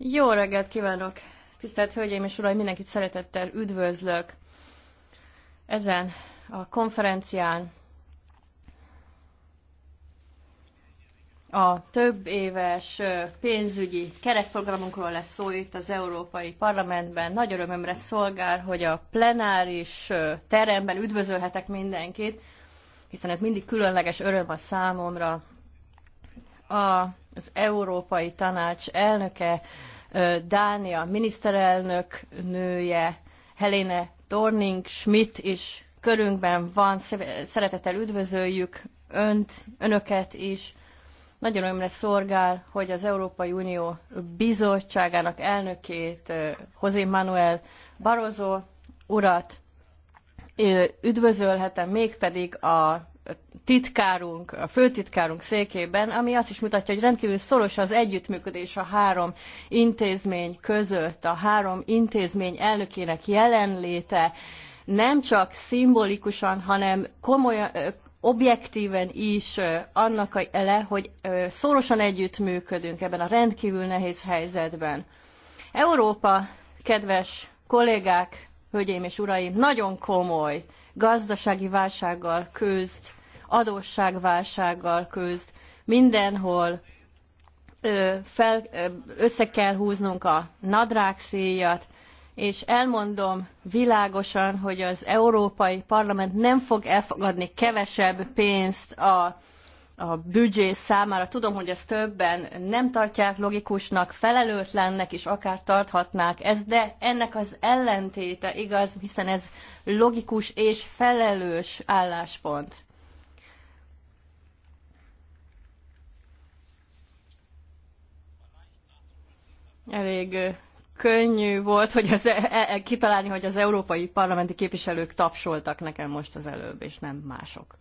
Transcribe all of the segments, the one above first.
Jó reggelt kívánok! Tisztelt Hölgyeim és Uraim, mindenkit szeretettel üdvözlök ezen a konferencián. A több éves pénzügyi keretprogramunkról lesz szó itt az Európai Parlamentben. Nagy örömömre szolgál, hogy a plenáris teremben üdvözölhetek mindenkit, hiszen ez mindig különleges öröm a számomra. A, az Európai Tanács elnöke Dánia miniszterelnök nője, Helene Thorning Schmidt is körünkben van. Szeretettel üdvözöljük önt, önöket is. Nagyon örömre szorgál, hogy az Európai Unió bizottságának elnökét, José Manuel Barroso urat üdvözölhetem, mégpedig a titkárunk, a főtitkárunk székében, ami azt is mutatja, hogy rendkívül szoros az együttműködés a három intézmény között, a három intézmény elnökének jelenléte, nem csak szimbolikusan, hanem komolyan, objektíven is annak a ele, hogy szorosan együttműködünk ebben a rendkívül nehéz helyzetben. Európa, kedves kollégák, hölgyeim és uraim, nagyon komoly gazdasági válsággal küzd, adósságválsággal küzd, mindenhol ö, fel, ö, össze kell húznunk a nadrág és elmondom világosan, hogy az Európai Parlament nem fog elfogadni kevesebb pénzt a, a büdzsé számára. Tudom, hogy ezt többen nem tartják logikusnak, felelőtlennek is akár tarthatnák ezt, de ennek az ellentéte igaz, hiszen ez logikus és felelős álláspont. elég könnyű volt hogy az, e, e, e, kitalálni, hogy az európai parlamenti képviselők tapsoltak nekem most az előbb, és nem mások.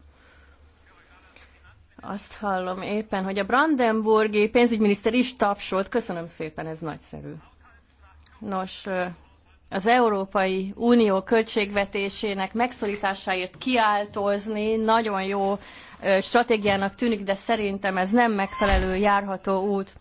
Azt hallom éppen, hogy a brandenburgi pénzügyminiszter is tapsolt. Köszönöm szépen, ez nagyszerű. Nos, az Európai Unió költségvetésének megszorításáért kiáltozni nagyon jó stratégiának tűnik, de szerintem ez nem megfelelő járható út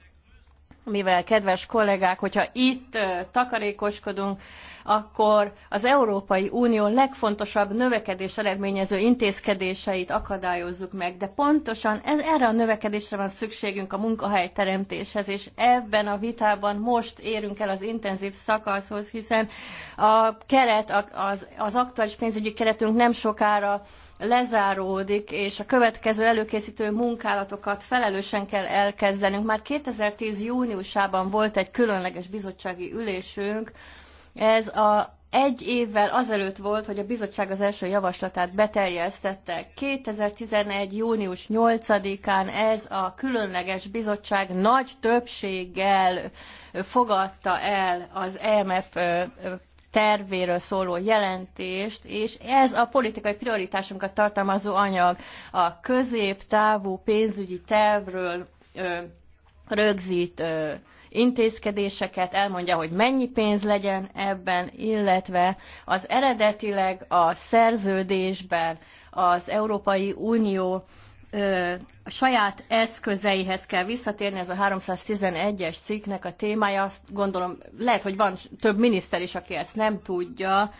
mivel kedves kollégák, hogyha itt takarékoskodunk, akkor az Európai Unió legfontosabb növekedés eredményező intézkedéseit akadályozzuk meg. De pontosan ez, erre a növekedésre van szükségünk a munkahely teremtéshez, és ebben a vitában most érünk el az intenzív szakaszhoz, hiszen a keret, az, az aktuális pénzügyi keretünk nem sokára lezáródik, és a következő előkészítő munkálatokat felelősen kell elkezdenünk. Már 2010. júniusában volt egy különleges bizottsági ülésünk, ez a egy évvel azelőtt volt, hogy a bizottság az első javaslatát beteljesztette. 2011. június 8-án ez a különleges bizottság nagy többséggel fogadta el az EMF tervéről szóló jelentést, és ez a politikai prioritásunkat tartalmazó anyag a középtávú pénzügyi tervről ö, rögzít ö, intézkedéseket, elmondja, hogy mennyi pénz legyen ebben, illetve az eredetileg a szerződésben az Európai Unió a saját eszközeihez kell visszatérni, ez a 311-es cikknek a témája, azt gondolom, lehet, hogy van több miniszter is, aki ezt nem tudja,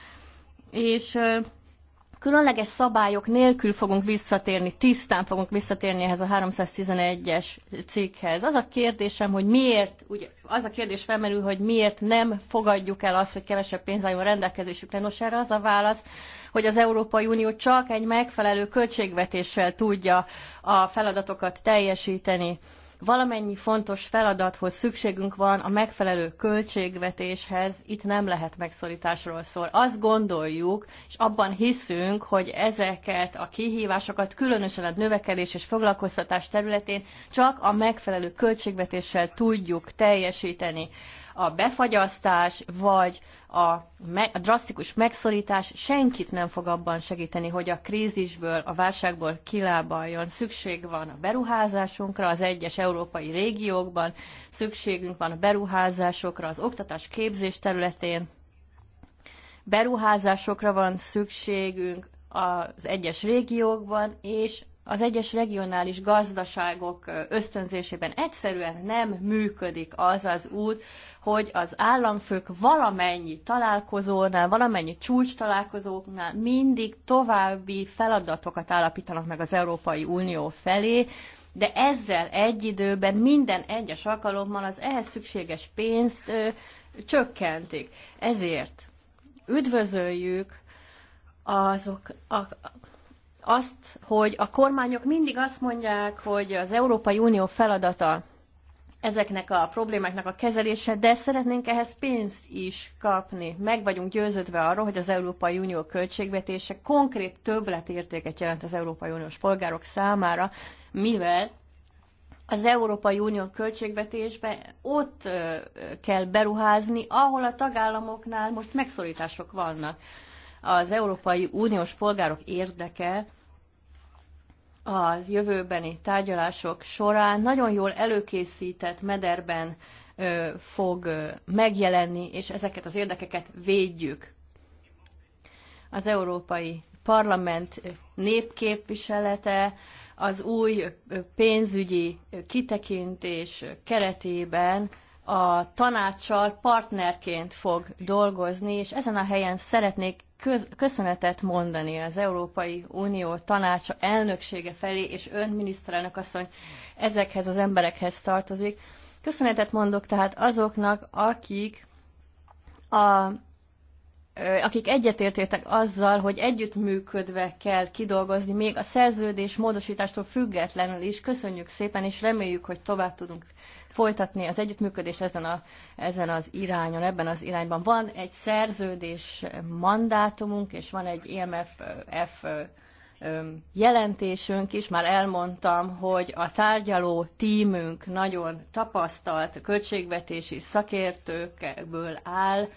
és különleges szabályok nélkül fogunk visszatérni, tisztán fogunk visszatérni ehhez a 311-es cikkhez. Az a kérdésem, hogy miért, ugye, az a kérdés felmerül, hogy miért nem fogadjuk el azt, hogy kevesebb pénz álljon rendelkezésükre. Nos, erre az a válasz, hogy az Európai Unió csak egy megfelelő költségvetéssel tudja a feladatokat teljesíteni Valamennyi fontos feladathoz szükségünk van a megfelelő költségvetéshez, itt nem lehet megszorításról szól. Azt gondoljuk, és abban hiszünk, hogy ezeket a kihívásokat, különösen a növekedés és foglalkoztatás területén csak a megfelelő költségvetéssel tudjuk teljesíteni. A befagyasztás vagy a, a drasztikus megszorítás senkit nem fog abban segíteni, hogy a krízisből, a válságból kilábaljon. Szükség van a beruházásunkra az egyes európai régiókban, szükségünk van a beruházásokra az oktatás képzés területén, beruházásokra van szükségünk az egyes régiókban, és az egyes regionális gazdaságok ösztönzésében egyszerűen nem működik az az út, hogy az államfők valamennyi találkozónál, valamennyi csúcs találkozóknál mindig további feladatokat állapítanak meg az Európai Unió felé, de ezzel egy időben minden egyes alkalommal az ehhez szükséges pénzt ö, csökkentik. Ezért üdvözöljük azok, a, azt, hogy a kormányok mindig azt mondják, hogy az Európai Unió feladata ezeknek a problémáknak a kezelése, de szeretnénk ehhez pénzt is kapni. Meg vagyunk győződve arról, hogy az Európai Unió költségvetése konkrét többletértéket jelent az Európai Uniós polgárok számára, mivel az Európai Unió költségvetésbe ott kell beruházni, ahol a tagállamoknál most megszorítások vannak az Európai Uniós polgárok érdeke a jövőbeni tárgyalások során nagyon jól előkészített mederben ö, fog ö, megjelenni, és ezeket az érdekeket védjük. Az Európai Parlament népképviselete az új pénzügyi kitekintés keretében a tanácssal partnerként fog dolgozni, és ezen a helyen szeretnék köszönetet mondani az Európai Unió tanácsa elnöksége felé, és ön miniszterelnök asszony ezekhez az emberekhez tartozik. Köszönetet mondok tehát azoknak, akik a akik egyetértétek azzal, hogy együttműködve kell kidolgozni még a szerződés módosítástól függetlenül is. Köszönjük szépen, és reméljük, hogy tovább tudunk folytatni az együttműködést ezen, a, ezen az irányon, ebben az irányban. Van egy szerződés mandátumunk, és van egy imf jelentésünk is, már elmondtam, hogy a tárgyaló tímünk nagyon tapasztalt költségvetési szakértőkből áll,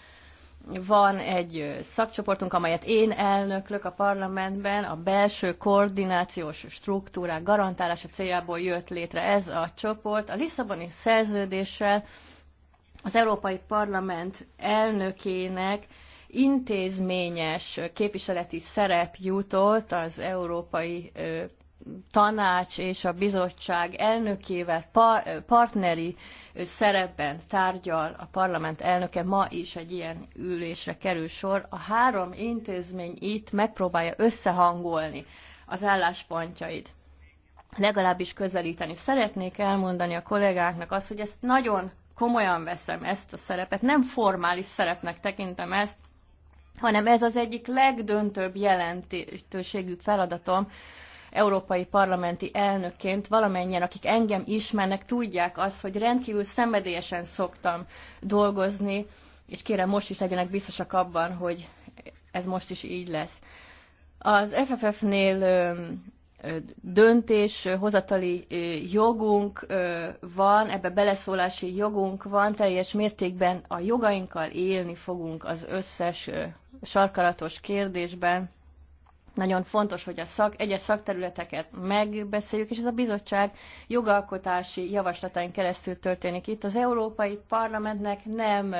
van egy szakcsoportunk, amelyet én elnöklök a parlamentben, a belső koordinációs struktúrák garantálása céljából jött létre ez a csoport. A Lisszaboni szerződéssel az Európai Parlament elnökének intézményes képviseleti szerep jutott az Európai tanács és a bizottság elnökével par- partneri szerepben tárgyal a parlament elnöke. Ma is egy ilyen ülésre kerül sor. A három intézmény itt megpróbálja összehangolni az álláspontjait legalábbis közelíteni. Szeretnék elmondani a kollégáknak azt, hogy ezt nagyon komolyan veszem, ezt a szerepet, nem formális szerepnek tekintem ezt, hanem ez az egyik legdöntőbb jelentőségű feladatom, európai parlamenti elnökként valamennyien, akik engem ismernek, tudják azt, hogy rendkívül szenvedélyesen szoktam dolgozni, és kérem most is legyenek biztosak abban, hogy ez most is így lesz. Az FFF-nél döntés, hozatali jogunk van, ebbe beleszólási jogunk van, teljes mértékben a jogainkkal élni fogunk az összes sarkalatos kérdésben, nagyon fontos, hogy a szak, egyes szakterületeket megbeszéljük, és ez a bizottság jogalkotási javaslatain keresztül történik itt. Az Európai Parlamentnek nem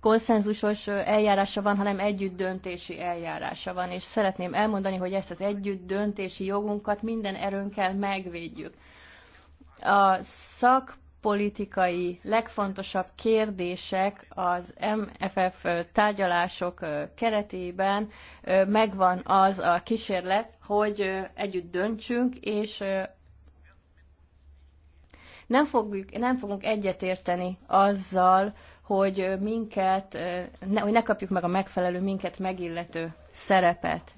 konszenzusos eljárása van, hanem együtt döntési eljárása van, és szeretném elmondani, hogy ezt az együtt döntési jogunkat minden erőnkkel megvédjük. A szak politikai legfontosabb kérdések az MFF tárgyalások keretében megvan az a kísérlet, hogy együtt döntsünk, és nem, fogjuk, nem fogunk egyetérteni azzal, hogy minket, hogy ne kapjuk meg a megfelelő, minket megillető szerepet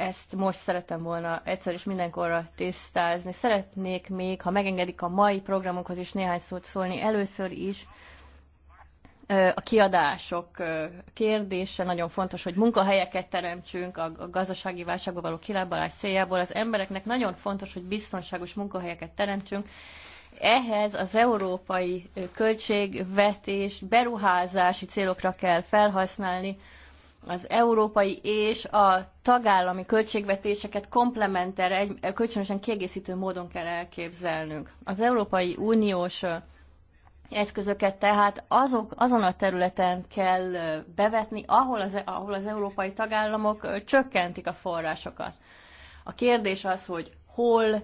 ezt most szeretem volna egyszer és mindenkorra tisztázni. Szeretnék még, ha megengedik a mai programokhoz is néhány szót szólni. Először is a kiadások kérdése nagyon fontos, hogy munkahelyeket teremtsünk a gazdasági válságba való kilábalás céljából. Az embereknek nagyon fontos, hogy biztonságos munkahelyeket teremtsünk. Ehhez az európai költségvetés beruházási célokra kell felhasználni, az európai és a tagállami költségvetéseket komplementer, egy, kölcsönösen kiegészítő módon kell elképzelnünk. Az Európai Uniós eszközöket tehát azok, azon a területen kell bevetni, ahol az, e, ahol az európai tagállamok csökkentik a forrásokat. A kérdés az, hogy hol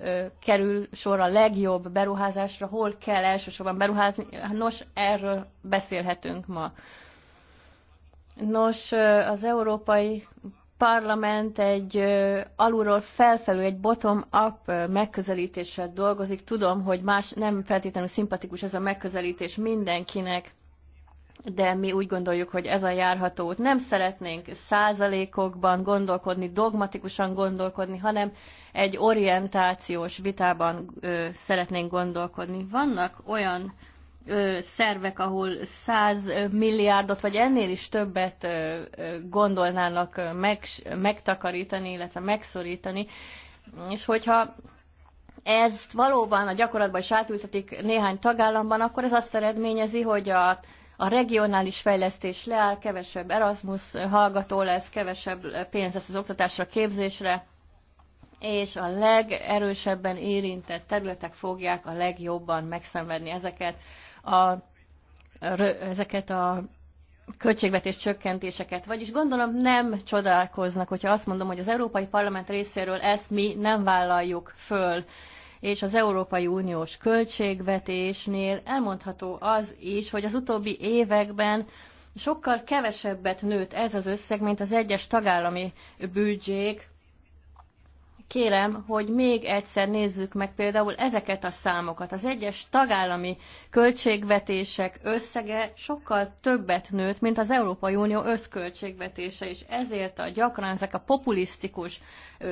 ö, kerül sor a legjobb beruházásra, hol kell elsősorban beruházni. Nos, erről beszélhetünk ma. Nos, az Európai Parlament egy alulról felfelül, egy bottom-up megközelítéssel dolgozik. Tudom, hogy más nem feltétlenül szimpatikus ez a megközelítés mindenkinek, de mi úgy gondoljuk, hogy ez a járható út. Nem szeretnénk százalékokban gondolkodni, dogmatikusan gondolkodni, hanem egy orientációs vitában ö, szeretnénk gondolkodni. Vannak olyan szervek, ahol 100 milliárdot, vagy ennél is többet gondolnának meg, megtakarítani, illetve megszorítani. És hogyha ezt valóban a gyakorlatban is átültetik néhány tagállamban, akkor ez azt eredményezi, hogy a, a regionális fejlesztés leáll, kevesebb Erasmus hallgató lesz, kevesebb pénz lesz az oktatásra, képzésre, és a legerősebben érintett területek fogják a legjobban megszenvedni ezeket a, ezeket a költségvetés csökkentéseket. Vagyis gondolom nem csodálkoznak, hogyha azt mondom, hogy az Európai Parlament részéről ezt mi nem vállaljuk föl és az Európai Uniós költségvetésnél elmondható az is, hogy az utóbbi években sokkal kevesebbet nőtt ez az összeg, mint az egyes tagállami büdzsék, kérem, hogy még egyszer nézzük meg például ezeket a számokat. Az egyes tagállami költségvetések összege sokkal többet nőtt, mint az Európai Unió összköltségvetése, és ezért a gyakran ezek a populisztikus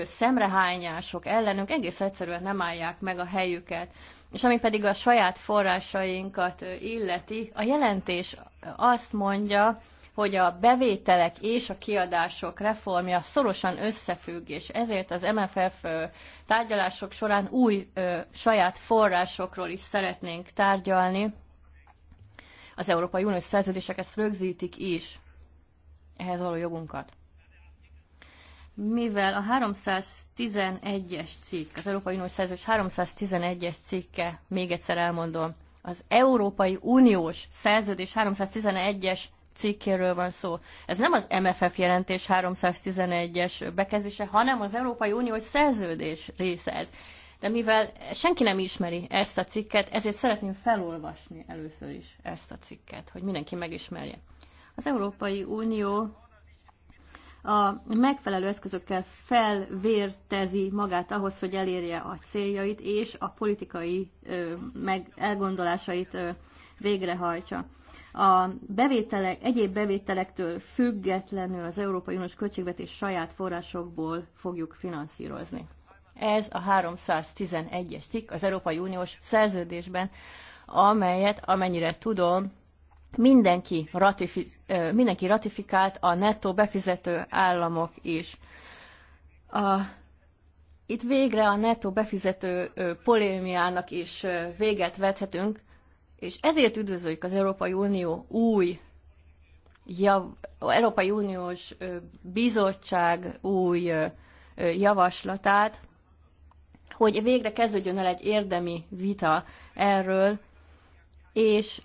szemrehányások ellenünk egész egyszerűen nem állják meg a helyüket. És ami pedig a saját forrásainkat illeti, a jelentés azt mondja, hogy a bevételek és a kiadások reformja szorosan összefügg, és ezért az MFF tárgyalások során új ö, saját forrásokról is szeretnénk tárgyalni. Az Európai Uniós szerződések ezt rögzítik is, ehhez való jogunkat mivel a 311-es cikk, az Európai Uniós Szerződés 311-es cikke, még egyszer elmondom, az Európai Uniós Szerződés 311-es cikkéről van szó. Ez nem az MFF jelentés 311-es bekezdése, hanem az Európai Unió szerződés része ez. De mivel senki nem ismeri ezt a cikket, ezért szeretném felolvasni először is ezt a cikket, hogy mindenki megismerje. Az Európai Unió a megfelelő eszközökkel felvértezi magát ahhoz, hogy elérje a céljait, és a politikai ö, meg elgondolásait ö, végrehajtsa a bevételek, egyéb bevételektől függetlenül az Európai Uniós költségvetés saját forrásokból fogjuk finanszírozni. Ez a 311-es cikk az Európai Uniós szerződésben, amelyet, amennyire tudom, mindenki, ratifi- mindenki ratifikált, a nettó befizető államok is. A, itt végre a nettó befizető polémiának is véget vethetünk, és ezért üdvözöljük az Európai Unió új, jav, Európai Uniós Bizottság új javaslatát, hogy végre kezdődjön el egy érdemi vita erről, és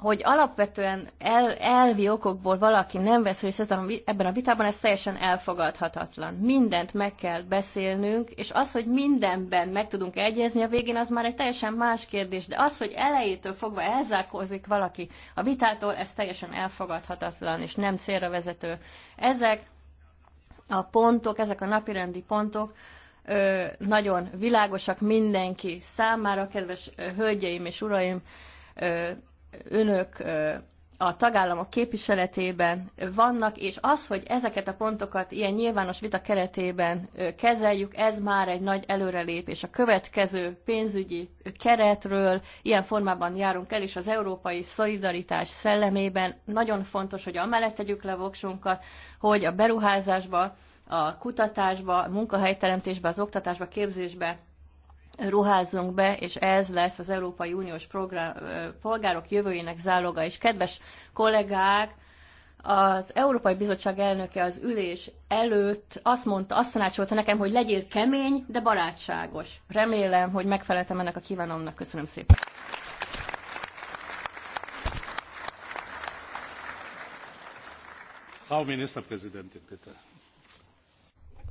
hogy alapvetően el, elvi okokból valaki nem vesz részt ebben a vitában, ez teljesen elfogadhatatlan. Mindent meg kell beszélnünk, és az, hogy mindenben meg tudunk egyezni a végén, az már egy teljesen más kérdés, de az, hogy elejétől fogva elzárkózik valaki a vitától, ez teljesen elfogadhatatlan, és nem célra vezető. Ezek a pontok, ezek a napirendi pontok, ö, nagyon világosak mindenki számára, kedves ö, hölgyeim és uraim, ö, önök a tagállamok képviseletében vannak, és az, hogy ezeket a pontokat ilyen nyilvános vita keretében kezeljük, ez már egy nagy előrelépés. A következő pénzügyi keretről ilyen formában járunk el, és az európai szolidaritás szellemében nagyon fontos, hogy amellett tegyük le voksunkat, hogy a beruházásba, a kutatásba, a munkahelyteremtésbe, az oktatásba, képzésbe ruházzunk be, és ez lesz az Európai Uniós program, polgárok jövőjének záloga. És kedves kollégák, az Európai Bizottság elnöke az ülés előtt azt mondta, azt tanácsolta nekem, hogy legyél kemény, de barátságos. Remélem, hogy megfeleltem ennek a kívánomnak. Köszönöm szépen. Frau Ministerpräsidentin, bitte.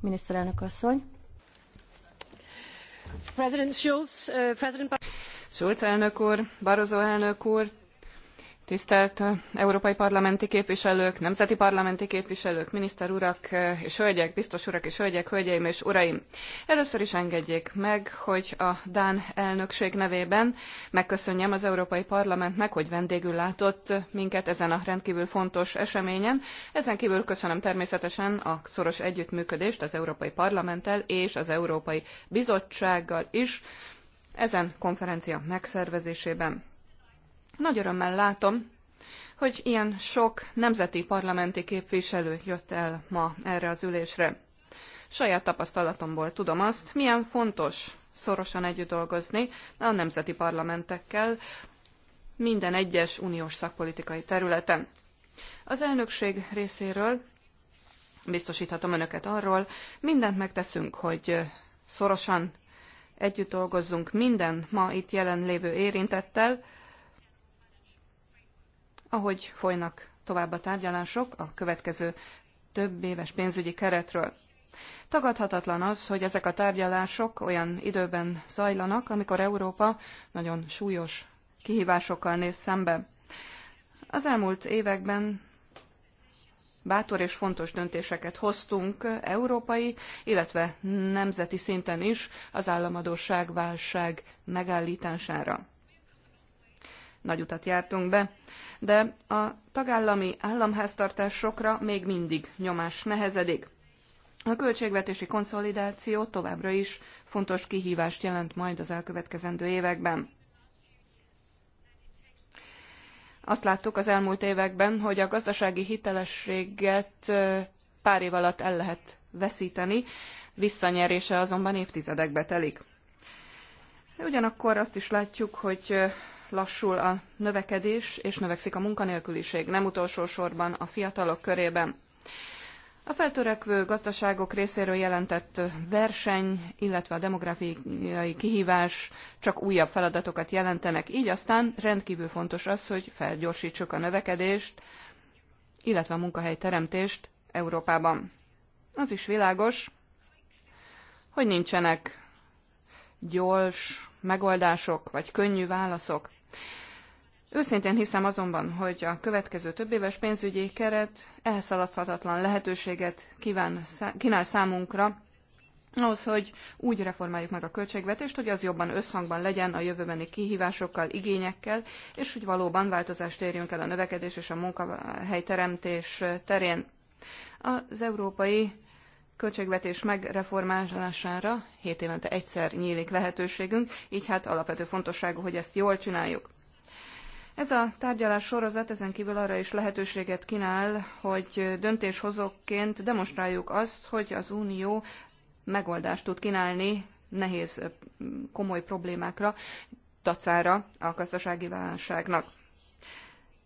Miniszterelnök asszony. Uh, Schulz, elnök úr, Barroso elnök úr, Tisztelt eh, európai parlamenti képviselők, nemzeti parlamenti képviselők, miniszter urak eh, és hölgyek, biztos urak és hölgyek, hölgyeim és uraim! Először is engedjék meg, hogy a Dán elnökség nevében megköszönjem az Európai Parlamentnek, hogy vendégül látott minket ezen a rendkívül fontos eseményen. Ezen kívül köszönöm természetesen a szoros együttműködést az Európai Parlamenttel és az Európai Bizottsággal is ezen konferencia megszervezésében. Nagy örömmel látom, hogy ilyen sok nemzeti parlamenti képviselő jött el ma erre az ülésre. Saját tapasztalatomból tudom azt, milyen fontos szorosan együtt dolgozni a nemzeti parlamentekkel minden egyes uniós szakpolitikai területen. Az elnökség részéről biztosíthatom önöket arról, mindent megteszünk, hogy szorosan együtt dolgozzunk minden ma itt jelenlévő érintettel, ahogy folynak tovább a tárgyalások a következő több éves pénzügyi keretről. Tagadhatatlan az, hogy ezek a tárgyalások olyan időben zajlanak, amikor Európa nagyon súlyos kihívásokkal néz szembe. Az elmúlt években bátor és fontos döntéseket hoztunk európai, illetve nemzeti szinten is az államadóság válság megállítására nagy utat jártunk be, de a tagállami államháztartásokra még mindig nyomás nehezedik. A költségvetési konszolidáció továbbra is fontos kihívást jelent majd az elkövetkezendő években. Azt láttuk az elmúlt években, hogy a gazdasági hitelességet pár év alatt el lehet veszíteni, visszanyerése azonban évtizedekbe telik. Ugyanakkor azt is látjuk, hogy lassul a növekedés, és növekszik a munkanélküliség, nem utolsó sorban a fiatalok körében. A feltörekvő gazdaságok részéről jelentett verseny, illetve a demográfiai kihívás csak újabb feladatokat jelentenek, így aztán rendkívül fontos az, hogy felgyorsítsuk a növekedést, illetve a munkahelyteremtést Európában. Az is világos, hogy nincsenek gyors megoldások vagy könnyű válaszok. Őszintén hiszem azonban, hogy a következő többéves pénzügyi keret elszaladhatatlan lehetőséget kíván, kínál számunkra, ahhoz, hogy úgy reformáljuk meg a költségvetést, hogy az jobban összhangban legyen a jövőbeni kihívásokkal, igényekkel, és hogy valóban változást érjünk el a növekedés és a munkahelyteremtés terén. Az európai költségvetés megreformálására 7 évente egyszer nyílik lehetőségünk, így hát alapvető fontosságú, hogy ezt jól csináljuk. Ez a tárgyalás sorozat ezen kívül arra is lehetőséget kínál, hogy döntéshozóként demonstráljuk azt, hogy az Unió megoldást tud kínálni nehéz, komoly problémákra, tacára a gazdasági válságnak.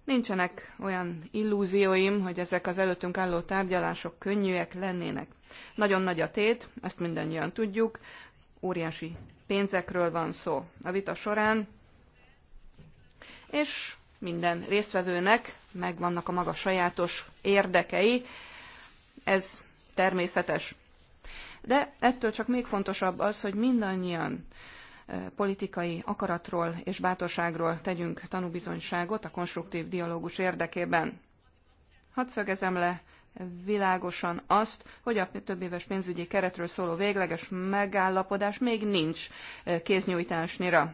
Nincsenek olyan illúzióim, hogy ezek az előttünk álló tárgyalások könnyűek lennének. Nagyon nagy a tét, ezt mindannyian tudjuk, óriási pénzekről van szó. A vita során és minden résztvevőnek megvannak a maga sajátos érdekei, ez természetes. De ettől csak még fontosabb az, hogy mindannyian eh, politikai akaratról és bátorságról tegyünk tanúbizonyságot a konstruktív dialógus érdekében. Hadd szögezem le világosan azt, hogy a több éves pénzügyi keretről szóló végleges megállapodás még nincs eh, kéznyújtásnyira.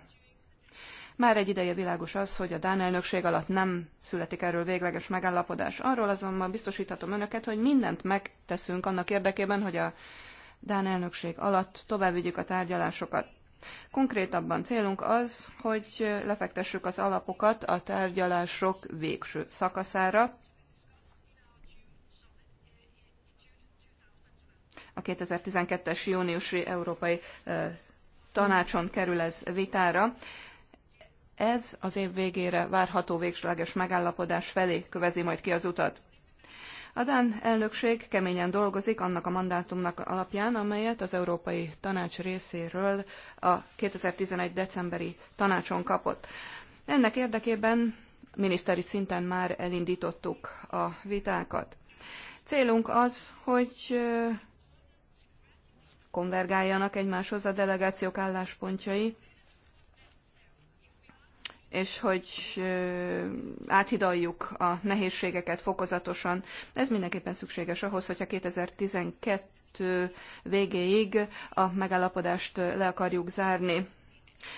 Már egy ideje világos az, hogy a Dán elnökség alatt nem születik erről végleges megállapodás. Arról azonban biztosíthatom önöket, hogy mindent megteszünk annak érdekében, hogy a Dán elnökség alatt tovább vigyük a tárgyalásokat. Konkrétabban célunk az, hogy lefektessük az alapokat a tárgyalások végső szakaszára, a 2012-es júniusi Európai Tanácson kerül ez vitára. Ez az év végére várható végsleges megállapodás felé kövezi majd ki az utat. A Dán elnökség keményen dolgozik annak a mandátumnak alapján, amelyet az Európai Tanács részéről a 2011. decemberi tanácson kapott. Ennek érdekében miniszteri szinten már elindítottuk a vitákat. Célunk az, hogy konvergáljanak egymáshoz a delegációk álláspontjai, és hogy áthidaljuk a nehézségeket fokozatosan. Ez mindenképpen szükséges ahhoz, hogyha 2012 végéig a megállapodást le akarjuk zárni.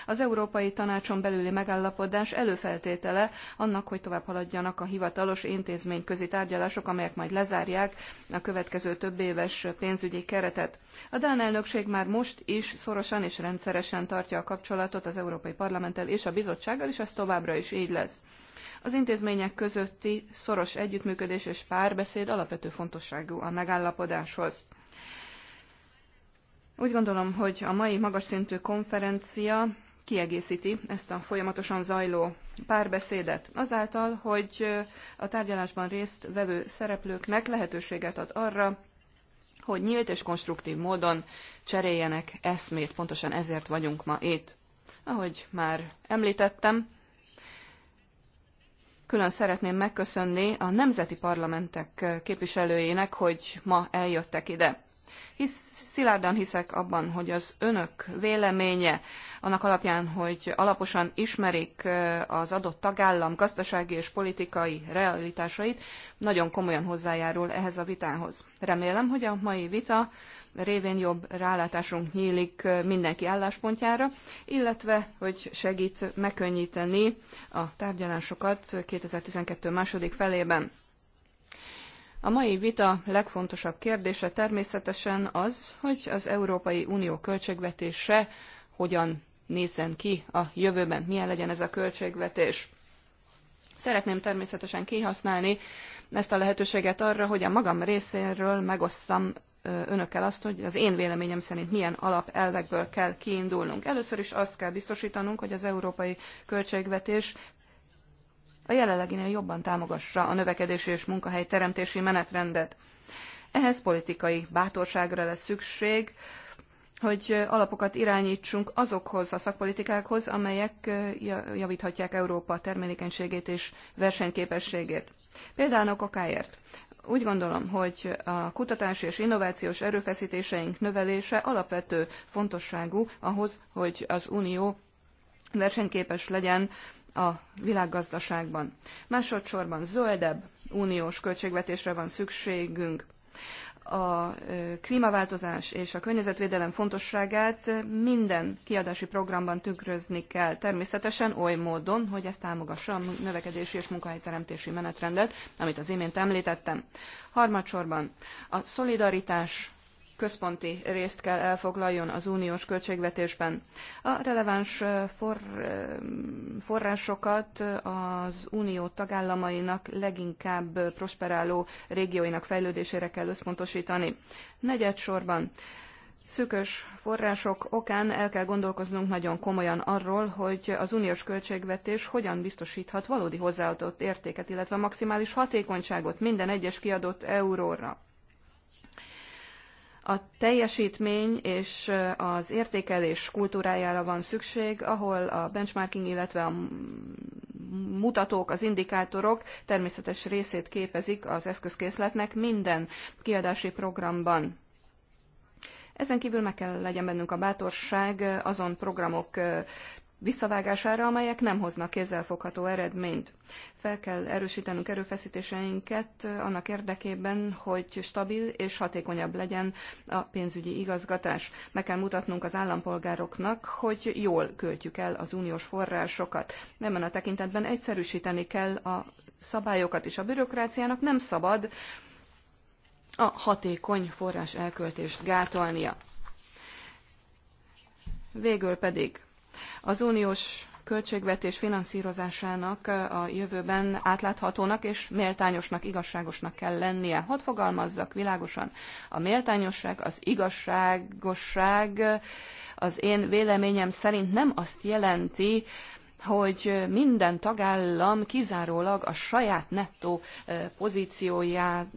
Az Európai Tanácson belüli megállapodás előfeltétele annak, hogy tovább haladjanak a hivatalos intézményközi tárgyalások, amelyek majd lezárják a következő több éves pénzügyi keretet. A Dán elnökség már most is szorosan és rendszeresen tartja a kapcsolatot az Európai Parlamenttel és a bizottsággal, és ez továbbra is így lesz. Az intézmények közötti szoros együttműködés és párbeszéd alapvető fontosságú a megállapodáshoz. Úgy gondolom, hogy a mai magas szintű konferencia kiegészíti ezt a folyamatosan zajló párbeszédet azáltal, hogy a tárgyalásban részt vevő szereplőknek lehetőséget ad arra, hogy nyílt és konstruktív módon cseréljenek eszmét, pontosan ezért vagyunk ma itt. Ahogy már említettem, külön szeretném megköszönni a nemzeti parlamentek képviselőjének, hogy ma eljöttek ide hisz, szilárdan hiszek abban, hogy az önök véleménye annak alapján, hogy alaposan ismerik az adott tagállam gazdasági és politikai realitásait, nagyon komolyan hozzájárul ehhez a vitához. Remélem, hogy a mai vita révén jobb rálátásunk nyílik mindenki álláspontjára, illetve hogy segít megkönnyíteni a tárgyalásokat 2012 második felében. A mai vita legfontosabb kérdése természetesen az, hogy az Európai Unió költségvetése hogyan nézzen ki a jövőben, milyen legyen ez a költségvetés. Szeretném természetesen kihasználni ezt a lehetőséget arra, hogy a magam részéről megosszam önökkel azt, hogy az én véleményem szerint milyen alapelvekből kell kiindulnunk. Először is azt kell biztosítanunk, hogy az európai költségvetés a jelenleginél jobban támogassa a növekedési és teremtési menetrendet. Ehhez politikai bátorságra lesz szükség, hogy alapokat irányítsunk azokhoz a szakpolitikákhoz, amelyek javíthatják Európa termelékenységét és versenyképességét. Például a kokáért. Úgy gondolom, hogy a kutatási és innovációs erőfeszítéseink növelése alapvető fontosságú ahhoz, hogy az Unió versenyképes legyen a világgazdaságban. Másodszorban zöldebb uniós költségvetésre van szükségünk. A klímaváltozás és a környezetvédelem fontosságát minden kiadási programban tükrözni kell, természetesen oly módon, hogy ez támogassa a növekedési és munkahelyteremtési menetrendet, amit az imént említettem. Harmadsorban a szolidaritás központi részt kell elfoglaljon az uniós költségvetésben. A releváns forrásokat az unió tagállamainak leginkább prosperáló régióinak fejlődésére kell összpontosítani. Negyed sorban szűkös források okán el kell gondolkoznunk nagyon komolyan arról, hogy az uniós költségvetés hogyan biztosíthat valódi hozzáadott értéket, illetve maximális hatékonyságot minden egyes kiadott euróra a teljesítmény és az értékelés kultúrájára van szükség, ahol a benchmarking, illetve a mutatók, az indikátorok természetes részét képezik az eszközkészletnek minden kiadási programban. Ezen kívül meg kell legyen bennünk a bátorság azon programok visszavágására, amelyek nem hoznak kézzelfogható eredményt. Fel kell erősítenünk erőfeszítéseinket annak érdekében, hogy stabil és hatékonyabb legyen a pénzügyi igazgatás. Meg kell mutatnunk az állampolgároknak, hogy jól költjük el az uniós forrásokat. Ebben a tekintetben egyszerűsíteni kell a szabályokat is. A bürokráciának nem szabad a hatékony forrás elköltést gátolnia. Végül pedig az uniós költségvetés finanszírozásának a jövőben átláthatónak és méltányosnak, igazságosnak kell lennie. Hadd fogalmazzak világosan. A méltányosság, az igazságosság az én véleményem szerint nem azt jelenti, hogy minden tagállam kizárólag a saját nettó pozíciójával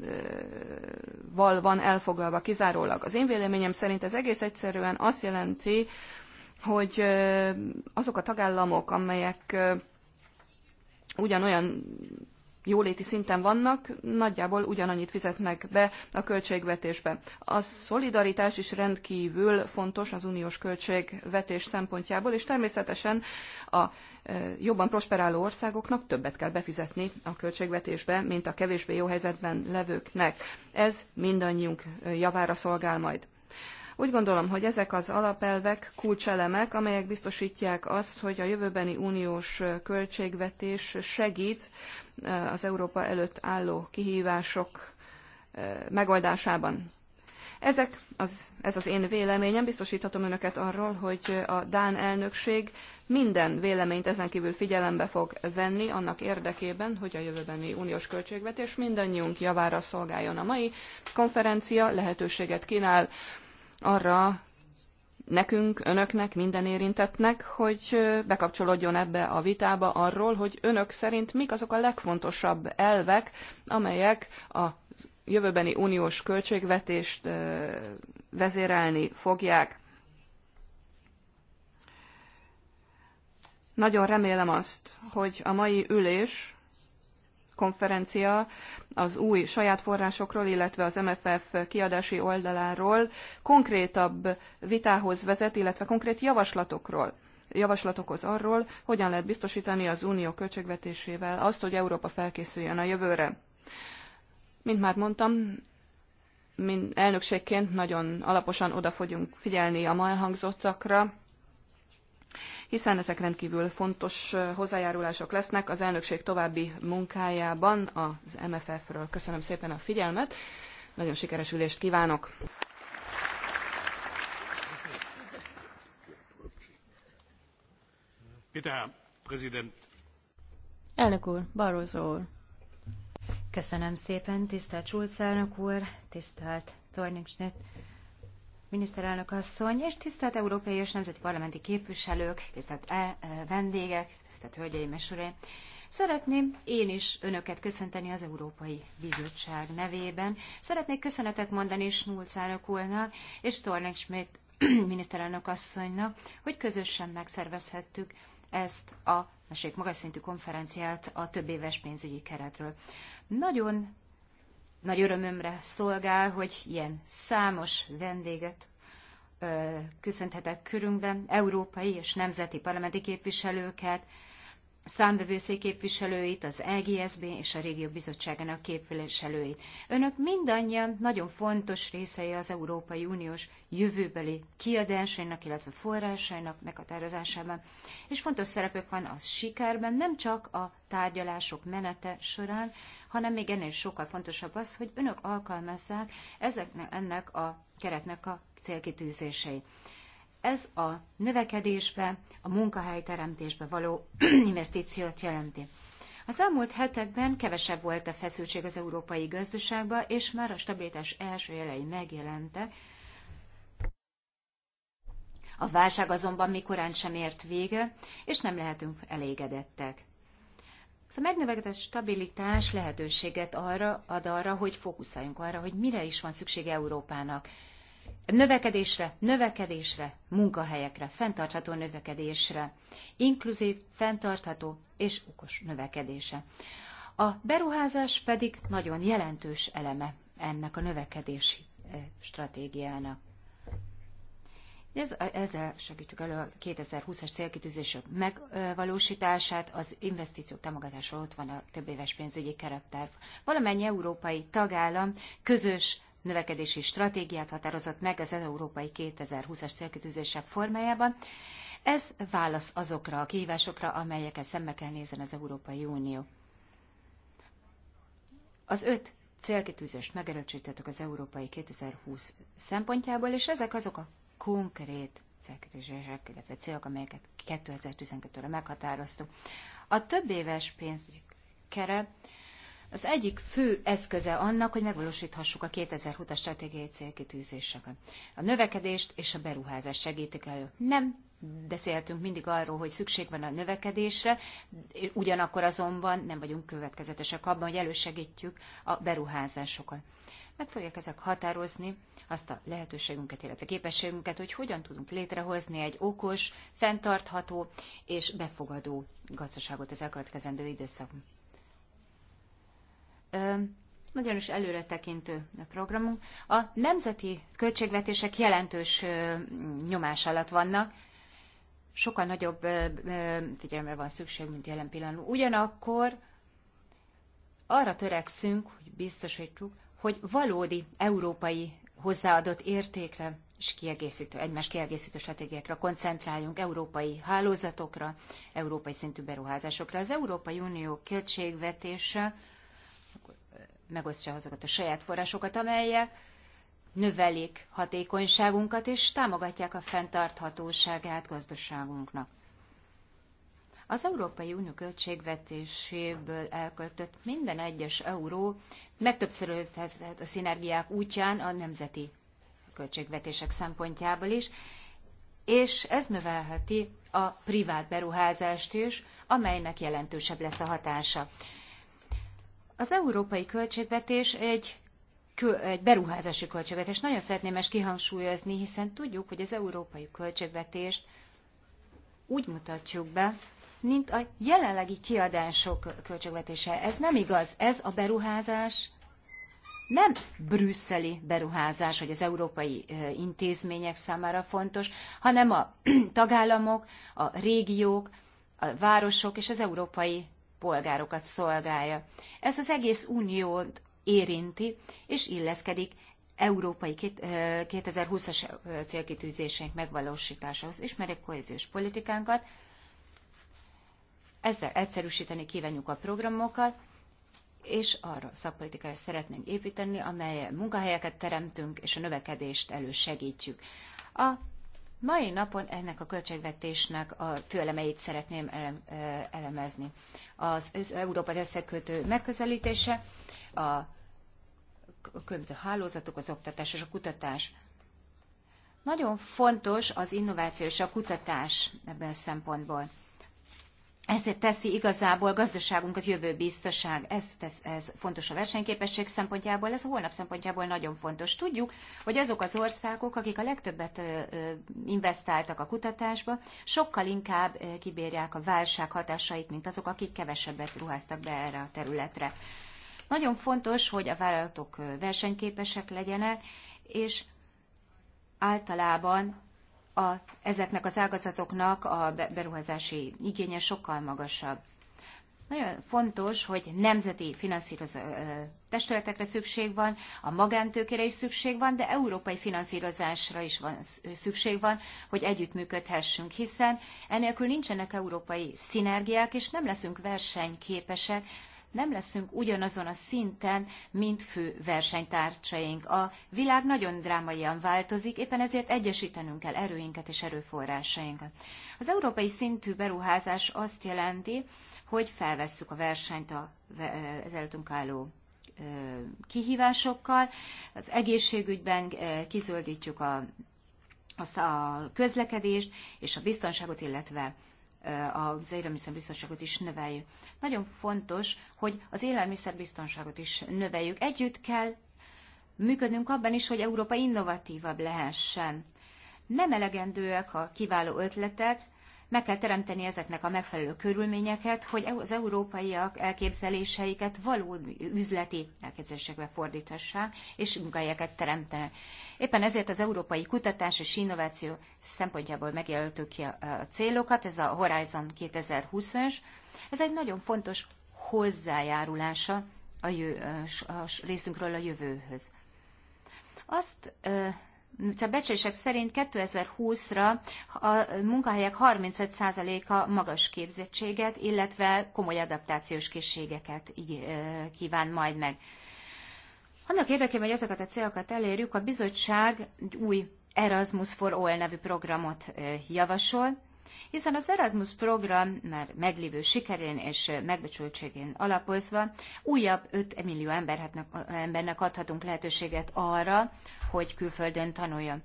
van elfoglalva kizárólag. Az én véleményem szerint ez egész egyszerűen azt jelenti, hogy azok a tagállamok, amelyek ugyanolyan jóléti szinten vannak, nagyjából ugyanannyit fizetnek be a költségvetésbe. A szolidaritás is rendkívül fontos az uniós költségvetés szempontjából, és természetesen a jobban prosperáló országoknak többet kell befizetni a költségvetésbe, mint a kevésbé jó helyzetben levőknek. Ez mindannyiunk javára szolgál majd. Úgy gondolom, hogy ezek az alapelvek, kulcselemek, amelyek biztosítják azt, hogy a jövőbeni uniós költségvetés segít eh, az Európa előtt álló kihívások eh, megoldásában. Ezek az, ez az én véleményem, biztosíthatom önöket arról, hogy a Dán elnökség minden véleményt ezen kívül figyelembe fog venni annak érdekében, hogy a jövőbeni uniós költségvetés mindannyiunk javára szolgáljon. A mai konferencia lehetőséget kínál arra nekünk, önöknek, minden érintettnek, hogy bekapcsolódjon ebbe a vitába arról, hogy önök szerint mik azok a legfontosabb elvek, amelyek a jövőbeni uniós költségvetést vezérelni fogják. Nagyon remélem azt, hogy a mai ülés konferencia az új saját forrásokról, illetve az MFF kiadási oldaláról konkrétabb vitához vezet, illetve konkrét javaslatokról javaslatokhoz arról, hogyan lehet biztosítani az unió költségvetésével azt, hogy Európa felkészüljön a jövőre. Mint már mondtam, mint elnökségként nagyon alaposan oda fogunk figyelni a ma elhangzottakra, hiszen ezek rendkívül fontos hozzájárulások lesznek az elnökség további munkájában az MFF-ről. Köszönöm szépen a figyelmet, nagyon sikeres ülést kívánok! Elnök úr, Barroso úr. Köszönöm szépen, tisztelt Schulz elnök úr, tisztelt Tornik Schnitt miniszterelnök asszony, és tisztelt európai és nemzeti parlamenti képviselők, tisztelt e, e, vendégek, tisztelt hölgyeim és uraim. Szeretném én is önöket köszönteni az Európai Bizottság nevében. Szeretnék köszönetet mondani Snulc elnök úrnak és Tornek Schmidt miniszterelnök asszonynak, hogy közösen megszervezhettük ezt a mesék magas szintű konferenciát a több éves pénzügyi keretről. Nagyon nagy örömömre szolgál, hogy ilyen számos vendéget köszönhetek körünkben, európai és nemzeti parlamenti képviselőket, számvevőszék képviselőit, az LGSB és a Régió Bizottságának képviselőit. Önök mindannyian nagyon fontos részei az Európai Uniós jövőbeli kiadásainak, illetve forrásainak meghatározásában. És fontos szerepük van az sikerben, nem csak a tárgyalások menete során, hanem még ennél sokkal fontosabb az, hogy önök alkalmazzák ezeknek, ennek a keretnek a célkitűzéseit. Ez a növekedésbe, a munkahelyteremtésbe való investíciót jelenti. Az elmúlt hetekben kevesebb volt a feszültség az európai gazdaságban, és már a stabilitás első jelei megjelentek, a válság azonban mikorán sem ért vége, és nem lehetünk elégedettek. a megnövekedett stabilitás lehetőséget arra ad arra, hogy fókuszáljunk arra, hogy mire is van szükség Európának növekedésre, növekedésre, munkahelyekre, fenntartható növekedésre, inkluzív, fenntartható és okos növekedése. A beruházás pedig nagyon jelentős eleme ennek a növekedési eh, stratégiának. Ez, ezzel segítjük elő a 2020-as célkitűzések megvalósítását, az investíciók támogatása ott van a több éves pénzügyi keretterv. Valamennyi európai tagállam közös növekedési stratégiát határozott meg az Európai 2020-as célkitűzések formájában. Ez válasz azokra a kihívásokra, amelyeket szembe kell nézni az Európai Unió. Az öt célkitűzést megerősítettük az Európai 2020 szempontjából, és ezek azok a konkrét célkitűzések, illetve célok, amelyeket 2012-re meghatároztuk. A több éves pénzügyi kere az egyik fő eszköze annak, hogy megvalósíthassuk a 2020-as stratégiai célkitűzéseket. A növekedést és a beruházást segítik elő. Nem beszélhetünk mindig arról, hogy szükség van a növekedésre, ugyanakkor azonban nem vagyunk következetesek abban, hogy elősegítjük a beruházásokat. Meg fogják ezek határozni azt a lehetőségünket, illetve képességünket, hogy hogyan tudunk létrehozni egy okos, fenntartható és befogadó gazdaságot az elkövetkezendő időszakban nagyon is előretekintő programunk. A nemzeti költségvetések jelentős nyomás alatt vannak, sokkal nagyobb figyelemre van szükség, mint jelen pillanatban. Ugyanakkor arra törekszünk, hogy biztosítsuk, hogy valódi európai hozzáadott értékre és kiegészítő, egymás kiegészítő stratégiákra koncentráljunk, európai hálózatokra, európai szintű beruházásokra. Az Európai Unió költségvetése megosztja azokat a saját forrásokat, amelyek növelik hatékonyságunkat és támogatják a fenntarthatóságát gazdaságunknak. Az Európai Unió költségvetéséből elköltött minden egyes euró megtöbbszörözhet a szinergiák útján a nemzeti költségvetések szempontjából is, és ez növelheti a privát beruházást is, amelynek jelentősebb lesz a hatása. Az európai költségvetés egy, egy beruházási költségvetés. Nagyon szeretném ezt kihangsúlyozni, hiszen tudjuk, hogy az európai költségvetést úgy mutatjuk be, mint a jelenlegi kiadások költségvetése. Ez nem igaz. Ez a beruházás nem brüsszeli beruházás, hogy az európai intézmények számára fontos, hanem a tagállamok, a régiók, a városok és az európai polgárokat szolgálja. Ez az egész uniót érinti, és illeszkedik európai 2020-as célkitűzésénk megvalósításához. Ismerjük kohéziós politikánkat, ezzel egyszerűsíteni kívánjuk a programokat, és arra szakpolitikára szeretnénk építeni, amely munkahelyeket teremtünk, és a növekedést elősegítjük. A Mai napon ennek a költségvetésnek a főelemeit szeretném elemezni. Az Európa összekötő megközelítése, a különböző hálózatok, az oktatás és a kutatás. Nagyon fontos az innováció és a kutatás ebben a szempontból ez teszi igazából gazdaságunkat jövőbiztosság. ez, ez, ez fontos a versenyképesség szempontjából, ez a holnap szempontjából nagyon fontos. Tudjuk, hogy azok az országok, akik a legtöbbet investáltak a kutatásba, sokkal inkább kibírják a válság hatásait, mint azok, akik kevesebbet ruháztak be erre a területre. Nagyon fontos, hogy a vállalatok versenyképesek legyenek, és általában a, ezeknek az ágazatoknak a beruházási igénye sokkal magasabb. Nagyon fontos, hogy nemzeti finanszírozó testületekre szükség van, a magántőkére is szükség van, de európai finanszírozásra is van, szükség van, hogy együttműködhessünk, hiszen enélkül nincsenek európai szinergiák, és nem leszünk versenyképesek nem leszünk ugyanazon a szinten, mint fő versenytársaink. A világ nagyon drámaian változik, éppen ezért egyesítenünk kell erőinket és erőforrásainkat. Az európai szintű beruházás azt jelenti, hogy felvesszük a versenyt a előttünk álló kihívásokkal, az egészségügyben kizöldítjük a, a közlekedést és a biztonságot, illetve az élelmiszerbiztonságot is növeljük. Nagyon fontos, hogy az élelmiszerbiztonságot is növeljük. Együtt kell működnünk abban is, hogy Európa innovatívabb lehessen. Nem elegendőek a kiváló ötletek, meg kell teremteni ezeknek a megfelelő körülményeket, hogy e- az európaiak elképzeléseiket valódi üzleti elképzelésekbe fordíthassák, és munkahelyeket teremtenek. Éppen ezért az európai kutatás és innováció szempontjából megjelöltük ki a célokat, ez a Horizon 2020-ös. Ez egy nagyon fontos hozzájárulása a, jö, a részünkről a jövőhöz. Azt a becsések szerint 2020-ra a munkahelyek 35%-a magas képzettséget, illetve komoly adaptációs készségeket kíván majd meg. Annak érdekében, hogy ezeket a célokat elérjük, a bizottság egy új Erasmus for All nevű programot javasol, hiszen az Erasmus program már meglévő sikerén és megbecsültségén alapozva újabb 5 millió embernek adhatunk lehetőséget arra, hogy külföldön tanuljon.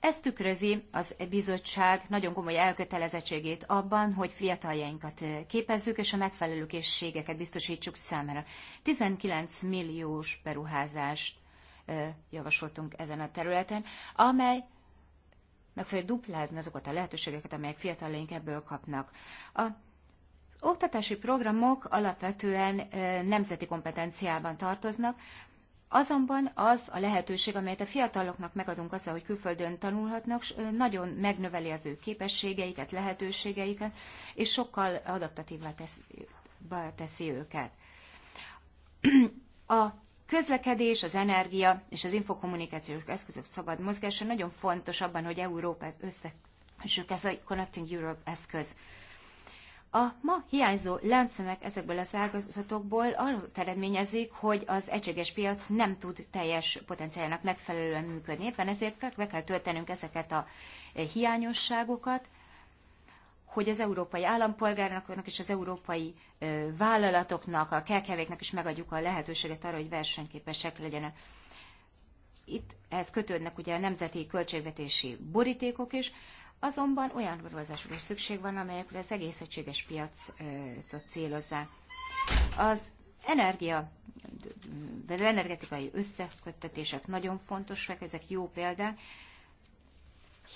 Ez tükrözi az bizottság nagyon komoly elkötelezettségét abban, hogy fiataljainkat képezzük, és a megfelelő készségeket biztosítsuk számára. 19 milliós beruházást javasoltunk ezen a területen, amely meg fogja duplázni azokat a lehetőségeket, amelyek fiataljaink ebből kapnak. A Oktatási programok alapvetően nemzeti kompetenciában tartoznak, Azonban az a lehetőség, amelyet a fiataloknak megadunk azzal, hogy külföldön tanulhatnak, nagyon megnöveli az ő képességeiket, lehetőségeiket, és sokkal adaptatívvá teszi, teszi őket. A közlekedés, az energia és az infokommunikációs eszközök szabad mozgása nagyon fontos abban, hogy Európa össze, és ez a Connecting Europe eszköz. A ma hiányzó láncszemek ezekből az ágazatokból az eredményezik, hogy az egységes piac nem tud teljes potenciálnak megfelelően működni. Éppen ezért fel be kell töltenünk ezeket a eh, hiányosságokat, hogy az európai állampolgárnak és az európai eh, vállalatoknak, a kelkevéknek is megadjuk a lehetőséget arra, hogy versenyképesek legyenek. Itt ehhez kötődnek ugye a nemzeti költségvetési borítékok is, azonban olyan beruházásokra is szükség van, amelyekre az egész egységes piacot célozzák. Az energia, az energetikai összeköttetések nagyon fontosak, ezek jó példák,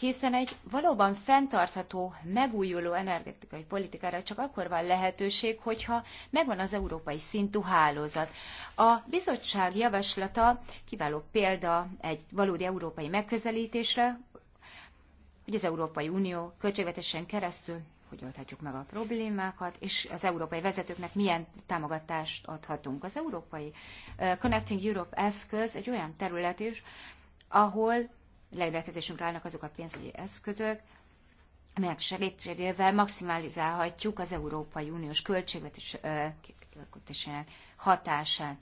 hiszen egy valóban fenntartható, megújuló energetikai politikára csak akkor van lehetőség, hogyha megvan az európai szintű hálózat. A bizottság javaslata kiváló példa egy valódi európai megközelítésre, hogy az Európai Unió költségvetésen keresztül hogy oldhatjuk meg a problémákat, és az európai vezetőknek milyen támogatást adhatunk. Az európai Connecting Europe eszköz egy olyan terület is, ahol rendelkezésünkre állnak azok a pénzügyi eszközök, amelyek segítségével maximalizálhatjuk az Európai Uniós költségvetésének hatását,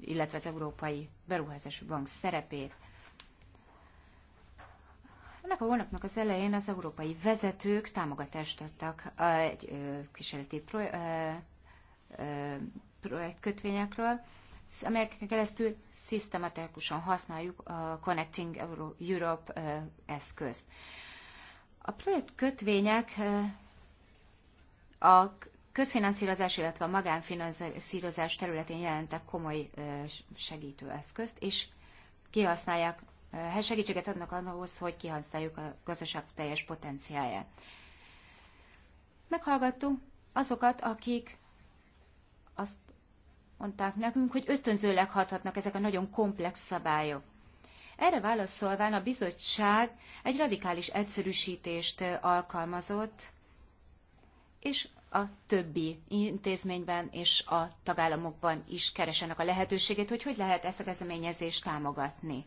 illetve az Európai Beruházási Bank szerepét. Ennek a hónapnak az elején az európai vezetők támogatást adtak egy kísérleti projektkötvényekről, amelyeken keresztül szisztematikusan használjuk a Connecting Europe eszközt. A projektkötvények a közfinanszírozás, illetve a magánfinanszírozás területén jelentek komoly segítő eszközt, és kihasználják Eh, segítséget adnak ahhoz, hogy kihasználjuk a gazdaság teljes potenciáját. Meghallgattuk azokat, akik azt mondták nekünk, hogy ösztönzőleg hathatnak ezek a nagyon komplex szabályok. Erre válaszolván a bizottság egy radikális egyszerűsítést eh, alkalmazott, és a többi intézményben és a tagállamokban is keresenek a lehetőséget, hogy hogy lehet ezt a kezdeményezést támogatni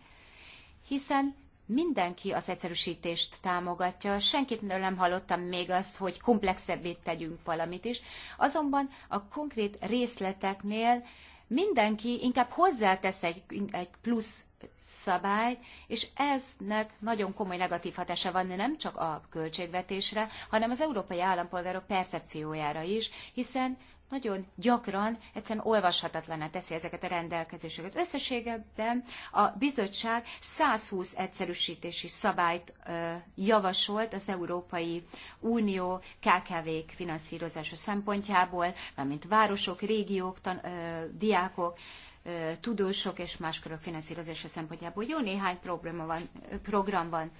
hiszen mindenki az egyszerűsítést támogatja, senkit nem hallottam még azt, hogy komplexebbé tegyünk valamit is, azonban a konkrét részleteknél mindenki inkább hozzátesz egy, egy plusz szabály, és eznek nagyon komoly negatív hatása van nem csak a költségvetésre, hanem az európai állampolgárok percepciójára is, hiszen nagyon gyakran egyszerűen olvashatatlaná teszi ezeket a rendelkezéseket. Összességében a bizottság 120 egyszerűsítési szabályt ö, javasolt az Európai Unió KKV-k finanszírozása szempontjából, valamint városok, régiók, tan, ö, diákok, ö, tudósok és más körök finanszírozása szempontjából. Jó néhány program van, program van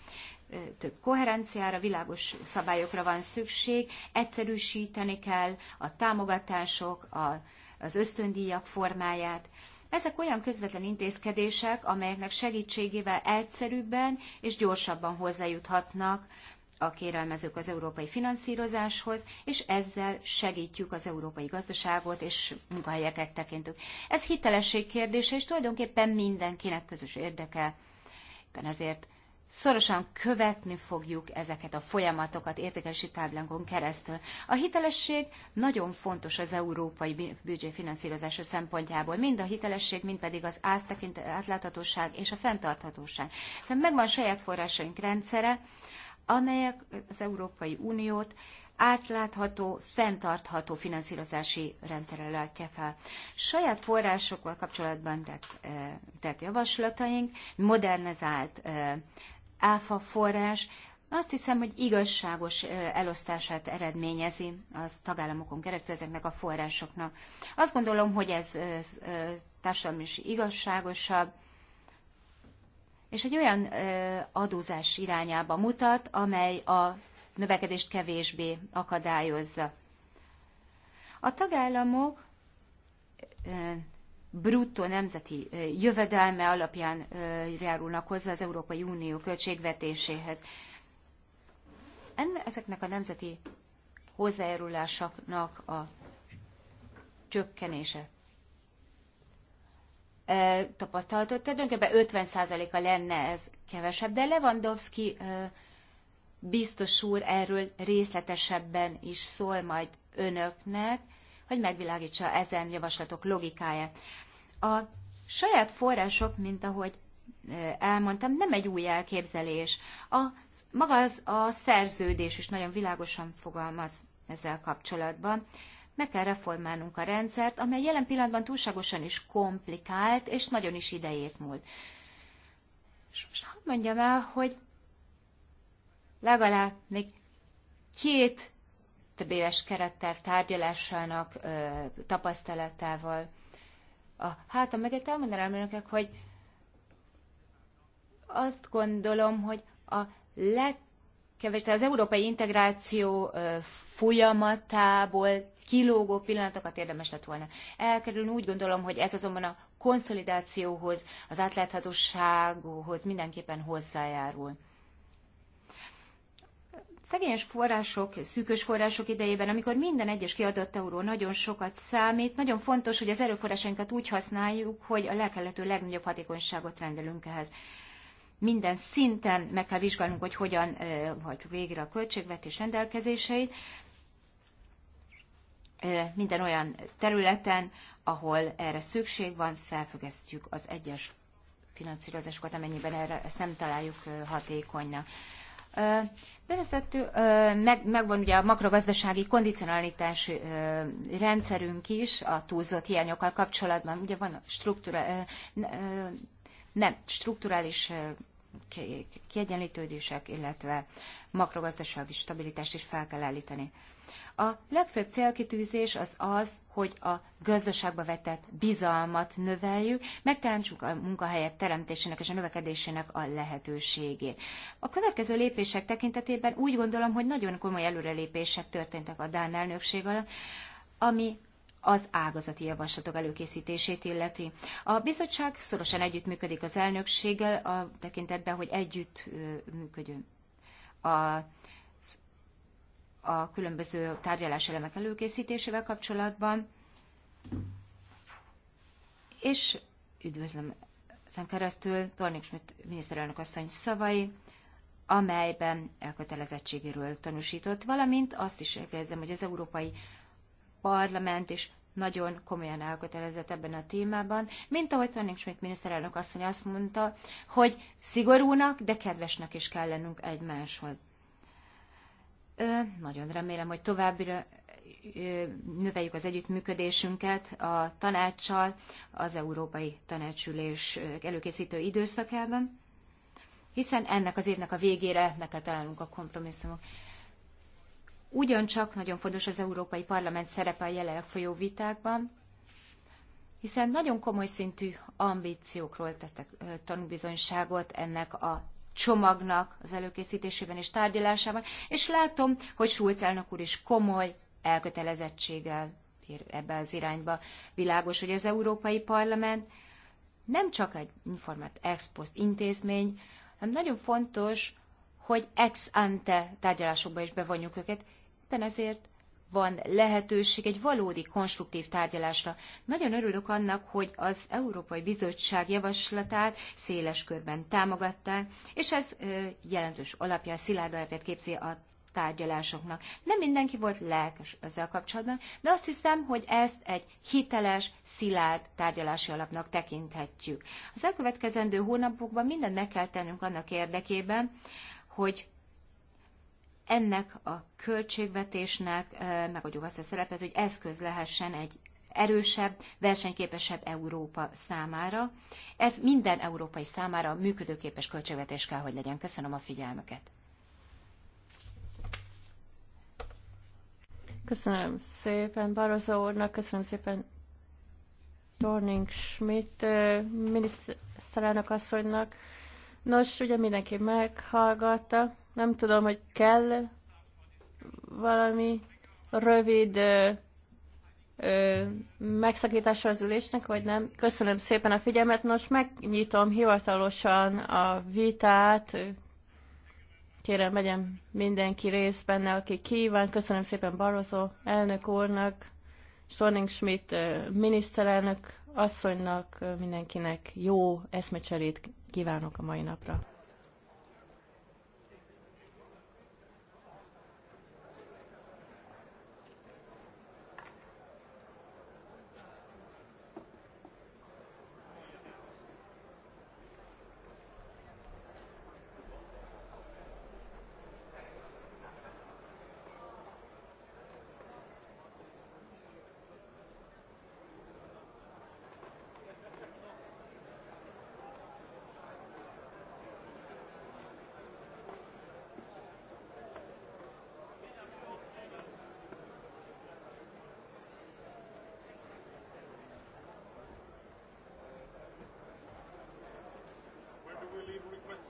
több koherenciára, világos szabályokra van szükség, egyszerűsíteni kell a támogatások, a, az ösztöndíjak formáját. Ezek olyan közvetlen intézkedések, amelyeknek segítségével egyszerűbben és gyorsabban hozzájuthatnak a kérelmezők az európai finanszírozáshoz, és ezzel segítjük az európai gazdaságot és munkahelyeket tekintünk. Ez hitelesség kérdése, és tulajdonképpen mindenkinek közös érdeke. Éppen ezért szorosan követni fogjuk ezeket a folyamatokat értékelési táblánkon keresztül. A hitelesség nagyon fontos az európai büdzséfinanszírozása szempontjából, mind a hitelesség, mind pedig az átláthatóság és a fenntarthatóság. Szóval megvan saját forrásaink rendszere, amelyek az Európai Uniót átlátható, fenntartható finanszírozási rendszerre látják fel. Saját forrásokkal kapcsolatban tett, eh, tett javaslataink, modernizált eh, áfa forrás, azt hiszem, hogy igazságos elosztását eredményezi az tagállamokon keresztül ezeknek a forrásoknak. Azt gondolom, hogy ez társadalmi is igazságosabb, és egy olyan adózás irányába mutat, amely a növekedést kevésbé akadályozza. A tagállamok bruttó nemzeti jövedelme alapján járulnak hozzá az Európai Unió költségvetéséhez. Enne, ezeknek a nemzeti hozzájárulásoknak a csökkenése tapasztalható. Tehát tulajdonképpen 50%-a lenne ez kevesebb, de Lewandowski biztos úr erről részletesebben is szól majd önöknek, hogy megvilágítsa ezen javaslatok logikáját. A saját források, mint ahogy elmondtam, nem egy új elképzelés. A, maga az, a szerződés is nagyon világosan fogalmaz ezzel kapcsolatban. Meg kell reformálnunk a rendszert, amely jelen pillanatban túlságosan is komplikált, és nagyon is idejét múlt. És most hadd mondjam el, hogy legalább még két több éves keretterv tárgyalásának ö, tapasztalatával. A a meget elmondanám önöknek, hogy azt gondolom, hogy a legkevés, az európai integráció ö, folyamatából kilógó pillanatokat érdemes lett volna elkerülni. Úgy gondolom, hogy ez azonban a konszolidációhoz, az átláthatósághoz mindenképpen hozzájárul szegényes források, szűkös források idejében, amikor minden egyes kiadott euró nagyon sokat számít, nagyon fontos, hogy az erőforrásainkat úgy használjuk, hogy a lelkelető legnagyobb hatékonyságot rendelünk ehhez. Minden szinten meg kell vizsgálnunk, hogy hogyan vagy végre a költségvetés rendelkezéseit, minden olyan területen, ahol erre szükség van, felfüggesztjük az egyes finanszírozásokat, amennyiben erre ezt nem találjuk hatékonynak bevezető, meg, megvan ugye a makrogazdasági kondicionalitás rendszerünk is a túlzott hiányokkal kapcsolatban. Ugye van struktúra, nem, strukturális kiegyenlítődések, illetve makrogazdasági stabilitást is fel kell állítani. A legfőbb célkitűzés az az, hogy a gazdaságba vetett bizalmat növeljük, megteremtsük a munkahelyek teremtésének és a növekedésének a lehetőségét. A következő lépések tekintetében úgy gondolom, hogy nagyon komoly előrelépések történtek a Dán elnökség alatt, ami az ágazati javaslatok előkészítését illeti. A bizottság szorosan együttműködik az elnökséggel a tekintetben, hogy együtt működjön. A a különböző tárgyaláselemek előkészítésével kapcsolatban, és üdvözlöm ezen keresztül Tornik Schmidt miniszterelnök asszony szavai, amelyben elkötelezettségéről tanúsított, valamint azt is érzem, hogy az Európai Parlament is nagyon komolyan elkötelezett ebben a témában, mint ahogy Tornik Schmidt miniszterelnök asszony azt mondta, hogy szigorúnak, de kedvesnek is kell lennünk egymáshoz. Nagyon remélem, hogy továbbra növeljük az együttműködésünket a tanácssal az Európai Tanácsülés előkészítő időszakában, hiszen ennek az évnek a végére meg kell találnunk a kompromisszumok. Ugyancsak nagyon fontos az Európai Parlament szerepe a jelenleg folyó vitákban, hiszen nagyon komoly szintű ambíciókról tettek tanúbizonyságot ennek a csomagnak az előkészítésében és tárgyalásában, és látom, hogy Schulz elnök úr is komoly elkötelezettséggel ér ebbe az irányba. Világos, hogy az Európai Parlament nem csak egy informált ex post intézmény, hanem nagyon fontos, hogy ex ante tárgyalásokba is bevonjuk őket, éppen ezért van lehetőség egy valódi konstruktív tárgyalásra. Nagyon örülök annak, hogy az Európai Bizottság javaslatát széles körben támogatták, és ez jelentős alapja, szilárd alapját képzi a tárgyalásoknak. Nem mindenki volt lelkes ezzel kapcsolatban, de azt hiszem, hogy ezt egy hiteles, szilárd tárgyalási alapnak tekinthetjük. Az elkövetkezendő hónapokban mindent meg kell tennünk annak érdekében, hogy ennek a költségvetésnek megadjuk azt a szerepet, hogy eszköz lehessen egy erősebb, versenyképesebb Európa számára. Ez minden európai számára működőképes költségvetés kell, hogy legyen. Köszönöm a figyelmüket. Köszönöm szépen Barozó úrnak, köszönöm szépen Torning Schmidt miniszterelnök asszonynak. Nos, ugye mindenki meghallgatta nem tudom, hogy kell valami rövid ö, ö, megszakítása az ülésnek, vagy nem. Köszönöm szépen a figyelmet. Most megnyitom hivatalosan a vitát. Kérem, megyem mindenki részt benne, aki kíván. Köszönöm szépen Barroso elnök úrnak, Storning Schmidt miniszterelnök asszonynak, mindenkinek jó eszmecserét kívánok a mai napra. do a leave request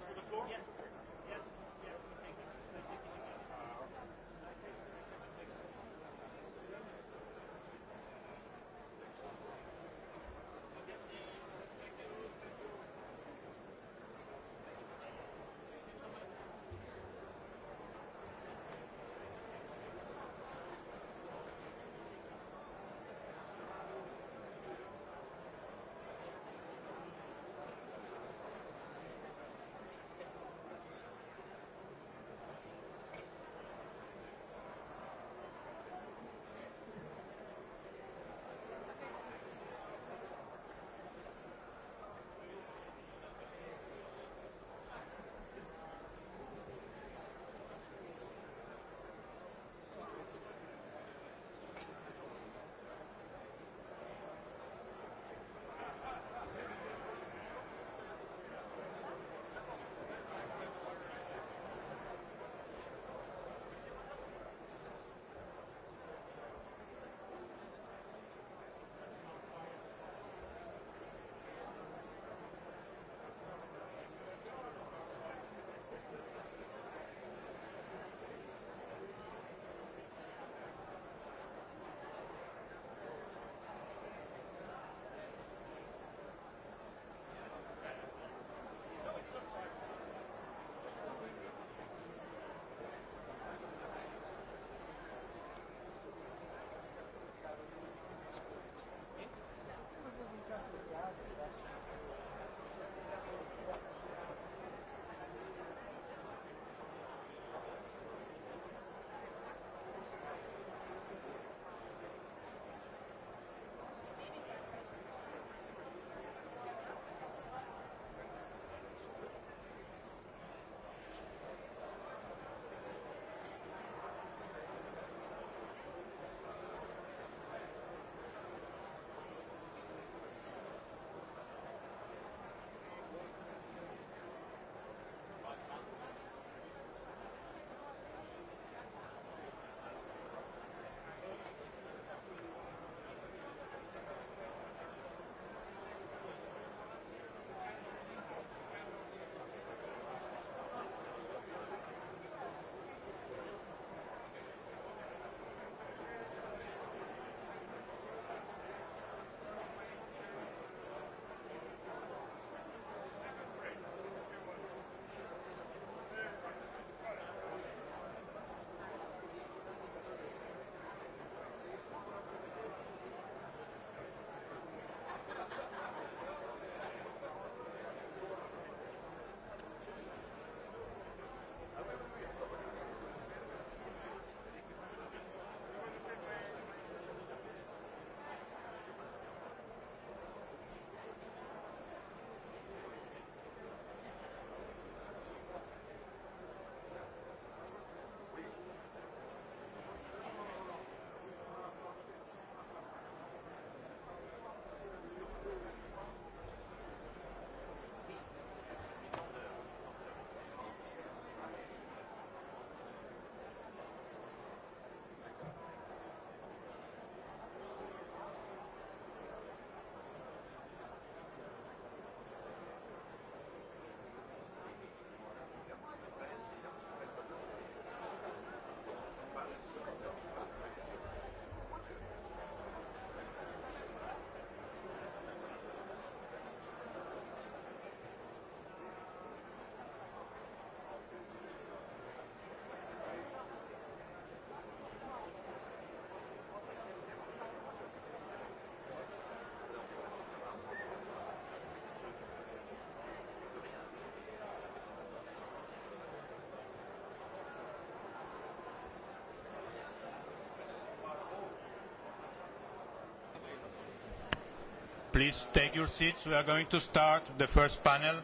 Please take your seats. We are going to start the first panel.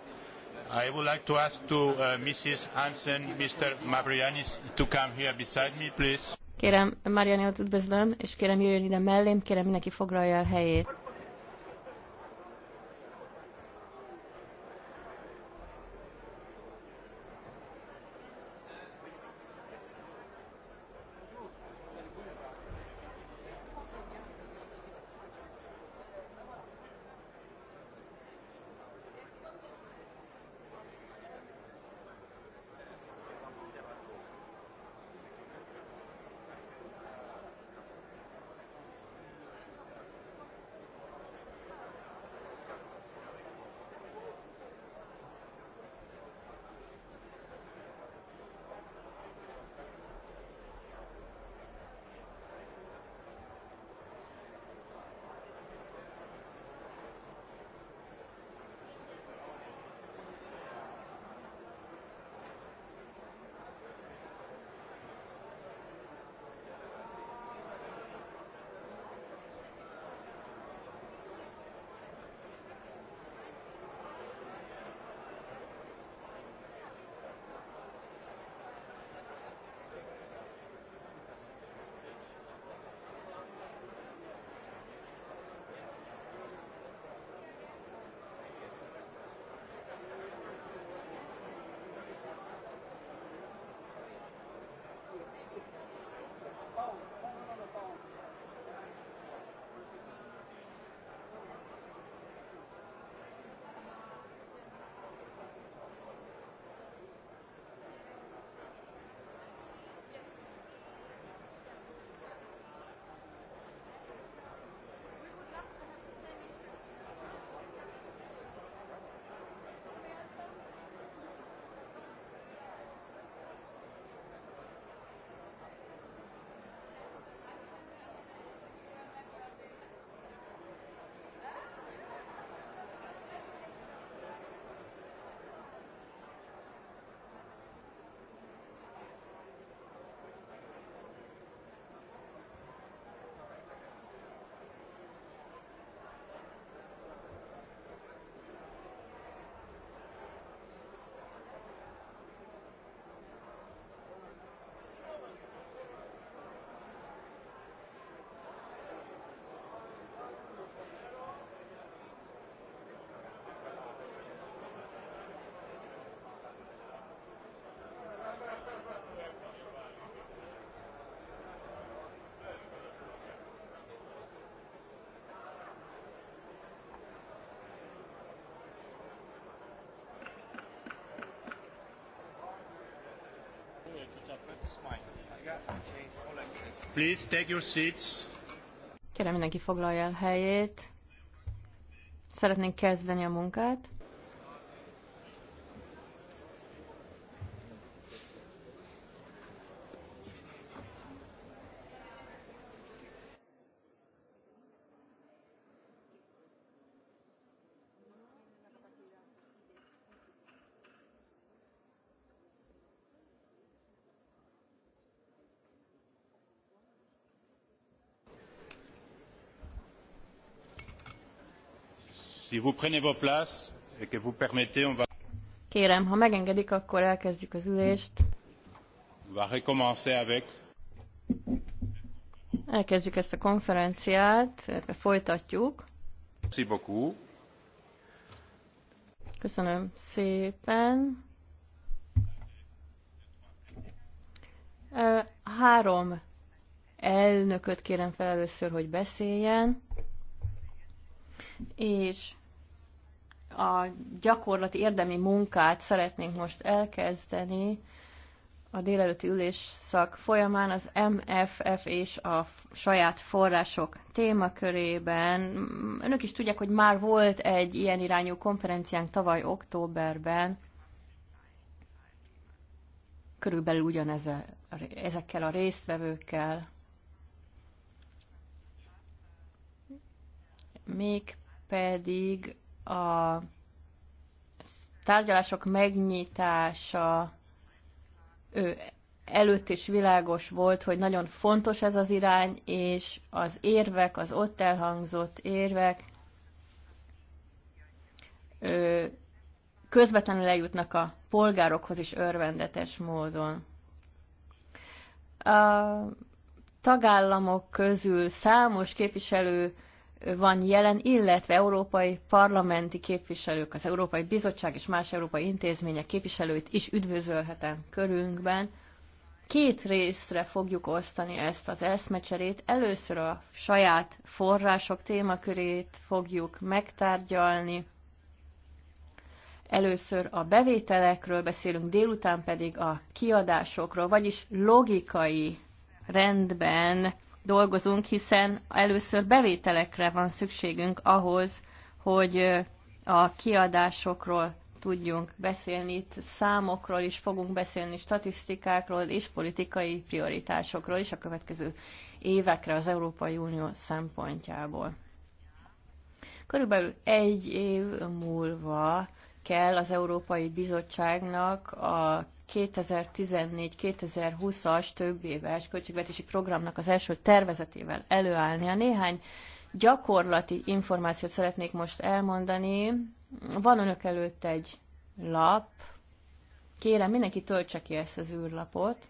I would like to ask to uh, Mrs. Hansen, Mr. Mavroyanis to come here beside me, please. Kérem, Marianit üdvözlöm, és kérem jöjjön ide mellém, kérem mindenki foglalja el helyét. Please take your seats. Kérem mindenki foglalja el helyét. Szeretnénk kezdeni a munkát. Kérem, ha megengedik, akkor elkezdjük az ülést. Elkezdjük ezt a konferenciát, illetve folytatjuk. Köszönöm szépen. Három elnököt kérem fel először, hogy beszéljen, és a gyakorlati érdemi munkát szeretnénk most elkezdeni a délelőtti ülésszak folyamán az MFF és a saját források témakörében. Önök is tudják, hogy már volt egy ilyen irányú konferenciánk tavaly októberben, körülbelül ugyanezzel, ezekkel a résztvevőkkel. Még pedig a tárgyalások megnyitása ő előtt is világos volt, hogy nagyon fontos ez az irány, és az érvek, az ott elhangzott érvek ö, közvetlenül eljutnak a polgárokhoz is örvendetes módon. A tagállamok közül számos képviselő van jelen, illetve európai parlamenti képviselők, az Európai Bizottság és más európai intézmények képviselőit is üdvözölhetem körünkben. Két részre fogjuk osztani ezt az eszmecserét. Először a saját források témakörét fogjuk megtárgyalni. Először a bevételekről beszélünk, délután pedig a kiadásokról, vagyis logikai rendben dolgozunk, hiszen először bevételekre van szükségünk ahhoz, hogy a kiadásokról tudjunk beszélni, itt számokról is fogunk beszélni, statisztikákról és politikai prioritásokról is a következő évekre az Európai Unió szempontjából. Körülbelül egy év múlva kell az Európai Bizottságnak a 2014-2020-as több éves költségvetési programnak az első tervezetével előállni. A néhány gyakorlati információt szeretnék most elmondani. Van önök előtt egy lap. Kérem, mindenki töltse ki ezt az űrlapot.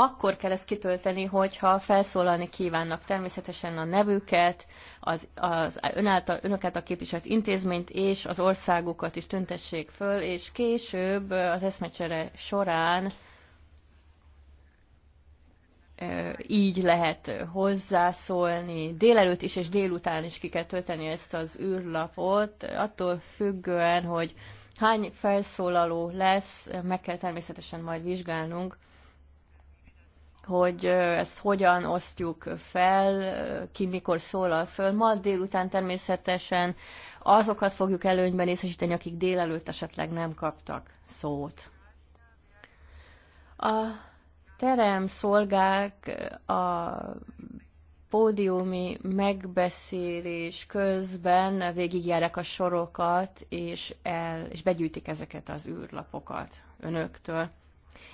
akkor kell ezt kitölteni, hogyha felszólalni kívánnak természetesen a nevüket, az, az önáltal, önök által képviselt intézményt és az országukat is tüntessék föl, és később az eszmecsere során így lehet hozzászólni. Délelőtt is és délután is ki kell tölteni ezt az űrlapot, attól függően, hogy hány felszólaló lesz, meg kell természetesen majd vizsgálnunk, hogy ezt hogyan osztjuk fel, ki mikor szólal föl. Ma délután természetesen azokat fogjuk előnyben részesíteni, akik délelőtt esetleg nem kaptak szót. A terem szolgák a pódiumi megbeszélés közben végigjárják a sorokat, és, el, és begyűjtik ezeket az űrlapokat önöktől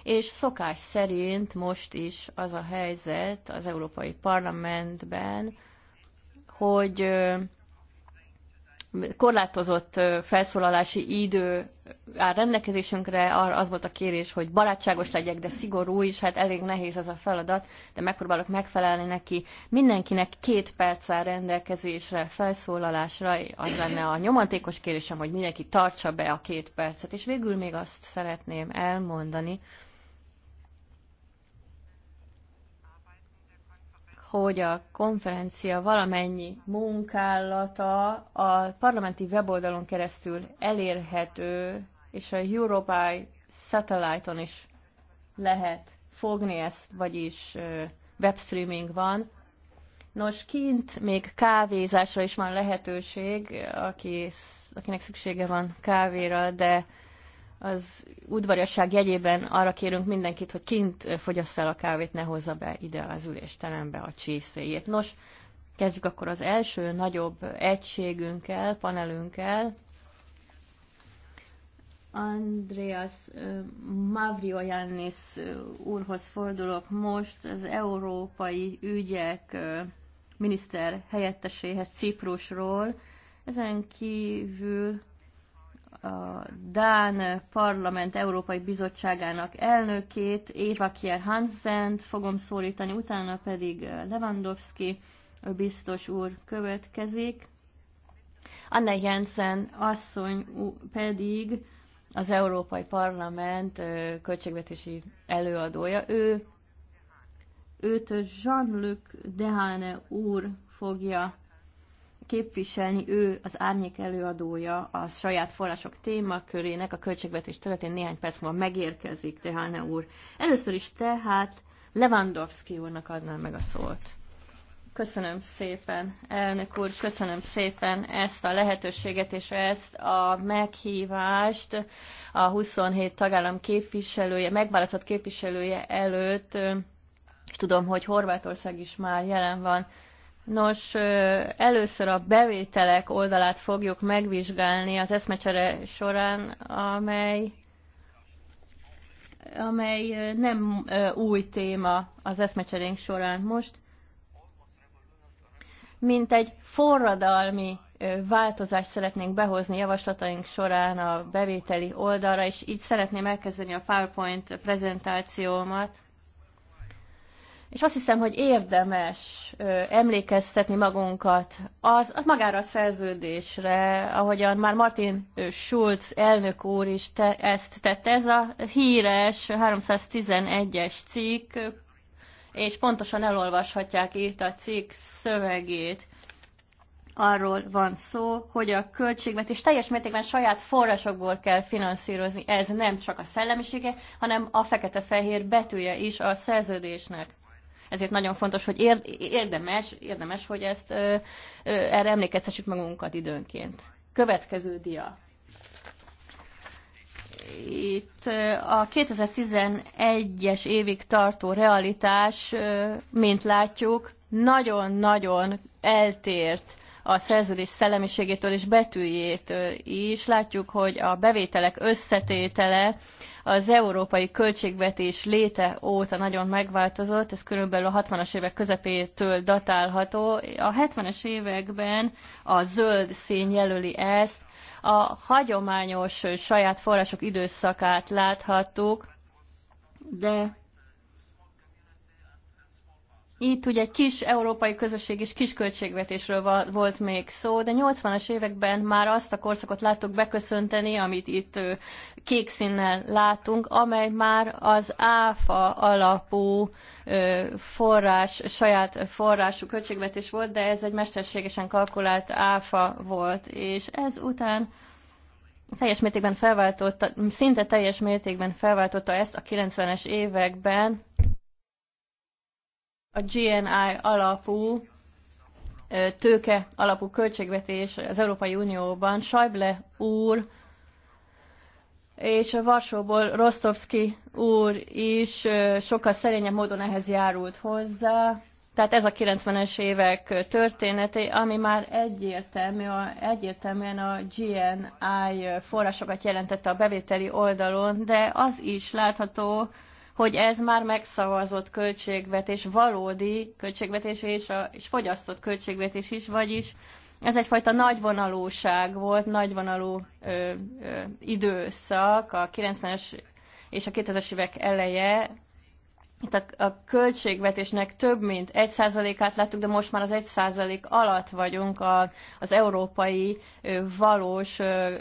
és szokás szerint most is az a helyzet az Európai Parlamentben, hogy korlátozott felszólalási idő áll rendelkezésünkre, az volt a kérés, hogy barátságos legyek, de szigorú is, hát elég nehéz ez a feladat, de megpróbálok megfelelni neki. Mindenkinek két perc áll rendelkezésre, felszólalásra, az lenne a nyomantékos kérésem, hogy mindenki tartsa be a két percet, és végül még azt szeretném elmondani, hogy a konferencia valamennyi munkálata a parlamenti weboldalon keresztül elérhető, és a Europai Satellite-on is lehet fogni ezt, vagyis webstreaming van. Nos, kint még kávézásra is van lehetőség, aki, akinek szüksége van kávéra, de az udvariasság jegyében arra kérünk mindenkit, hogy kint fogyassza el a kávét, ne hozza be ide az ülésterembe a csészéjét. Nos, kezdjük akkor az első nagyobb egységünkkel, panelünkkel. Andreas Mavrioyannis úrhoz fordulok most, az európai ügyek miniszter helyetteséhez Ciprusról. Ezen kívül a Dán Parlament Európai Bizottságának elnökét, Éva Kier Hansent fogom szólítani, utána pedig eh, Lewandowski biztos úr következik. Anne Jensen asszony pedig az Európai Parlament eh, költségvetési előadója. Ő, őt Jean-Luc Dehane úr fogja képviselni, ő az árnyék előadója a saját források témakörének a költségvetés területén néhány perc múlva megérkezik Tehane úr. Először is tehát Lewandowski úrnak adnám meg a szót. Köszönöm szépen, elnök úr, köszönöm szépen ezt a lehetőséget és ezt a meghívást a 27 tagállam képviselője, megválasztott képviselője előtt, és tudom, hogy Horvátország is már jelen van Nos, először a bevételek oldalát fogjuk megvizsgálni az eszmecsere során, amely amely nem új téma az eszmecserénk során most, mint egy forradalmi változást szeretnénk behozni javaslataink során a bevételi oldalra, és így szeretném elkezdeni a PowerPoint prezentációmat és azt hiszem, hogy érdemes ö, emlékeztetni magunkat az, az magára a szerződésre, ahogyan már Martin Schulz elnök úr is te, ezt tette. Ez a híres 311-es cikk, és pontosan elolvashatják itt a cikk szövegét. Arról van szó, hogy a költségvetés teljes mértékben saját forrásokból kell finanszírozni. Ez nem csak a szellemisége, hanem a fekete-fehér betűje is a szerződésnek ezért nagyon fontos, hogy érdemes, érdemes hogy ezt ö, ö, erre emlékeztessük magunkat időnként. Következő dia. Itt a 2011-es évig tartó realitás, mint látjuk, nagyon-nagyon eltért a szerződés szellemiségétől és betűjétől is. Látjuk, hogy a bevételek összetétele az európai költségvetés léte óta nagyon megváltozott, ez körülbelül a 60-as évek közepétől datálható. A 70-es években a zöld szín jelöli ezt, a hagyományos saját források időszakát láthattuk, de itt ugye egy kis európai közösség és kis költségvetésről volt még szó, de 80-as években már azt a korszakot láttuk beköszönteni, amit itt kék színnel látunk, amely már az áfa alapú forrás, saját forrású költségvetés volt, de ez egy mesterségesen kalkulált áfa volt, és ez után teljes mértékben felváltotta, szinte teljes mértékben felváltotta ezt a 90-es években, a GNI alapú tőke alapú költségvetés az Európai Unióban. Schäuble úr és a Varsóból Rostovski úr is sokkal szerényebb módon ehhez járult hozzá. Tehát ez a 90-es évek története, ami már egyértelmű, egyértelműen a GNI forrásokat jelentette a bevételi oldalon, de az is látható, hogy ez már megszavazott költségvetés, valódi költségvetés és, a, és fogyasztott költségvetés is, vagyis ez egyfajta nagyvonalúság volt, nagyvonalú ö, ö, időszak, a 90-es és a 2000-es évek eleje itt a, a költségvetésnek több mint 1%-át láttuk, de most már az 1% alatt vagyunk a, az európai ö, valós ö,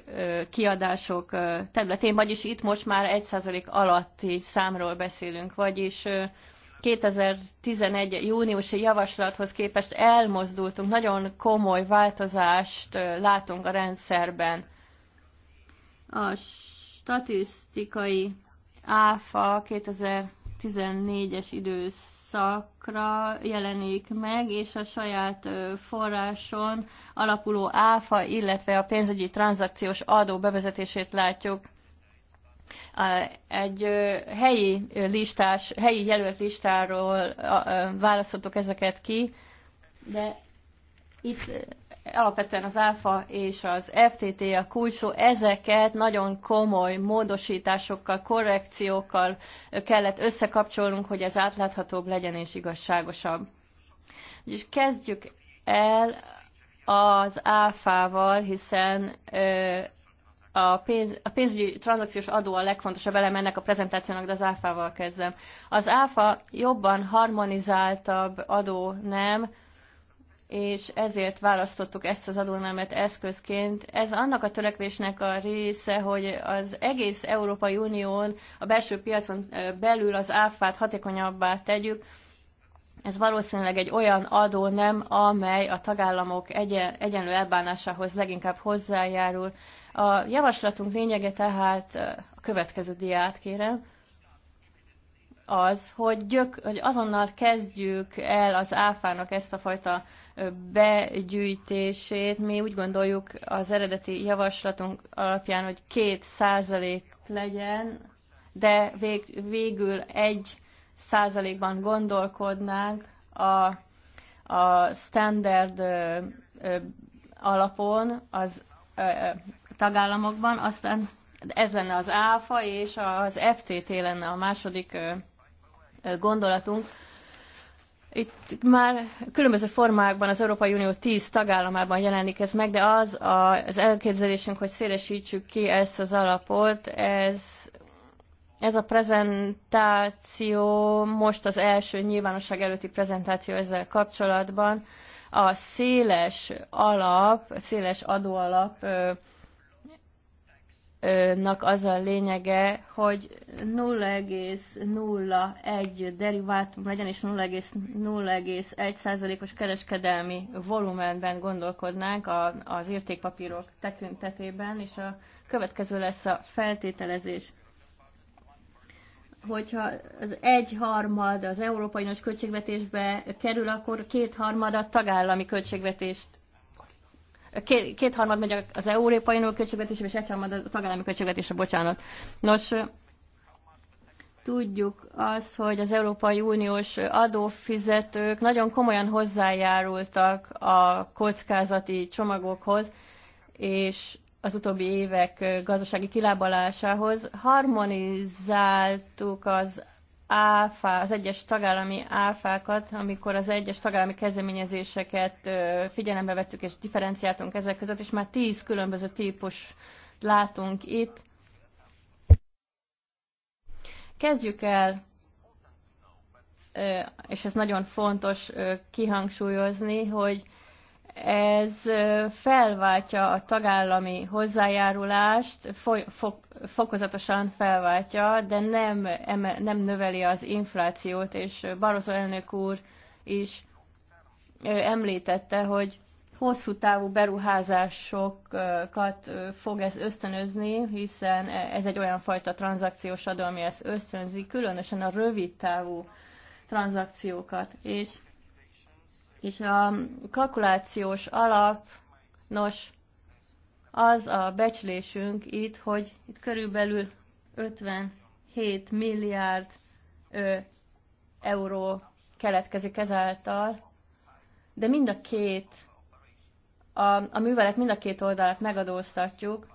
kiadások ö, területén, vagyis itt most már 1% alatti számról beszélünk, vagyis ö, 2011. júniusi javaslathoz képest elmozdultunk, nagyon komoly változást ö, látunk a rendszerben. A statisztikai áfa 2000 2014-es időszakra jelenik meg, és a saját forráson alapuló áfa, illetve a pénzügyi tranzakciós adó bevezetését látjuk egy helyi listás, helyi jelölt listáról választottuk ezeket ki, de itt alapvetően az ÁFA és az FTT a kulcsó, ezeket nagyon komoly módosításokkal, korrekciókkal kellett összekapcsolnunk, hogy ez átláthatóbb legyen és igazságosabb. Úgyhogy kezdjük el az áfával, hiszen ö, a, pénz, a pénzügyi tranzakciós adó a legfontosabb elem ennek a prezentációnak, de az áfával kezdem. Az áfa jobban harmonizáltabb adó nem, és ezért választottuk ezt az adónemet eszközként. Ez annak a törekvésnek a része, hogy az egész Európai Unión, a belső piacon belül az áfát hatékonyabbá tegyük. Ez valószínűleg egy olyan adó nem, amely a tagállamok egyen, egyenlő elbánásához leginkább hozzájárul. A javaslatunk lényege tehát a következő diát kérem az, hogy, gyök, hogy azonnal kezdjük el az áfának ezt a fajta begyűjtését. Mi úgy gondoljuk az eredeti javaslatunk alapján, hogy két százalék legyen, de vég, végül egy százalékban gondolkodnánk a, a standard ö, ö, alapon az ö, tagállamokban, aztán ez lenne az ÁFA, és az FTT lenne a második gondolatunk, itt már különböző formákban az Európai Unió 10 tagállamában jelenik ez meg, de az a, az elképzelésünk, hogy szélesítsük ki ezt az alapot, ez, ez a prezentáció most az első nyilvánosság előtti prezentáció ezzel kapcsolatban. A széles alap, széles adóalap nak az a lényege, hogy 0,01 derivátum legyen, és 0,01%-os kereskedelmi volumenben gondolkodnánk a, az értékpapírok tekintetében, és a következő lesz a feltételezés. Hogyha az egyharmad az európai nagy költségvetésbe kerül, akkor kétharmad a tagállami költségvetést két, kétharmad megy az Európai Unió költségvetésébe, és egyharmad a tagállami költségvetésre, bocsánat. Nos, tudjuk az, hogy az Európai Uniós adófizetők nagyon komolyan hozzájárultak a kockázati csomagokhoz, és az utóbbi évek gazdasági kilábalásához harmonizáltuk az áfá, az egyes tagállami áfákat, amikor az egyes tagállami kezdeményezéseket figyelembe vettük és differenciáltunk ezek között, és már tíz különböző típus látunk itt. Kezdjük el, és ez nagyon fontos kihangsúlyozni, hogy ez felváltja a tagállami hozzájárulást, fokozatosan felváltja, de nem, eme, nem növeli az inflációt, és Barroso elnök úr is említette, hogy hosszú távú beruházásokat fog ez ösztönözni, hiszen e-, ez egy olyan fajta tranzakciós adó, ami ezt ösztönzi, különösen a rövid távú tranzakciókat. És és a kalkulációs alap, nos, az a becslésünk itt, hogy itt körülbelül 57 milliárd ö, euró keletkezik ezáltal, de mind a két, a, a művelet mind a két oldalát megadóztatjuk,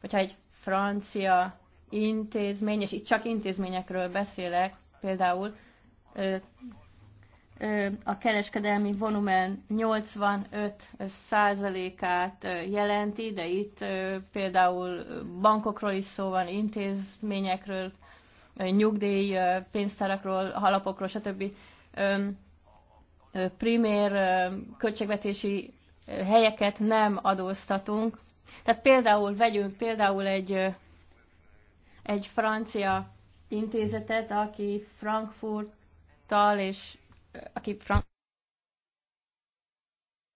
hogyha egy francia intézmény, és itt csak intézményekről beszélek, például a kereskedelmi volumen 85%-át jelenti, de itt például bankokról is szó van, intézményekről, nyugdíj, pénztárakról, halapokról, stb. primér költségvetési helyeket nem adóztatunk. Tehát például vegyünk például egy, egy francia intézetet, aki Frankfurttal és aki Frank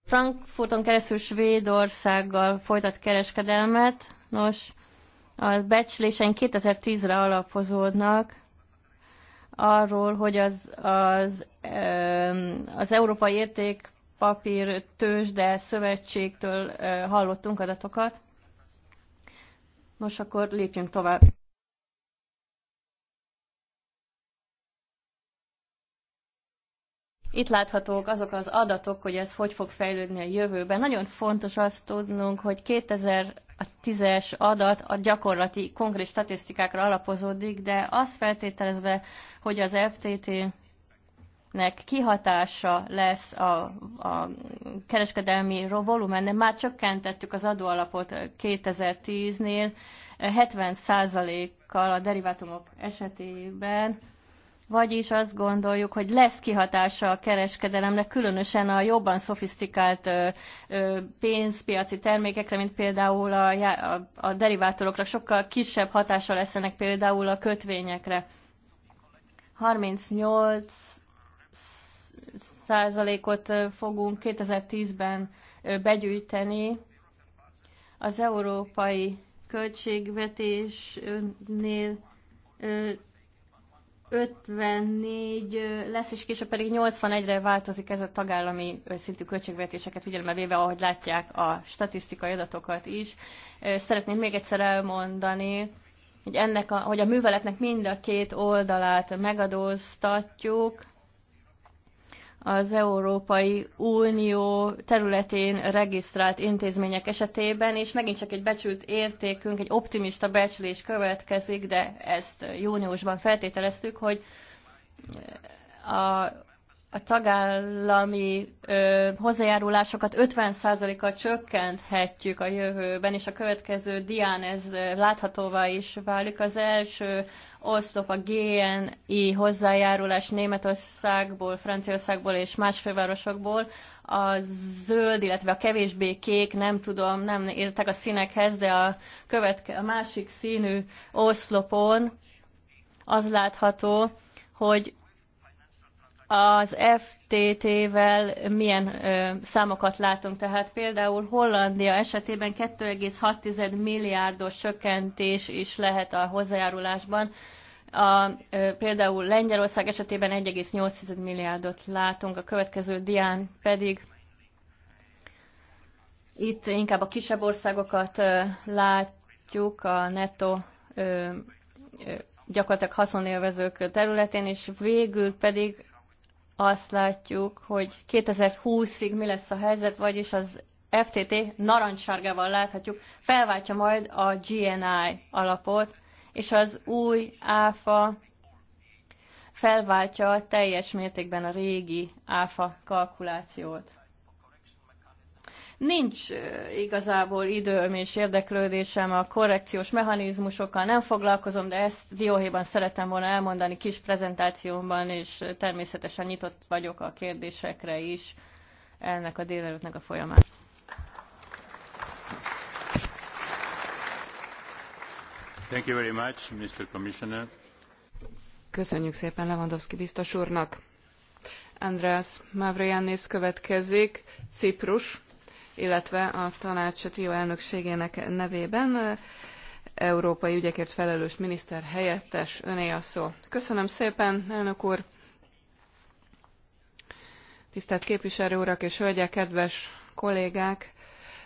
Frankfurton keresztül Svédországgal folytat kereskedelmet. Nos, a becsléseink 2010-re alapozódnak arról, hogy az, az, az Európai Értékpapír Tőzsde Szövetségtől hallottunk adatokat. Nos, akkor lépjünk tovább. Itt láthatók azok az adatok, hogy ez hogy fog fejlődni a jövőben. Nagyon fontos azt tudnunk, hogy 2010 tízes adat a gyakorlati, konkrét statisztikákra alapozódik, de azt feltételezve, hogy az FTT nek kihatása lesz a, a kereskedelmi de Már csökkentettük az adóalapot 2010-nél 70%-kal a derivátumok esetében, vagyis azt gondoljuk, hogy lesz kihatása a kereskedelemre, különösen a jobban szofisztikált pénzpiaci termékekre, mint például a, a, a derivátorokra, sokkal kisebb hatása lesz ennek például a kötvényekre. 38 százalékot fogunk 2010-ben begyűjteni az európai költségvetésnél 54 lesz, és később pedig 81-re változik ez a tagállami szintű költségvetéseket figyelembe véve, ahogy látják a statisztikai adatokat is. Szeretném még egyszer elmondani, hogy, ennek a, hogy a műveletnek mind a két oldalát megadóztatjuk, az Európai Unió területén regisztrált intézmények esetében, és megint csak egy becsült értékünk, egy optimista becslés következik, de ezt júniusban feltételeztük, hogy a a tagállami ö, hozzájárulásokat 50%-kal csökkenthetjük a jövőben, és a következő dián ez láthatóvá is válik. Az első oszlop a GNI hozzájárulás Németországból, Franciaországból és más fővárosokból. A zöld, illetve a kevésbé kék, nem tudom, nem értek a színekhez, de a, követke, a másik színű oszlopon az látható, hogy az FTT-vel milyen ö, számokat látunk. Tehát például Hollandia esetében 2,6 milliárdos csökkentés is lehet a hozzájárulásban. A, ö, például Lengyelország esetében 1,8 milliárdot látunk, a következő dián pedig itt inkább a kisebb országokat ö, látjuk a netto ö, gyakorlatilag haszonélvezők területén, és végül pedig azt látjuk, hogy 2020-ig mi lesz a helyzet, vagyis az FTT narancssárgával láthatjuk, felváltja majd a GNI alapot, és az új áfa felváltja teljes mértékben a régi áfa kalkulációt. Nincs igazából időm és érdeklődésem a korrekciós mechanizmusokkal, nem foglalkozom, de ezt dióhéjban szeretem volna elmondani kis prezentációmban, és természetesen nyitott vagyok a kérdésekre is ennek a délelőttnek a folyamán. Thank you very much, Mr. Commissioner. Köszönjük szépen Lewandowski biztos úrnak. András Mavriannis következik, Ciprus illetve a tanács trió elnökségének nevében európai ügyekért felelős miniszter helyettes öné a szó. Köszönöm szépen, elnök úr! Tisztelt képviselő urak és hölgyek, kedves kollégák!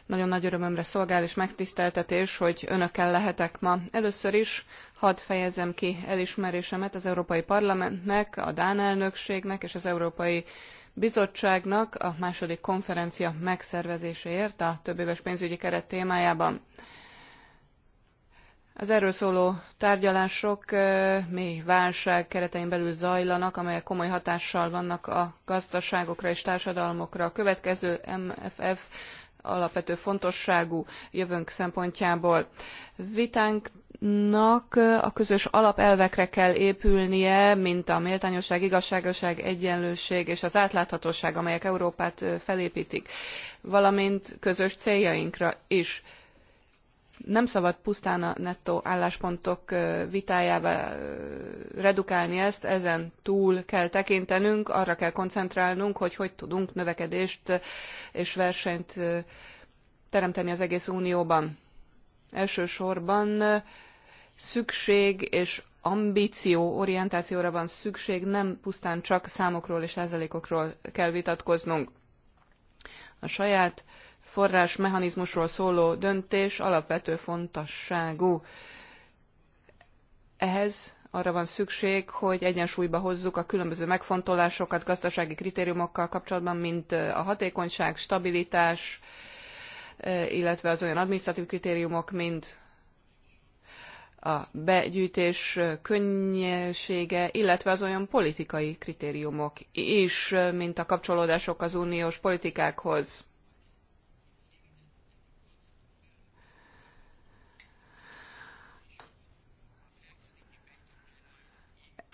Nagyon nagy örömömre szolgál és megtiszteltetés, hogy önökkel lehetek ma. Először is hadd fejezzem ki elismerésemet az Európai Parlamentnek, a Dán elnökségnek és az Európai bizottságnak a második konferencia megszervezéséért a többéves pénzügyi keret témájában. Az erről szóló tárgyalások mély válság keretein belül zajlanak, amelyek komoly hatással vannak a gazdaságokra és társadalmokra. A következő MFF alapvető fontosságú jövőnk szempontjából. Vitánk nak a közös alapelvekre kell épülnie, mint a méltányosság, igazságosság, egyenlőség és az átláthatóság, amelyek Európát felépítik, valamint közös céljainkra is. Nem szabad pusztán a nettó álláspontok vitájába redukálni ezt, ezen túl kell tekintenünk, arra kell koncentrálnunk, hogy hogy tudunk növekedést és versenyt teremteni az egész unióban. Elsősorban szükség és ambíció, orientációra van szükség, nem pusztán csak számokról és százalékokról kell vitatkoznunk. A saját forrás mechanizmusról szóló döntés alapvető fontosságú. Ehhez arra van szükség, hogy egyensúlyba hozzuk a különböző megfontolásokat gazdasági kritériumokkal kapcsolatban, mint a hatékonyság, stabilitás, illetve az olyan adminisztratív kritériumok, mint a begyűjtés könnyesége, illetve az olyan politikai kritériumok is, mint a kapcsolódások az uniós politikákhoz.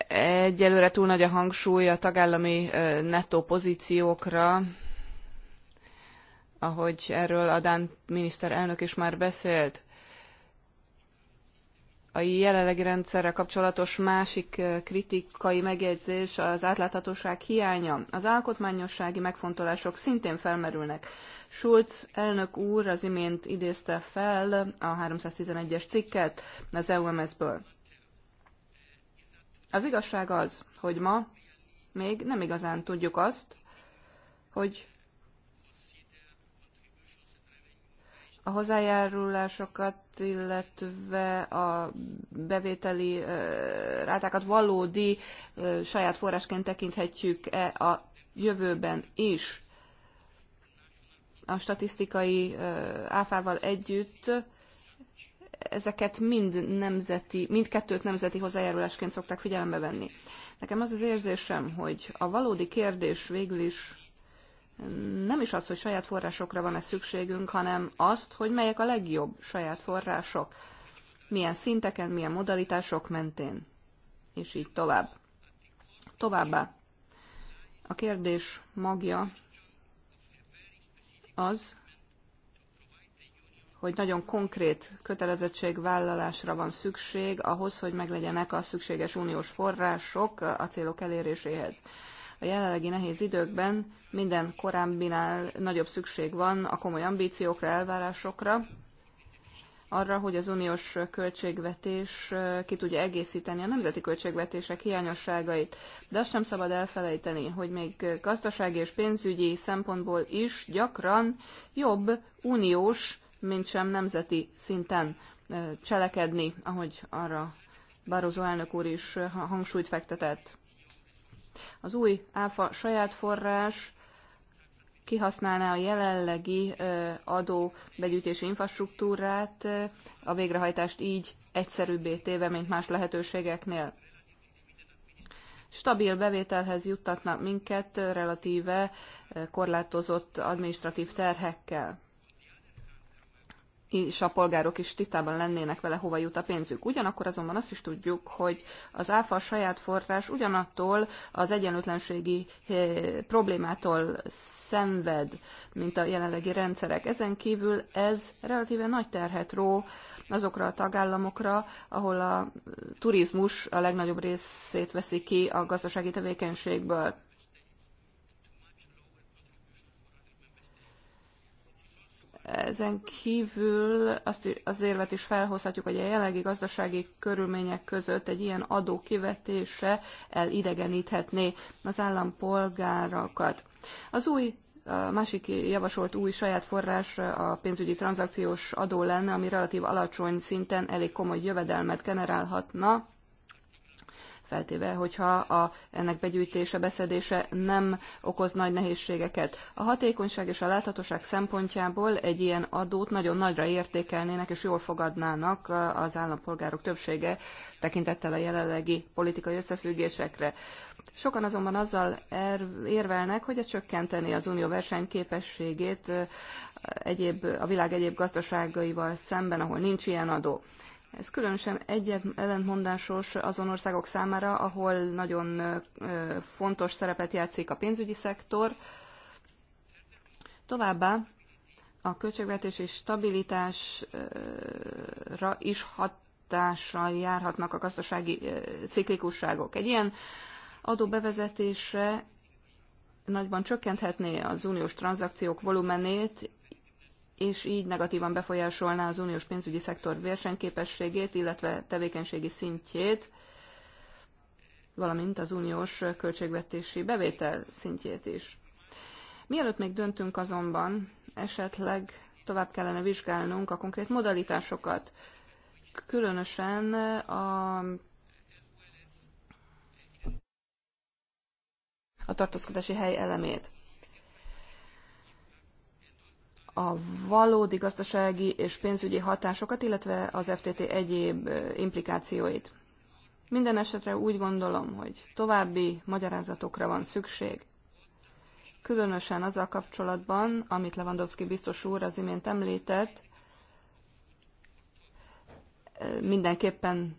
Egyelőre túl nagy a hangsúly a tagállami nettó pozíciókra, ahogy erről a Dán miniszterelnök is már beszélt a jelenlegi rendszerre kapcsolatos másik kritikai megjegyzés az átláthatóság hiánya. Az alkotmányossági megfontolások szintén felmerülnek. Schulz elnök úr az imént idézte fel a 311-es cikket az EUMS-ből. Az igazság az, hogy ma még nem igazán tudjuk azt, hogy a hozzájárulásokat, illetve a bevételi rátákat valódi saját forrásként tekinthetjük-e a jövőben is a statisztikai áfával együtt ezeket mind nemzeti, mindkettőt nemzeti hozzájárulásként szokták figyelembe venni. Nekem az az érzésem, hogy a valódi kérdés végül is nem is az, hogy saját forrásokra van-e szükségünk, hanem azt, hogy melyek a legjobb saját források, milyen szinteken, milyen modalitások mentén, és így tovább. Továbbá a kérdés magja az, hogy nagyon konkrét kötelezettségvállalásra van szükség ahhoz, hogy meglegyenek a szükséges uniós források a célok eléréséhez. A jelenlegi nehéz időkben minden korábbinál nagyobb szükség van a komoly ambíciókra, elvárásokra, arra, hogy az uniós költségvetés ki tudja egészíteni a nemzeti költségvetések hiányosságait. De azt sem szabad elfelejteni, hogy még gazdasági és pénzügyi szempontból is gyakran jobb uniós, mint sem nemzeti szinten cselekedni, ahogy arra Barozó elnök úr is hangsúlyt fektetett. Az új áfa saját forrás kihasználná a jelenlegi adó begyűjtési infrastruktúrát, a végrehajtást így egyszerűbbé téve, mint más lehetőségeknél. Stabil bevételhez juttatna minket relatíve korlátozott administratív terhekkel és a polgárok is tisztában lennének vele, hova jut a pénzük. Ugyanakkor azonban azt is tudjuk, hogy az áfa saját forrás ugyanattól az egyenlőtlenségi eh, problémától szenved, mint a jelenlegi rendszerek. Ezen kívül ez relatíve nagy terhet ró azokra a tagállamokra, ahol a turizmus a legnagyobb részét veszi ki a gazdasági tevékenységből. Ezen kívül azt, az érvet is felhozhatjuk, hogy a jelenlegi gazdasági körülmények között egy ilyen adó kivetése elidegeníthetné az állampolgárakat. Az új a másik javasolt új saját forrás a pénzügyi tranzakciós adó lenne, ami relatív alacsony szinten elég komoly jövedelmet generálhatna feltéve, hogyha a, ennek begyűjtése, beszedése nem okoz nagy nehézségeket. A hatékonyság és a láthatóság szempontjából egy ilyen adót nagyon nagyra értékelnének és jól fogadnának az állampolgárok többsége tekintettel a jelenlegi politikai összefüggésekre. Sokan azonban azzal er- érvelnek, hogy ez csökkenteni az unió versenyképességét eh, egyéb, a világ egyéb gazdaságaival szemben, ahol nincs ilyen adó. Ez különösen egyet ellentmondásos azon országok számára, ahol nagyon fontos szerepet játszik a pénzügyi szektor. Továbbá a és stabilitásra is hatással járhatnak a gazdasági ciklikusságok. Egy ilyen bevezetése nagyban csökkenthetné az uniós tranzakciók volumenét, és így negatívan befolyásolná az uniós pénzügyi szektor versenyképességét, illetve tevékenységi szintjét, valamint az uniós költségvetési bevétel szintjét is. Mielőtt még döntünk azonban, esetleg tovább kellene vizsgálnunk a konkrét modalitásokat, különösen a, a tartózkodási hely elemét a valódi gazdasági és pénzügyi hatásokat, illetve az FTT egyéb implikációit. Minden esetre úgy gondolom, hogy további magyarázatokra van szükség. Különösen azzal kapcsolatban, amit Lewandowski biztos úr az imént említett, mindenképpen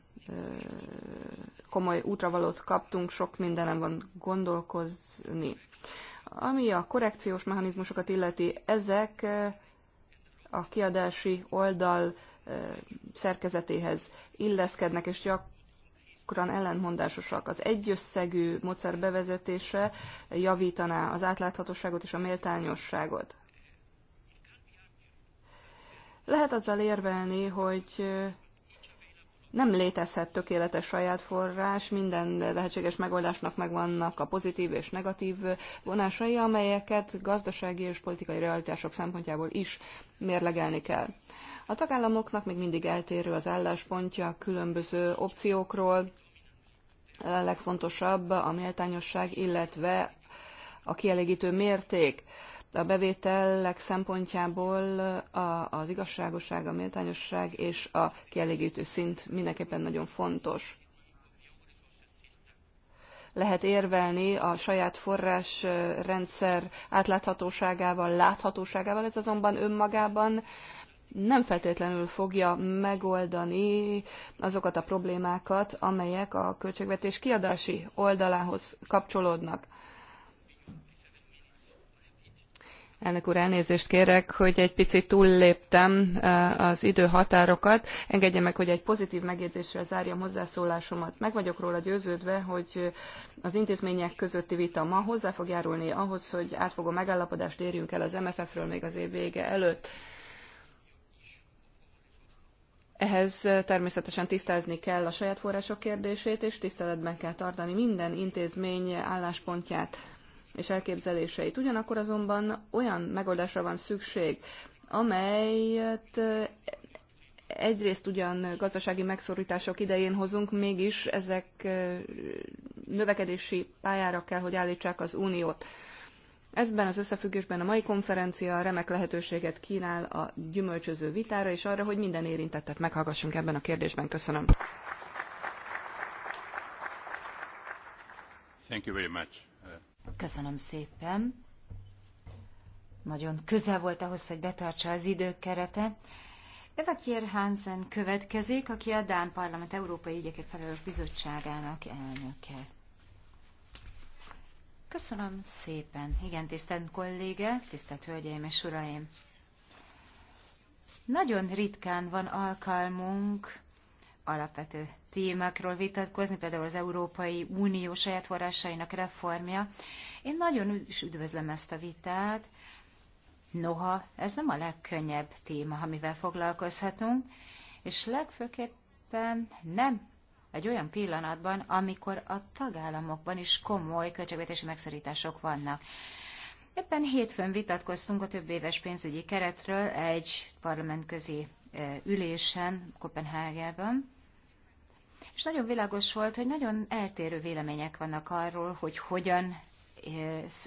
komoly útravalót kaptunk, sok mindenem van gondolkozni. Ami a korrekciós mechanizmusokat illeti, ezek a kiadási oldal szerkezetéhez illeszkednek, és gyakran ellentmondásosak. Az egyösszegű módszer bevezetése javítaná az átláthatóságot és a méltányosságot. Lehet azzal érvelni, hogy nem létezhet tökéletes saját forrás, minden lehetséges megoldásnak megvannak a pozitív és negatív vonásai, amelyeket gazdasági és politikai realitások szempontjából is mérlegelni kell. A tagállamoknak még mindig eltérő az álláspontja különböző opciókról, a legfontosabb a méltányosság, illetve a kielégítő mérték a bevételek szempontjából a, az igazságosság, a méltányosság és a kielégítő szint mindenképpen nagyon fontos. Lehet érvelni a saját forrásrendszer átláthatóságával, láthatóságával, ez azonban önmagában nem feltétlenül fogja megoldani azokat a problémákat, amelyek a költségvetés kiadási oldalához kapcsolódnak. Elnök úr, elnézést kérek, hogy egy picit túlléptem az időhatárokat. Engedje meg, hogy egy pozitív megjegyzéssel zárjam hozzászólásomat. Meg vagyok róla győződve, hogy az intézmények közötti vita ma hozzá fog járulni ahhoz, hogy átfogó megállapodást érjünk el az MFF-ről még az év vége előtt. Ehhez természetesen tisztázni kell a saját források kérdését, és tiszteletben kell tartani minden intézmény álláspontját és elképzeléseit. Ugyanakkor azonban olyan megoldásra van szükség, amelyet egyrészt ugyan gazdasági megszorítások idején hozunk, mégis ezek növekedési pályára kell, hogy állítsák az uniót. Ezben az összefüggésben a mai konferencia remek lehetőséget kínál a gyümölcsöző vitára, és arra, hogy minden érintettet meghallgassunk ebben a kérdésben. Köszönöm. Thank you very much. Köszönöm szépen. Nagyon közel volt ahhoz, hogy betartsa az időkeretet. Eva Kier Hansen következik, aki a Dán Parlament Európai Ügyekért Felelős Bizottságának elnöke. Köszönöm szépen. Igen, tisztelt kollége, tisztelt hölgyeim és uraim. Nagyon ritkán van alkalmunk alapvető témákról vitatkozni, például az Európai Unió saját forrásainak reformja. Én nagyon is üdvözlöm ezt a vitát, noha ez nem a legkönnyebb téma, amivel foglalkozhatunk, és legfőképpen nem egy olyan pillanatban, amikor a tagállamokban is komoly költségvetési megszorítások vannak. Ebben hétfőn vitatkoztunk a több éves pénzügyi keretről egy parlamentközi ülésen Kopenhágában, és nagyon világos volt, hogy nagyon eltérő vélemények vannak arról, hogy hogyan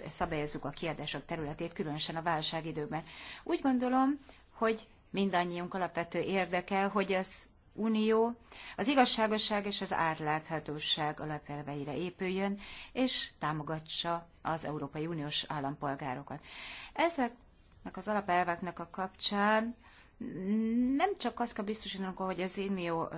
szabályozzuk a kiadások területét, különösen a válságidőben. Úgy gondolom, hogy mindannyiunk alapvető érdeke, hogy az unió az igazságosság és az átláthatóság alapelveire épüljön, és támogatsa az Európai Uniós állampolgárokat. Ezeknek az alapelveknek a kapcsán nem csak azt kell biztosítanunk, hogy az unió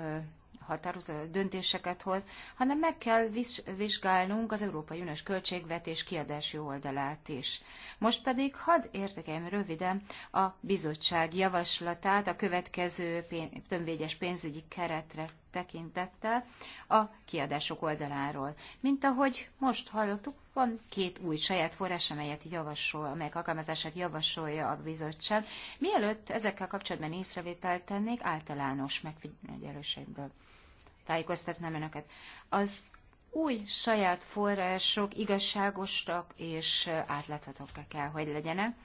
határoz döntéseket hoz, hanem meg kell vizsgálnunk az Európai Uniós költségvetés kiadási oldalát is. Most pedig hadd értekeim röviden a bizottság javaslatát a következő pén- tömvégyes pénzügyi keretre tekintettel a kiadások oldaláról. Mint ahogy most hallottuk, van két új saját forrás, amelyet javasol, amelyek alkalmazását javasolja a bizottság. Mielőtt ezekkel kapcsolatban észrevételt tennék, általános megfigyelőségből tájékoztatnám önöket. Az új saját források igazságosak és átláthatók kell, hogy legyenek.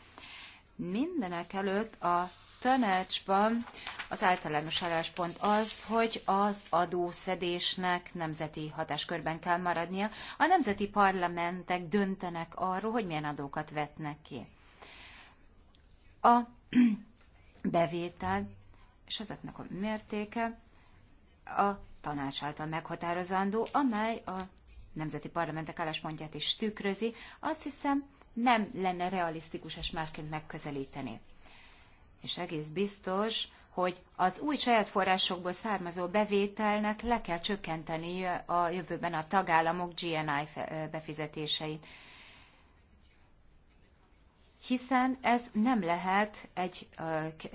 Mindenek előtt a tanácsban az általános álláspont az, hogy az adószedésnek nemzeti hatáskörben kell maradnia. A nemzeti parlamentek döntenek arról, hogy milyen adókat vetnek ki. A bevétel és azoknak a mértéke a tanács által meghatározandó, amely a nemzeti parlamentek álláspontját is tükrözi, azt hiszem nem lenne realisztikus és másként megközelíteni. És egész biztos, hogy az új saját forrásokból származó bevételnek le kell csökkenteni a jövőben a tagállamok GNI befizetéseit hiszen ez nem lehet egy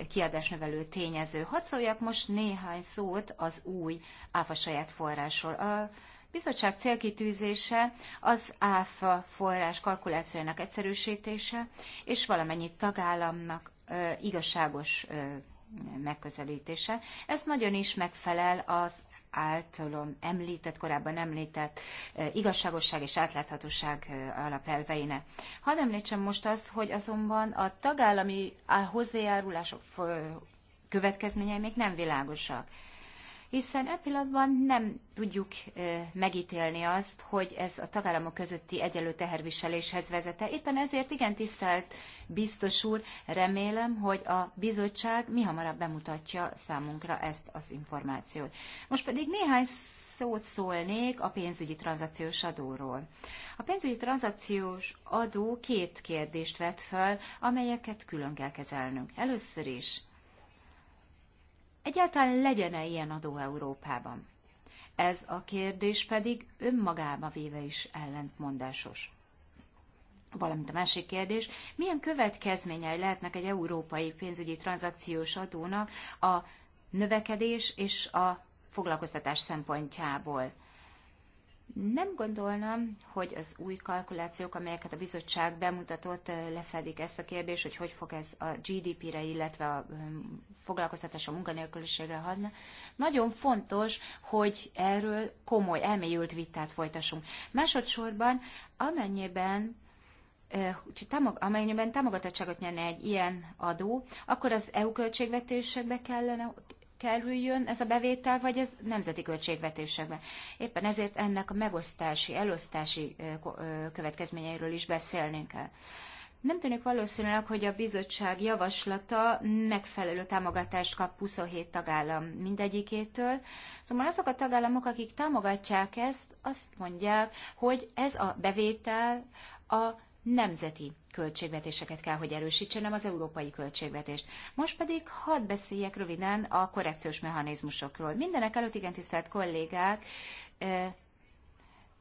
kiadásnövelő tényező. Hadd szóljak most néhány szót az új áfa saját forrásról. A bizottság célkitűzése az áfa forrás kalkulációjának egyszerűsítése, és valamennyi tagállamnak igazságos megközelítése. Ez nagyon is megfelel az általam említett, korábban említett eh, igazságosság és átláthatóság eh, alapelveine. Hadd említsem most azt, hogy azonban a tagállami hozzájárulások eh, következményei még nem világosak hiszen e pillanatban nem tudjuk megítélni azt, hogy ez a tagállamok közötti egyenlő teherviseléshez vezete. Éppen ezért igen tisztelt biztos úr, remélem, hogy a bizottság mi hamarabb bemutatja számunkra ezt az információt. Most pedig néhány szót szólnék a pénzügyi tranzakciós adóról. A pénzügyi tranzakciós adó két kérdést vet fel, amelyeket külön kell kezelnünk. Először is Egyáltalán legyen-e ilyen adó Európában? Ez a kérdés pedig önmagába véve is ellentmondásos. Valamint a másik kérdés, milyen következményei lehetnek egy európai pénzügyi tranzakciós adónak a növekedés és a foglalkoztatás szempontjából? Nem gondolnám, hogy az új kalkulációk, amelyeket a bizottság bemutatott, lefedik ezt a kérdést, hogy hogy fog ez a GDP-re, illetve a foglalkoztatás a munkanélküliségre hadna. Nagyon fontos, hogy erről komoly, elmélyült vitát folytassunk. Másodszorban, amennyiben amennyiben támogatottságot nyerne egy ilyen adó, akkor az EU költségvetésekbe kellene kerüljön ez a bevétel, vagy ez nemzeti költségvetésekbe. Éppen ezért ennek a megosztási, elosztási következményeiről is beszélnünk kell. Nem tűnik valószínűleg, hogy a bizottság javaslata megfelelő támogatást kap 27 tagállam mindegyikétől. Szóval azok a tagállamok, akik támogatják ezt, azt mondják, hogy ez a bevétel a nemzeti költségvetéseket kell, hogy erősítsen, nem az európai költségvetést. Most pedig hadd beszéljek röviden a korrekciós mechanizmusokról. Mindenek előtt, igen tisztelt kollégák,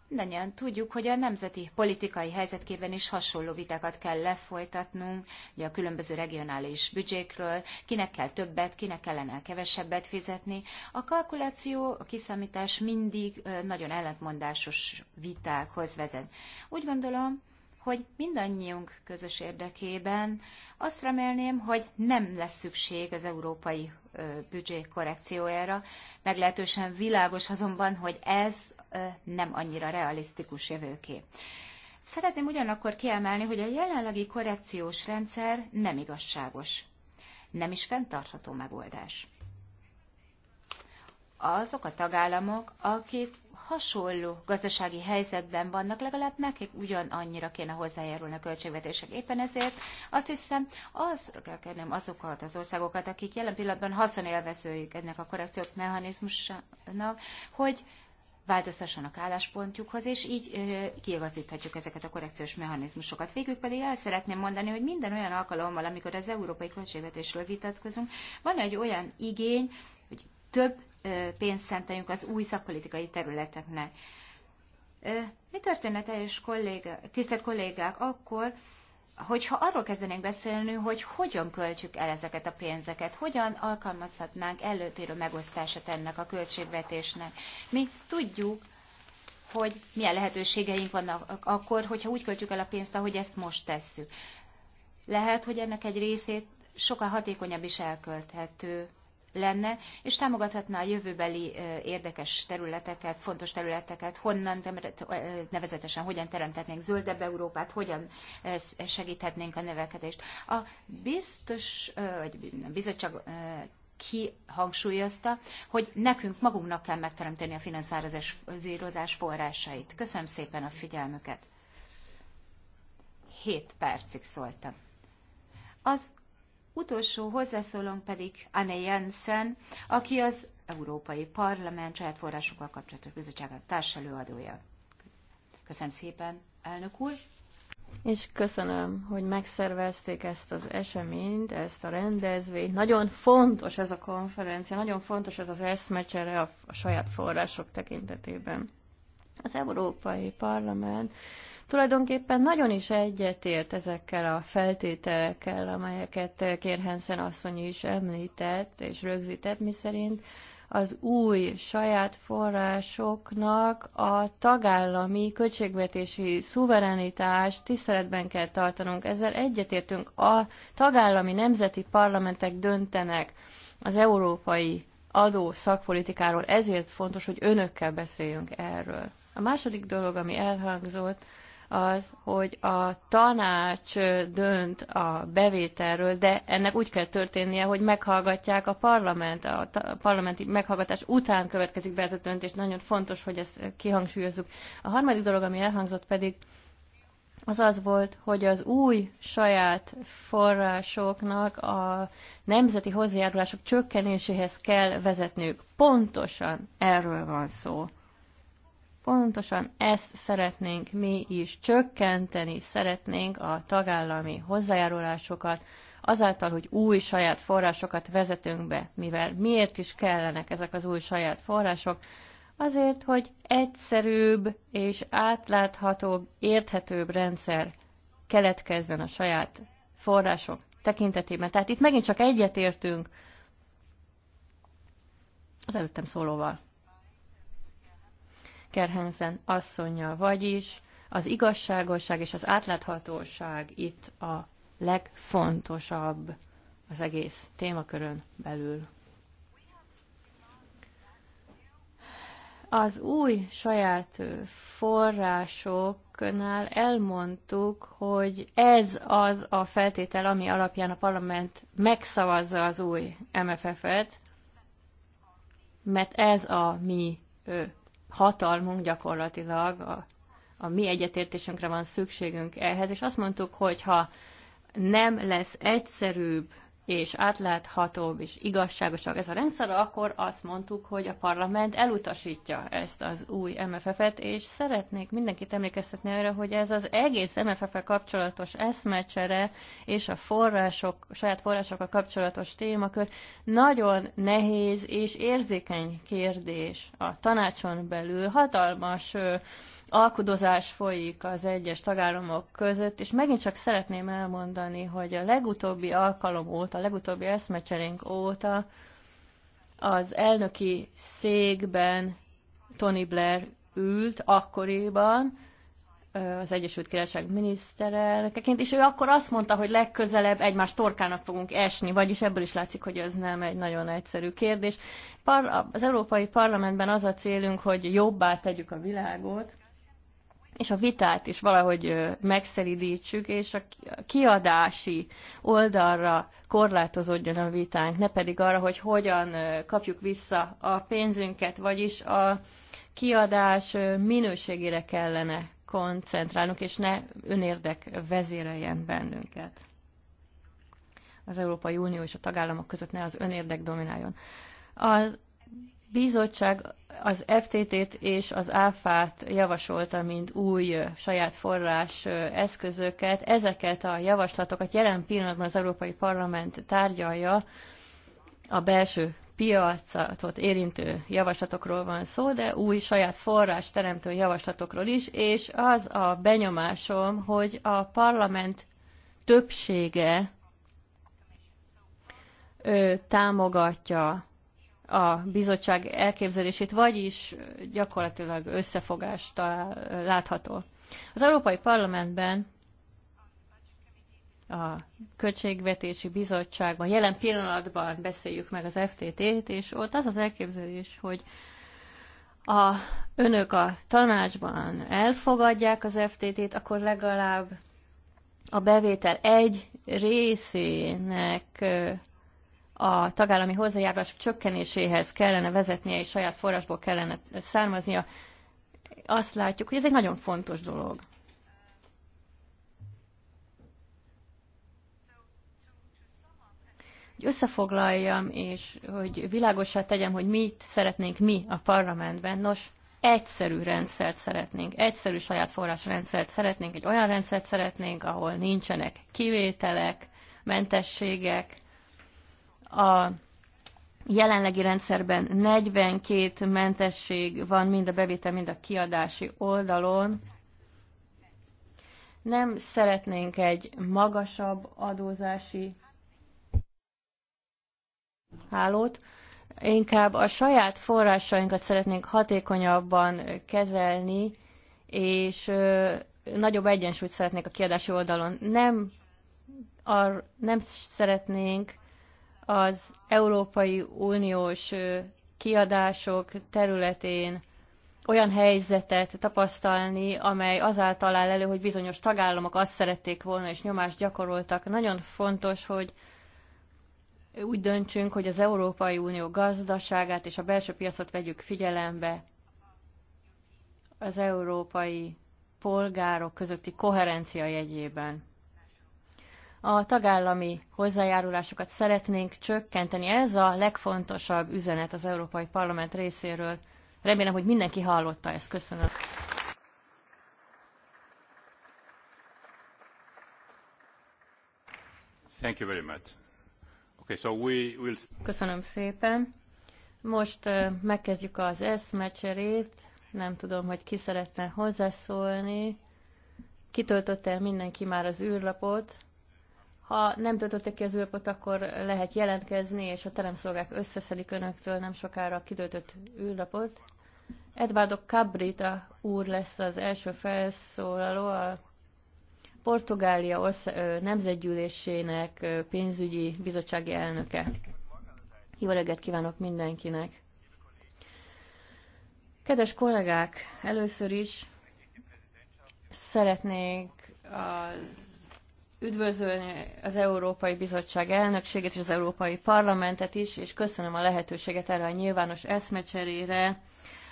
Mindannyian tudjuk, hogy a nemzeti politikai helyzetkében is hasonló vitákat kell lefolytatnunk, ugye a különböző regionális büdzsékről, kinek kell többet, kinek kellene kevesebbet fizetni. A kalkuláció, a kiszámítás mindig nagyon ellentmondásos vitákhoz vezet. Úgy gondolom, hogy mindannyiunk közös érdekében azt remélném, hogy nem lesz szükség az európai büdzsé korrekciójára. Meglehetősen világos azonban, hogy ez nem annyira realisztikus jövőkép. Szeretném ugyanakkor kiemelni, hogy a jelenlegi korrekciós rendszer nem igazságos, nem is fenntartható megoldás. Azok a tagállamok, akik hasonló gazdasági helyzetben vannak, legalább nekik ugyanannyira kéne hozzájárulni a költségvetések. Éppen ezért azt hiszem, az kell kérnem azokat az országokat, akik jelen pillanatban haszonélvezőjük ennek a korrekciók mechanizmusának, hogy változtassanak álláspontjukhoz, és így ö, kiigazíthatjuk ezeket a korrekciós mechanizmusokat. Végül pedig el szeretném mondani, hogy minden olyan alkalommal, amikor az európai költségvetésről vitatkozunk, van egy olyan igény, hogy több pénzt szenteljünk az új szakpolitikai területeknek. Mi történne, teljes kollégák, tisztelt kollégák, akkor, hogyha arról kezdenénk beszélni, hogy hogyan költjük el ezeket a pénzeket, hogyan alkalmazhatnánk előtérő megosztását ennek a költségvetésnek. Mi tudjuk, hogy milyen lehetőségeink vannak akkor, hogyha úgy költjük el a pénzt, ahogy ezt most tesszük. Lehet, hogy ennek egy részét sokkal hatékonyabb is elkölthető lenne, és támogathatná a jövőbeli érdekes területeket, fontos területeket, honnan, nevezetesen hogyan teremtetnénk zöldebb Európát, hogyan segíthetnénk a növekedést. A biztos, vagy a bizottság kihangsúlyozta, hogy nekünk magunknak kell megteremteni a finanszírozás forrásait. Köszönöm szépen a figyelmüket. Hét percig szóltam. Az utolsó hozzászólónk pedig Anne Jensen, aki az Európai Parlament saját forrásokkal kapcsolatos bizottsága társelőadója. Köszönöm szépen, elnök úr! És köszönöm, hogy megszervezték ezt az eseményt, ezt a rendezvényt. Nagyon fontos ez a konferencia, nagyon fontos ez az eszmecsere a, a saját források tekintetében. Az Európai Parlament tulajdonképpen nagyon is egyetért ezekkel a feltételekkel, amelyeket Kérhenszen asszony is említett és rögzített, miszerint az új saját forrásoknak a tagállami költségvetési szuverenitást tiszteletben kell tartanunk. Ezzel egyetértünk, a tagállami nemzeti parlamentek döntenek az európai adó szakpolitikáról, ezért fontos, hogy önökkel beszéljünk erről. A második dolog, ami elhangzott, az, hogy a tanács dönt a bevételről, de ennek úgy kell történnie, hogy meghallgatják a parlament, a, a parlamenti meghallgatás után következik be ez a döntés. Nagyon fontos, hogy ezt kihangsúlyozzuk. A harmadik dolog, ami elhangzott pedig, az az volt, hogy az új saját forrásoknak a nemzeti hozzájárulások csökkenéséhez kell vezetniük. Pontosan erről van szó. Pontosan ezt szeretnénk mi is csökkenteni, szeretnénk a tagállami hozzájárulásokat, azáltal, hogy új saját forrásokat vezetünk be, mivel miért is kellenek ezek az új saját források, azért, hogy egyszerűbb és átláthatóbb, érthetőbb rendszer keletkezzen a saját források tekintetében. Tehát itt megint csak egyetértünk az előttem szólóval. Kerhenzen asszonya, vagyis az igazságosság és az átláthatóság itt a legfontosabb az egész témakörön belül. Az új saját forrásoknál elmondtuk, hogy ez az a feltétel, ami alapján a parlament megszavazza az új MFF-et, mert ez a mi hatalmunk gyakorlatilag, a, a mi egyetértésünkre van szükségünk ehhez, és azt mondtuk, hogy ha nem lesz egyszerűbb és átláthatóbb és igazságosabb ez a rendszer, akkor azt mondtuk, hogy a parlament elutasítja ezt az új MFF-et, és szeretnék mindenkit emlékeztetni arra, hogy ez az egész MFF-el kapcsolatos eszmecsere és a források, a saját forrásokkal kapcsolatos témakör nagyon nehéz és érzékeny kérdés a tanácson belül. Hatalmas alkudozás folyik az egyes tagállamok között, és megint csak szeretném elmondani, hogy a legutóbbi alkalom óta, a legutóbbi eszmecserénk óta az elnöki székben Tony Blair ült akkoriban, az Egyesült Királyság miniszterelnökeként, és ő akkor azt mondta, hogy legközelebb egymás torkának fogunk esni, vagyis ebből is látszik, hogy ez nem egy nagyon egyszerű kérdés. Par- az Európai Parlamentben az a célunk, hogy jobbá tegyük a világot, és a vitát is valahogy megszelidítsük, és a kiadási oldalra korlátozódjon a vitánk, ne pedig arra, hogy hogyan kapjuk vissza a pénzünket, vagyis a kiadás minőségére kellene koncentrálnunk, és ne önérdek vezéreljen bennünket. Az Európai Unió és a tagállamok között ne az önérdek domináljon. Az bizottság az FTT-t és az áfát javasolta, mint új saját forrás eszközöket. Ezeket a javaslatokat jelen pillanatban az Európai Parlament tárgyalja, a belső piacot érintő javaslatokról van szó, de új saját forrás teremtő javaslatokról is, és az a benyomásom, hogy a parlament többsége ő, támogatja a bizottság elképzelését, vagyis gyakorlatilag összefogás talál, látható. Az Európai Parlamentben a Költségvetési Bizottságban jelen pillanatban beszéljük meg az FTT-t, és ott az az elképzelés, hogy a, önök a tanácsban elfogadják az FTT-t, akkor legalább a bevétel egy részének a tagállami hozzájárulás csökkenéséhez kellene vezetnie, és saját forrásból kellene származnia, azt látjuk, hogy ez egy nagyon fontos dolog. Hogy összefoglaljam, és hogy világosá tegyem, hogy mit szeretnénk mi a parlamentben. Nos, egyszerű rendszert szeretnénk, egyszerű saját rendszert szeretnénk, egy olyan rendszert szeretnénk, ahol nincsenek kivételek, mentességek, a jelenlegi rendszerben 42 mentesség van mind a bevétel, mind a kiadási oldalon. Nem szeretnénk egy magasabb adózási hálót, inkább a saját forrásainkat szeretnénk hatékonyabban kezelni, és nagyobb egyensúlyt szeretnék a kiadási oldalon. Nem, ar, nem szeretnénk az Európai Uniós kiadások területén olyan helyzetet tapasztalni, amely azáltal áll elő, hogy bizonyos tagállamok azt szerették volna, és nyomást gyakoroltak. Nagyon fontos, hogy úgy döntsünk, hogy az Európai Unió gazdaságát és a belső piacot vegyük figyelembe az európai polgárok közötti koherencia jegyében a tagállami hozzájárulásokat szeretnénk csökkenteni. Ez a legfontosabb üzenet az Európai Parlament részéről. Remélem, hogy mindenki hallotta ezt. Köszönöm. Thank you very much. Okay, so we will... Köszönöm szépen. Most uh, megkezdjük az eszmecserét. Nem tudom, hogy ki szeretne hozzászólni. Kitöltötte mindenki már az űrlapot? Ha nem töltötték ki az űrpot, akkor lehet jelentkezni, és a teremszolgák összeszedik önöktől nem sokára a kitöltött űrlapot. Eduardo Cabrita úr lesz az első felszólaló a Portugália orsz- nemzetgyűlésének pénzügyi bizottsági elnöke. Jó reggelt kívánok mindenkinek! Kedves kollégák, először is szeretnék az üdvözölni az Európai Bizottság elnökségét és az Európai Parlamentet is, és köszönöm a lehetőséget erre a nyilvános eszmecserére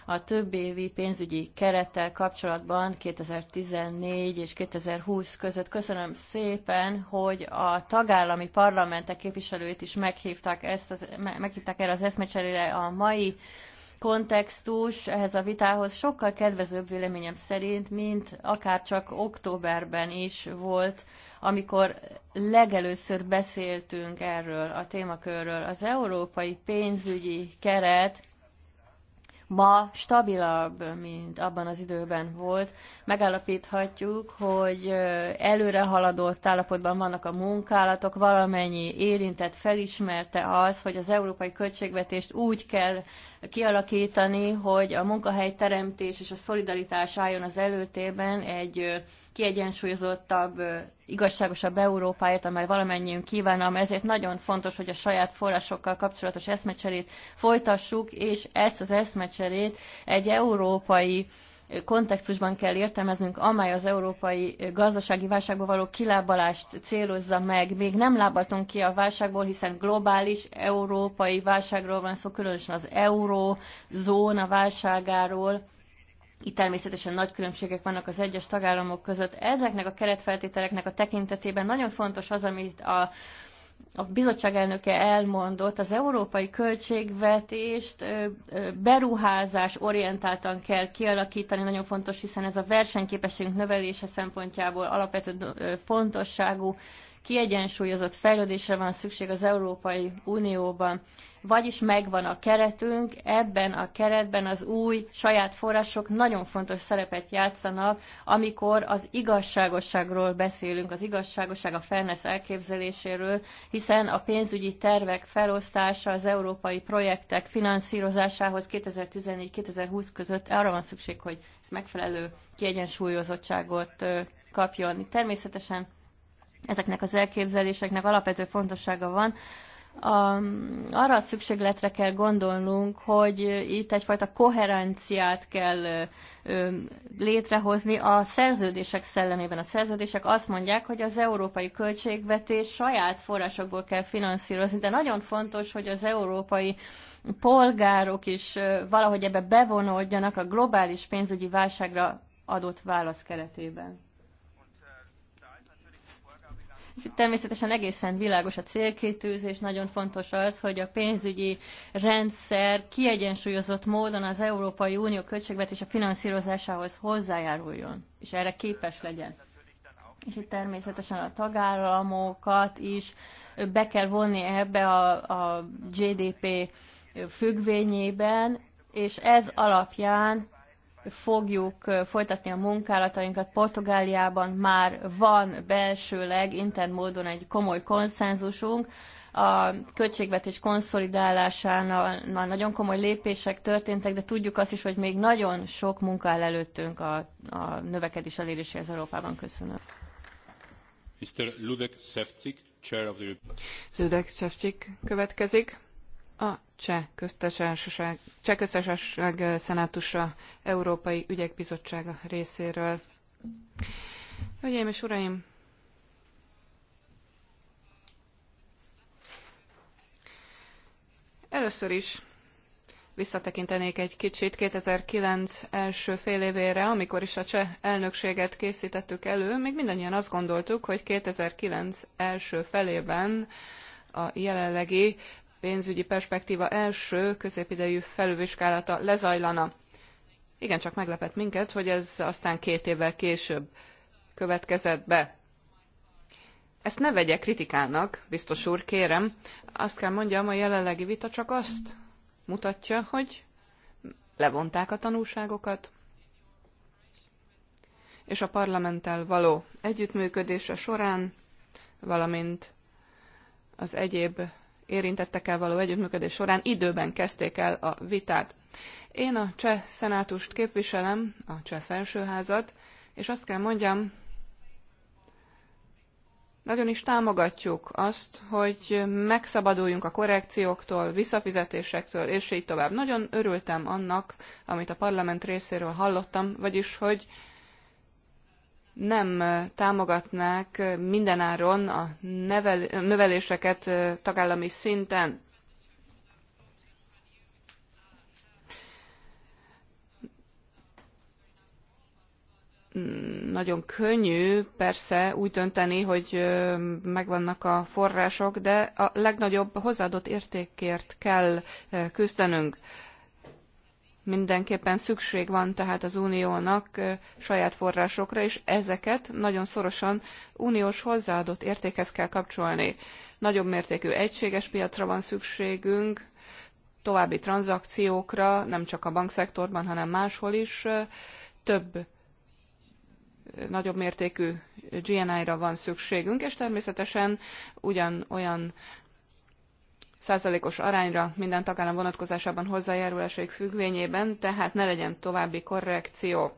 a több évi pénzügyi kerettel kapcsolatban 2014 és 2020 között. Köszönöm szépen, hogy a tagállami parlamentek képviselőit is meghívták, ezt az, meghívták erre az eszmecserére a mai kontextus ehhez a vitához sokkal kedvezőbb véleményem szerint, mint akár csak októberben is volt amikor legelőször beszéltünk erről a témakörről. Az európai pénzügyi keret ma stabilabb, mint abban az időben volt. Megállapíthatjuk, hogy előre haladott állapotban vannak a munkálatok, valamennyi érintett felismerte az, hogy az európai költségvetést úgy kell kialakítani, hogy a munkahelyteremtés és a szolidaritás álljon az előtében egy kiegyensúlyozottabb, igazságosabb Európáért, amely valamennyiünk kívánom, ezért nagyon fontos, hogy a saját forrásokkal kapcsolatos eszmecserét folytassuk, és ezt az eszmecserét egy európai kontextusban kell értelmeznünk, amely az európai gazdasági válságba való kilábalást célozza meg. Még nem lábaltunk ki a válságból, hiszen globális európai válságról van szó, különösen az zóna válságáról, itt természetesen nagy különbségek vannak az egyes tagállamok között. Ezeknek a keretfeltételeknek a tekintetében nagyon fontos az, amit a a bizottság elnöke elmondott, az európai költségvetést beruházás orientáltan kell kialakítani, nagyon fontos, hiszen ez a versenyképességünk növelése szempontjából alapvető fontosságú, kiegyensúlyozott fejlődésre van szükség az Európai Unióban vagyis megvan a keretünk, ebben a keretben az új saját források nagyon fontos szerepet játszanak, amikor az igazságosságról beszélünk, az igazságosság a fairness elképzeléséről, hiszen a pénzügyi tervek felosztása az európai projektek finanszírozásához 2014-2020 között arra van szükség, hogy ez megfelelő kiegyensúlyozottságot kapjon. Természetesen ezeknek az elképzeléseknek alapvető fontossága van, a, arra a szükségletre kell gondolnunk, hogy itt egyfajta koherenciát kell létrehozni a szerződések szellemében. A szerződések azt mondják, hogy az európai költségvetés saját forrásokból kell finanszírozni, de nagyon fontos, hogy az európai polgárok is valahogy ebbe bevonódjanak a globális pénzügyi válságra adott válasz keretében. És természetesen egészen világos a célkétőzés, nagyon fontos az, hogy a pénzügyi rendszer kiegyensúlyozott módon az Európai Unió a finanszírozásához hozzájáruljon, és erre képes legyen. És itt természetesen a tagállamokat is be kell vonni ebbe a, a GDP függvényében, és ez alapján fogjuk folytatni a munkálatainkat. Portugáliában már van belsőleg intern módon egy komoly konszenzusunk, a költségvetés konszolidálásánál nagyon komoly lépések történtek, de tudjuk azt is, hogy még nagyon sok munka áll előttünk a, a növekedés eléréséhez Európában. Köszönöm. Mr. Ludek Szefcik, Chair of the... Ludek Szefcik következik. A Cseh köztársaság, Cseh köztársaság eh, szenátusa Európai Ügyek Bizottsága részéről. Hölgyeim és uraim, először is visszatekintenék egy kicsit 2009 első fél évére, amikor is a cseh elnökséget készítettük elő, még mindannyian azt gondoltuk, hogy 2009 első felében a jelenlegi pénzügyi perspektíva első középidejű felülvizsgálata lezajlana. Igen, csak meglepett minket, hogy ez aztán két évvel később következett be. Ezt ne vegye kritikának, biztos úr, kérem. Azt kell mondjam, a jelenlegi vita csak azt mutatja, hogy levonták a tanulságokat, és a parlamenttel való együttműködése során, valamint az egyéb érintettekkel való együttműködés során időben kezdték el a vitát. Én a cseh szenátust képviselem, a cseh felsőházat, és azt kell mondjam, nagyon is támogatjuk azt, hogy megszabaduljunk a korrekcióktól, visszafizetésektől, és így tovább. Nagyon örültem annak, amit a parlament részéről hallottam, vagyis, hogy nem támogatnák mindenáron a növeléseket tagállami szinten. Mm, nagyon könnyű persze úgy dönteni, hogy megvannak a források, de a legnagyobb hozzáadott értékért kell küzdenünk. Mindenképpen szükség van tehát az uniónak saját forrásokra, és ezeket nagyon szorosan uniós hozzáadott értékhez kell kapcsolni. Nagyobb mértékű egységes piacra van szükségünk, további tranzakciókra, nem csak a bankszektorban, hanem máshol is több nagyobb mértékű GNI-ra van szükségünk, és természetesen ugyanolyan százalékos arányra minden tagállam vonatkozásában hozzájárulásaik függvényében, tehát ne legyen további korrekció.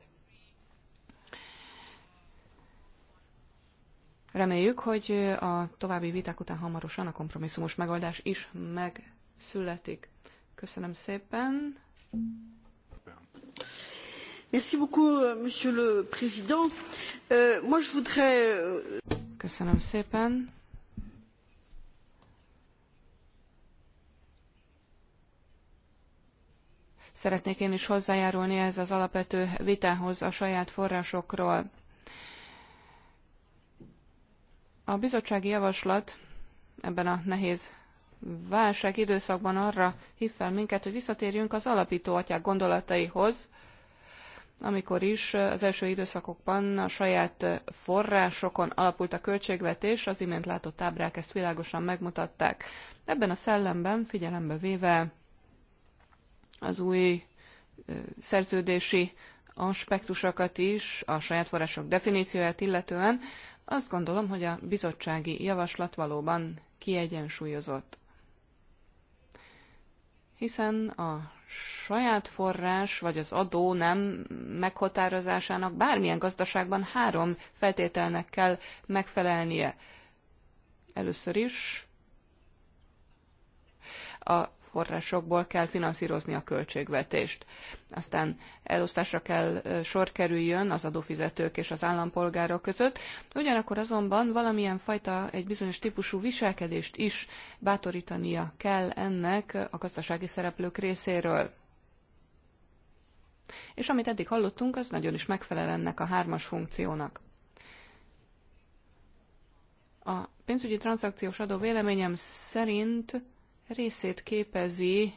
Reméljük, hogy a további viták után hamarosan a kompromisszumos megoldás is megszületik. Köszönöm szépen. Merci beaucoup, Monsieur le Président. Euh, moi, je voudrais. Euh, Köszönöm szépen. Szeretnék én is hozzájárulni ez az alapvető vitához a saját forrásokról. A bizottsági javaslat ebben a nehéz válság időszakban arra hív fel minket, hogy visszatérjünk az alapító atyák gondolataihoz, amikor is az első időszakokban a saját forrásokon alapult a költségvetés, az imént látott ábrák ezt világosan megmutatták. Ebben a szellemben figyelembe véve az új szerződési aspektusokat is, a saját források definícióját illetően, azt gondolom, hogy a bizottsági javaslat valóban kiegyensúlyozott. Hiszen a saját forrás vagy az adó nem meghatározásának bármilyen gazdaságban három feltételnek kell megfelelnie. Először is a forrásokból kell finanszírozni a költségvetést. Aztán elosztásra kell sor kerüljön az adófizetők és az állampolgárok között, ugyanakkor azonban valamilyen fajta egy bizonyos típusú viselkedést is bátorítania kell ennek a gazdasági szereplők részéről. És amit eddig hallottunk, az nagyon is megfelel ennek a hármas funkciónak. A pénzügyi tranzakciós adó véleményem szerint részét képezi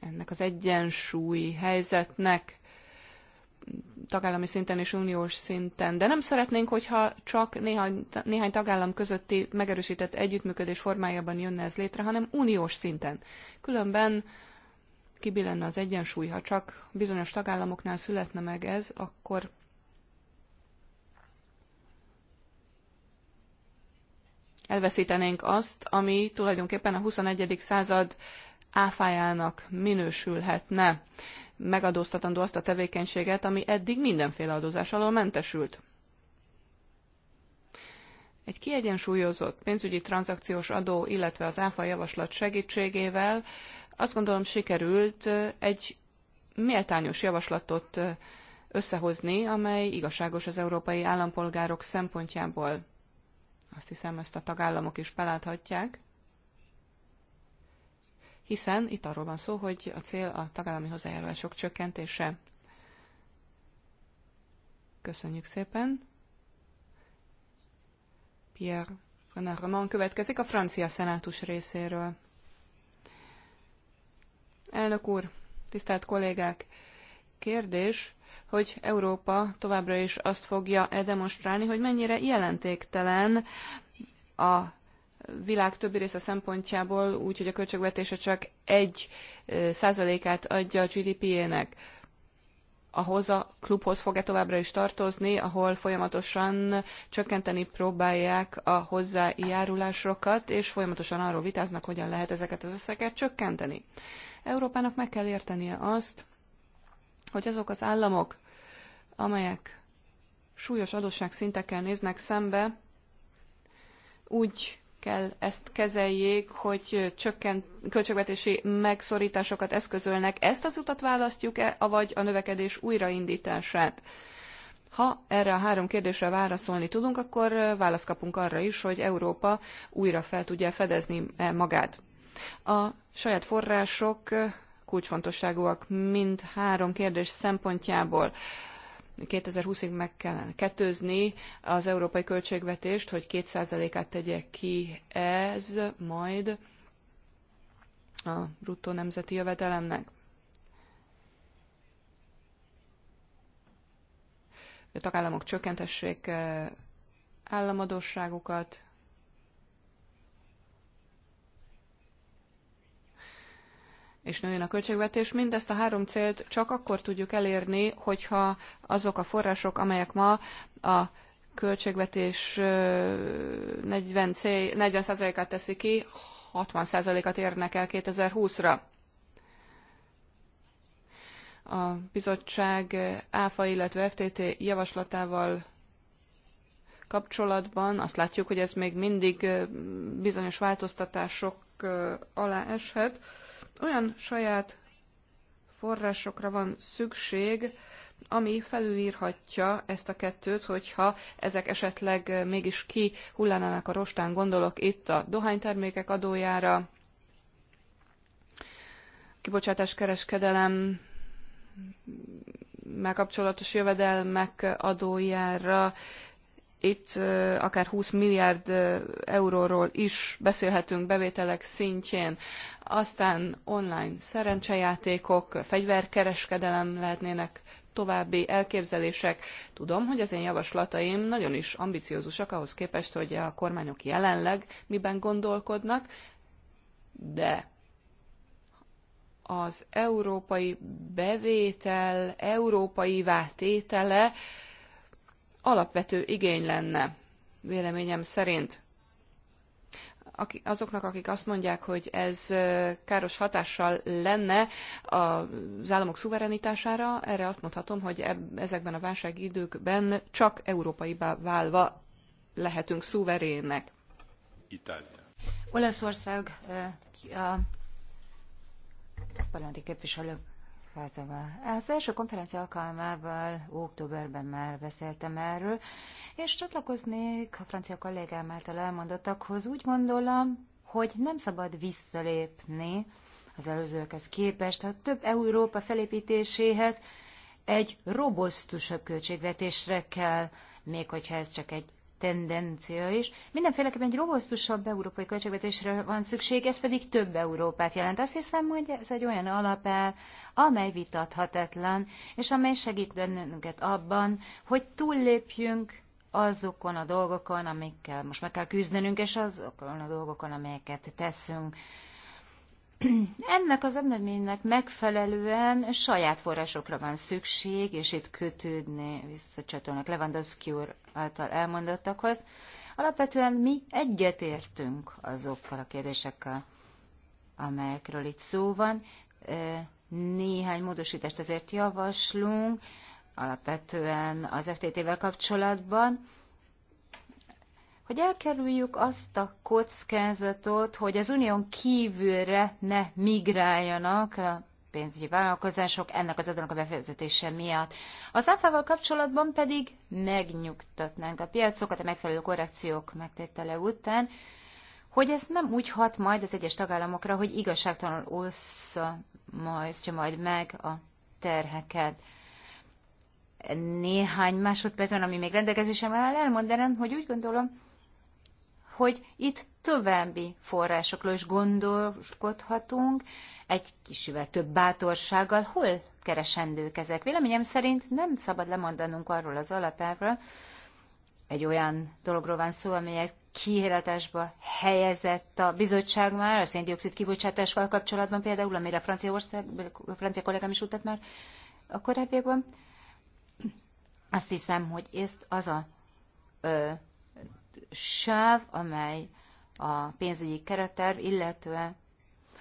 ennek az egyensúlyi helyzetnek tagállami szinten és uniós szinten. De nem szeretnénk, hogyha csak néhány, néhány tagállam közötti megerősített együttműködés formájában jönne ez létre, hanem uniós szinten. Különben kibillenne az egyensúly, ha csak bizonyos tagállamoknál születne meg ez, akkor elveszítenénk azt, ami tulajdonképpen a 21. század áfájának minősülhetne. Megadóztatandó azt a tevékenységet, ami eddig mindenféle adózás alól mentesült. Egy kiegyensúlyozott pénzügyi tranzakciós adó, illetve az áfa javaslat segítségével azt gondolom sikerült egy méltányos javaslatot összehozni, amely igazságos az európai állampolgárok szempontjából. Azt hiszem, ezt a tagállamok is beláthatják, hiszen itt arról van szó, hogy a cél a tagállami hozzájárulások csökkentése. Köszönjük szépen. Pierre Renan következik a francia szenátus részéről. Elnök úr, tisztelt kollégák, kérdés, hogy Európa továbbra is azt fogja -e demonstrálni, hogy mennyire jelentéktelen a világ többi része szempontjából, úgy, hogy a költségvetése csak egy százalékát adja a gdp ének ahhoz a klubhoz fog-e továbbra is tartozni, ahol folyamatosan csökkenteni próbálják a hozzájárulásokat, és folyamatosan arról vitáznak, hogyan lehet ezeket az összeget csökkenteni. Európának meg kell értenie azt, hogy azok az államok, amelyek súlyos szintekkel néznek szembe, úgy kell ezt kezeljék, hogy csökkent költségvetési megszorításokat eszközölnek. Ezt az utat választjuk-e, avagy a növekedés újraindítását? Ha erre a három kérdésre válaszolni tudunk, akkor választ kapunk arra is, hogy Európa újra fel tudja fedezni e, magát. A saját források kulcsfontosságúak mind három kérdés szempontjából. 2020-ig meg kellene kettőzni az európai költségvetést, hogy 2%-át tegye ki ez majd a bruttó nemzeti jövedelemnek. A tagállamok csökkentessék eh, államadóságukat, és nőjön a költségvetés. Mindezt a három célt csak akkor tudjuk elérni, hogyha azok a források, amelyek ma a költségvetés 40, 40%-át teszi ki, 60%-at érnek el 2020-ra. A bizottság ÁFA, illetve FTT javaslatával kapcsolatban azt látjuk, hogy ez még mindig bizonyos változtatások alá eshet olyan saját forrásokra van szükség, ami felülírhatja ezt a kettőt, hogyha ezek esetleg mégis hullanának a rostán, gondolok itt a dohánytermékek adójára, kibocsátás kereskedelem megkapcsolatos jövedelmek adójára, itt akár 20 milliárd euróról is beszélhetünk bevételek szintjén, aztán online szerencsejátékok, fegyverkereskedelem lehetnének további elképzelések. Tudom, hogy az én javaslataim nagyon is ambiciózusak ahhoz képest, hogy a kormányok jelenleg miben gondolkodnak, de az európai bevétel, európai tétele alapvető igény lenne, véleményem szerint. Azoknak, akik azt mondják, hogy ez káros hatással lenne az államok szuverenitására, erre azt mondhatom, hogy ezekben a válsági időkben csak európaibá válva lehetünk szuverének. Itália. Olaszország a parlamenti képviselő Fázava. Az első konferencia alkalmával októberben már beszéltem erről, és csatlakoznék a francia kollégám által elmondottakhoz. Úgy gondolom, hogy nem szabad visszalépni az előzőkhez képest a több Európa felépítéséhez egy robosztusabb költségvetésre kell, még hogyha ez csak egy tendencia is. Mindenféleképpen egy robosztusabb európai költségvetésre van szükség, ez pedig több Európát jelent. Azt hiszem, hogy ez egy olyan alapel, amely vitathatatlan, és amely segít bennünket abban, hogy túllépjünk azokon a dolgokon, amikkel most meg kell küzdenünk, és azokon a dolgokon, amelyeket teszünk. Ennek az eredménynek megfelelően saját forrásokra van szükség, és itt kötődni visszacsatolnak Lewandowski úr által elmondottakhoz. Alapvetően mi egyetértünk azokkal a kérdésekkel, amelyekről itt szó van. Néhány módosítást azért javaslunk, alapvetően az FTT-vel kapcsolatban, hogy elkerüljük azt a kockázatot, hogy az unión kívülre ne migráljanak a pénzügyi vállalkozások ennek az adónak a bevezetése miatt. Az áfával kapcsolatban pedig megnyugtatnánk a piacokat a megfelelő korrekciók megtétele után, hogy ez nem úgy hat majd az egyes tagállamokra, hogy igazságtalanul ossza majd, majd meg a terheket. Néhány másodpercben, ami még rendelkezésemre áll, elmondanám, hogy úgy gondolom, hogy itt további forrásokról is gondolkodhatunk, egy kisivel több bátorsággal, hol keresendők ezek. Véleményem szerint nem szabad lemondanunk arról az alapelvről, egy olyan dologról van szó, amelyet kihéletesbe helyezett a bizottság már, a széndiokszid kibocsátásval kapcsolatban például, amire a francia francia kollégám is utalt már a korábbiakban. Azt hiszem, hogy ezt az a ö, sáv, amely a pénzügyi kereter, illetve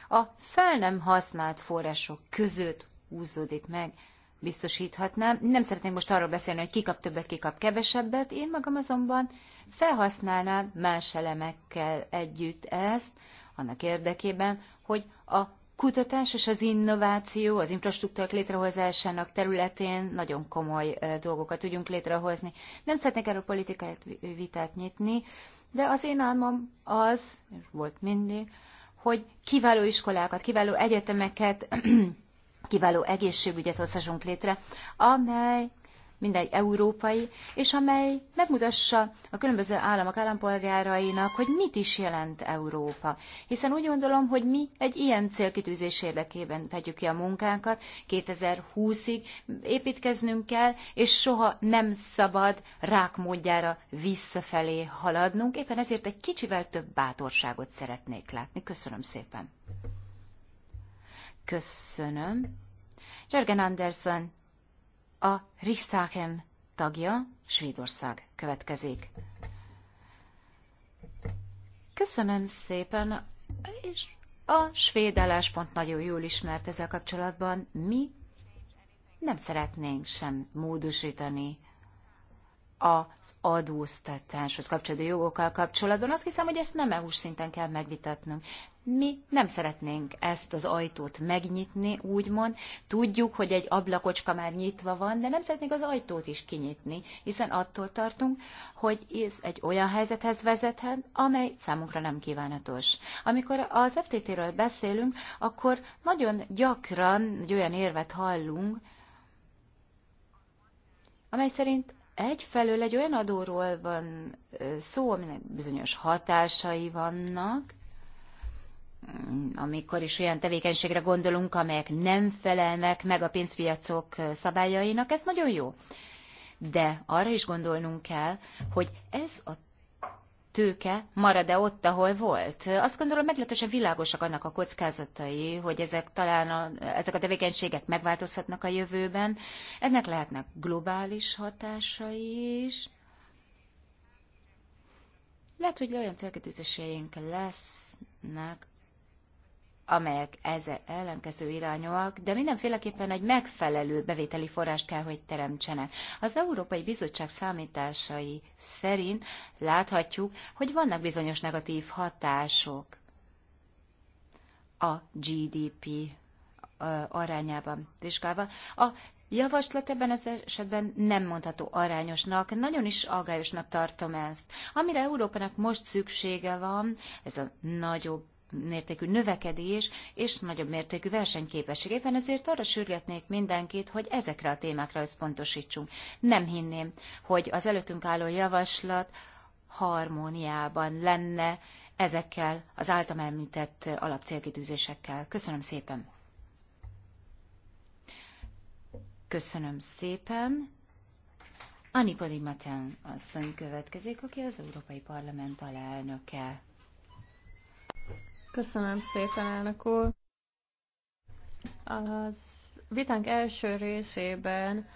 a fel nem használt források között húzódik meg, biztosíthatnám. Nem szeretnék most arról beszélni, hogy ki kap többet, ki kap kevesebbet, én magam azonban felhasználnám más elemekkel együtt ezt, annak érdekében, hogy a kutatás és az innováció az infrastruktúrák létrehozásának területén nagyon komoly dolgokat tudjunk létrehozni. Nem szeretnék erről politikai vitát nyitni, de az én álmom az, és volt mindig, hogy kiváló iskolákat, kiváló egyetemeket, kiváló egészségügyet hozhassunk létre, amely mindegy európai, és amely megmutassa a különböző államok állampolgárainak, hogy mit is jelent Európa. Hiszen úgy gondolom, hogy mi egy ilyen célkitűzés érdekében vegyük ki a munkánkat, 2020-ig építkeznünk kell, és soha nem szabad rákmódjára visszafelé haladnunk. Éppen ezért egy kicsivel több bátorságot szeretnék látni. Köszönöm szépen. Köszönöm. Jörgen Anderson a Riksdagen tagja Svédország következik. Köszönöm szépen, és a svéd álláspont nagyon jól ismert ezzel kapcsolatban. Mi nem szeretnénk sem módosítani az adóztatáshoz kapcsolódó jogokkal kapcsolatban. Azt hiszem, hogy ezt nem EU-s szinten kell megvitatnunk. Mi nem szeretnénk ezt az ajtót megnyitni, úgymond. Tudjuk, hogy egy ablakocska már nyitva van, de nem szeretnénk az ajtót is kinyitni, hiszen attól tartunk, hogy ez egy olyan helyzethez vezethet, amely számunkra nem kívánatos. Amikor az FTT-ről beszélünk, akkor nagyon gyakran egy olyan érvet hallunk, amely szerint egyfelől egy olyan adóról van szó, aminek bizonyos hatásai vannak, amikor is olyan tevékenységre gondolunk, amelyek nem felelnek meg a pénzpiacok szabályainak, ez nagyon jó. De arra is gondolnunk kell, hogy ez a tőke marad-e ott, ahol volt. Azt gondolom, meglehetősen világosak annak a kockázatai, hogy ezek talán a, ezek a tevékenységek megváltozhatnak a jövőben. Ennek lehetnek globális hatásai is. Lehet, hogy olyan célkötőzéseink lesznek, amelyek ezzel ellenkező irányúak, de mindenféleképpen egy megfelelő bevételi forrást kell, hogy teremtsenek. Az Európai Bizottság számításai szerint láthatjuk, hogy vannak bizonyos negatív hatások a GDP arányában vizsgálva. A Javaslat ebben az esetben nem mondható arányosnak, nagyon is aggályosnak tartom ezt. Amire Európának most szüksége van, ez a nagyobb mértékű növekedés és nagyobb mértékű versenyképesség. Éppen ezért arra sürgetnék mindenkit, hogy ezekre a témákra összpontosítsunk. Nem hinném, hogy az előttünk álló javaslat harmóniában lenne ezekkel az általam említett alapcélkitűzésekkel. Köszönöm szépen! Köszönöm szépen! Anipodi Matán asszony következik, aki az Európai Parlament alelnöke. Köszönöm szépen, elnök úr. Az vitánk első részében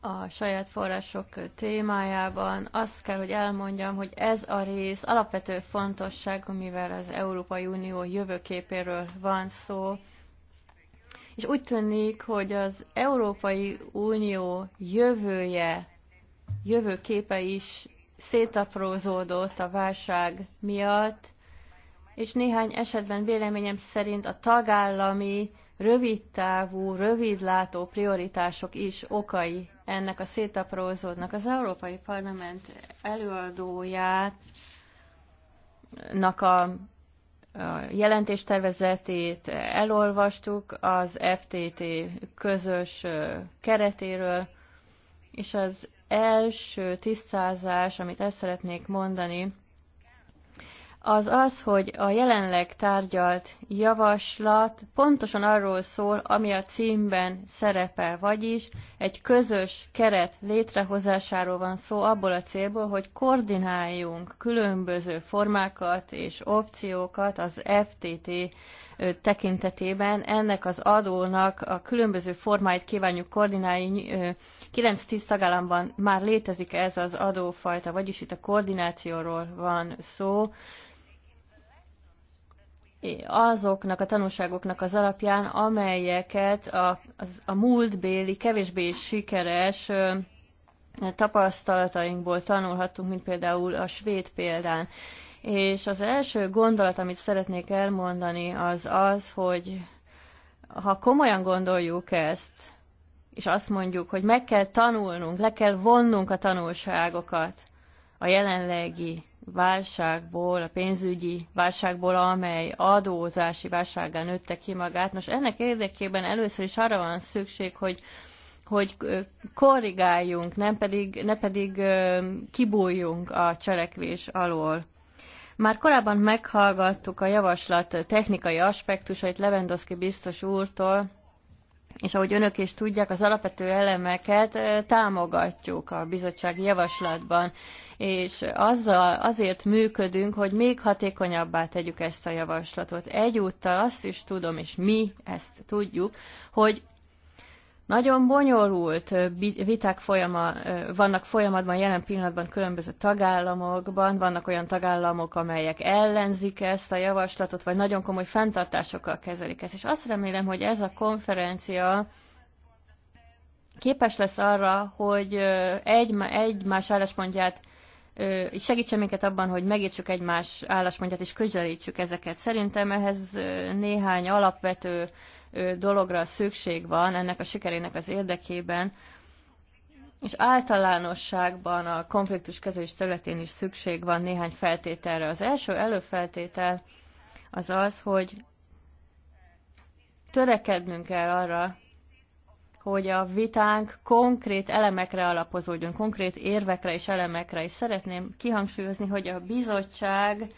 a saját források témájában azt kell, hogy elmondjam, hogy ez a rész alapvető fontosságú, mivel az Európai Unió jövőképéről van szó, és úgy tűnik, hogy az Európai Unió jövője, jövőképe is szétaprózódott a válság miatt, és néhány esetben véleményem szerint a tagállami rövidtávú, rövidlátó prioritások is okai ennek a szétaprózódnak. Az Európai Parlament előadójának a jelentéstervezetét elolvastuk az FTT közös keretéről, és az első tisztázás, amit ezt szeretnék mondani, az az, hogy a jelenleg tárgyalt javaslat pontosan arról szól, ami a címben szerepel, vagyis egy közös keret létrehozásáról van szó abból a célból, hogy koordináljunk különböző formákat és opciókat az FTT tekintetében. Ennek az adónak a különböző formáit kívánjuk koordinálni. 9-10 tagállamban már létezik ez az adófajta, vagyis itt a koordinációról van szó azoknak a tanulságoknak az alapján, amelyeket a, az, a múltbéli, kevésbé sikeres ö, tapasztalatainkból tanulhattunk, mint például a svéd példán. És az első gondolat, amit szeretnék elmondani, az az, hogy ha komolyan gondoljuk ezt, és azt mondjuk, hogy meg kell tanulnunk, le kell vonnunk a tanulságokat a jelenlegi válságból, a pénzügyi válságból, amely adózási válsággal nőtte ki magát. Nos, ennek érdekében először is arra van szükség, hogy hogy korrigáljunk, nem pedig, ne pedig kibújjunk a cselekvés alól. Már korábban meghallgattuk a javaslat technikai aspektusait Lewandowski biztos úrtól, és ahogy önök is tudják, az alapvető elemeket támogatjuk a bizottsági javaslatban és azzal, azért működünk, hogy még hatékonyabbá tegyük ezt a javaslatot. Egyúttal azt is tudom, és mi ezt tudjuk, hogy nagyon bonyolult viták folyama, vannak folyamatban jelen pillanatban különböző tagállamokban, vannak olyan tagállamok, amelyek ellenzik ezt a javaslatot, vagy nagyon komoly fenntartásokkal kezelik ezt. És azt remélem, hogy ez a konferencia képes lesz arra, hogy egy, egymás álláspontját segítsen minket abban, hogy megértsük egymás álláspontját és közelítsük ezeket. Szerintem ehhez néhány alapvető dologra szükség van ennek a sikerének az érdekében, és általánosságban a konfliktus kezelés területén is szükség van néhány feltételre. Az első előfeltétel az az, hogy törekednünk kell arra, hogy a vitánk konkrét elemekre alapozódjon, konkrét érvekre és elemekre, és szeretném kihangsúlyozni, hogy a bizottság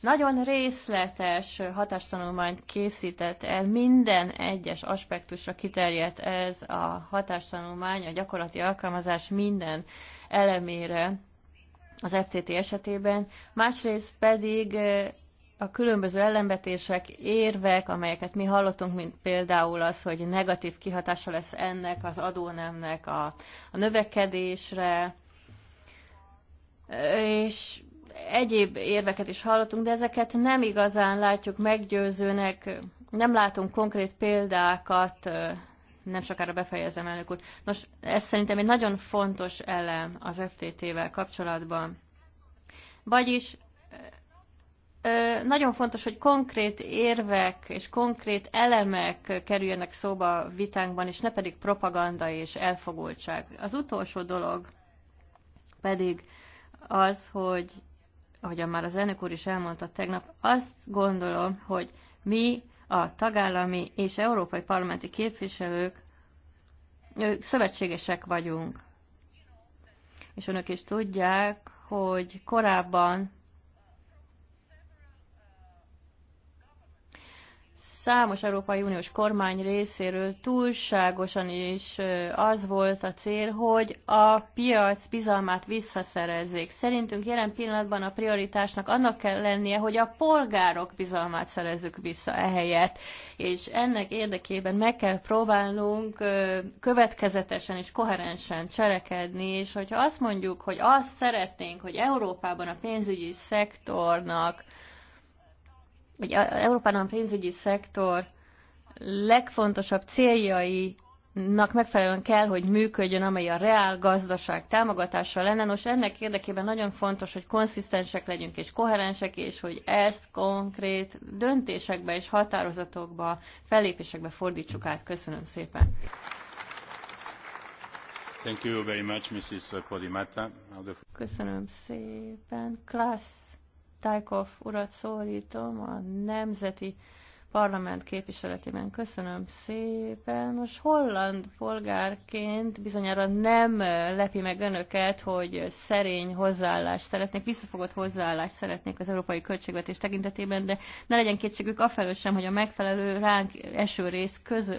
nagyon részletes hatástanulmányt készített el, minden egyes aspektusra kiterjedt ez a hatástanulmány, a gyakorlati alkalmazás minden elemére az FTT esetében, másrészt pedig a különböző ellenvetések, érvek, amelyeket mi hallottunk, mint például az, hogy negatív kihatása lesz ennek az adónemnek a, a növekedésre, és egyéb érveket is hallottunk, de ezeket nem igazán látjuk meggyőzőnek, nem látunk konkrét példákat, nem sokára befejezem, elnök úr. Nos, ez szerintem egy nagyon fontos elem az FTT-vel kapcsolatban. Vagyis nagyon fontos, hogy konkrét érvek és konkrét elemek kerüljenek szóba vitánkban, és ne pedig propaganda és elfogultság. Az utolsó dolog pedig az, hogy ahogyan már az elnök úr is elmondta tegnap, azt gondolom, hogy mi a tagállami és európai parlamenti képviselők ők szövetségesek vagyunk. És önök is tudják, hogy korábban számos Európai Uniós kormány részéről túlságosan is az volt a cél, hogy a piac bizalmát visszaszerezzék. Szerintünk jelen pillanatban a prioritásnak annak kell lennie, hogy a polgárok bizalmát szerezzük vissza ehelyett, és ennek érdekében meg kell próbálnunk következetesen és koherensen cselekedni, és hogyha azt mondjuk, hogy azt szeretnénk, hogy Európában a pénzügyi szektornak vagy Európában a pénzügyi szektor legfontosabb céljai nak megfelelően kell, hogy működjön, amely a reál gazdaság támogatása lenne. Nos, ennek érdekében nagyon fontos, hogy konszisztensek legyünk és koherensek, és hogy ezt konkrét döntésekbe és határozatokba, fellépésekbe fordítsuk át. Köszönöm szépen. Thank you very much, Mrs. Podimata. Köszönöm szépen. Klassz Tajkov urat szólítom a Nemzeti Parlament képviseletében. Köszönöm szépen. Most holland polgárként bizonyára nem lepi meg önöket, hogy szerény hozzáállást szeretnék, visszafogott hozzáállást szeretnék az európai költségvetés tekintetében, de ne legyen kétségük afelől sem, hogy a megfelelő ránk eső rész köz,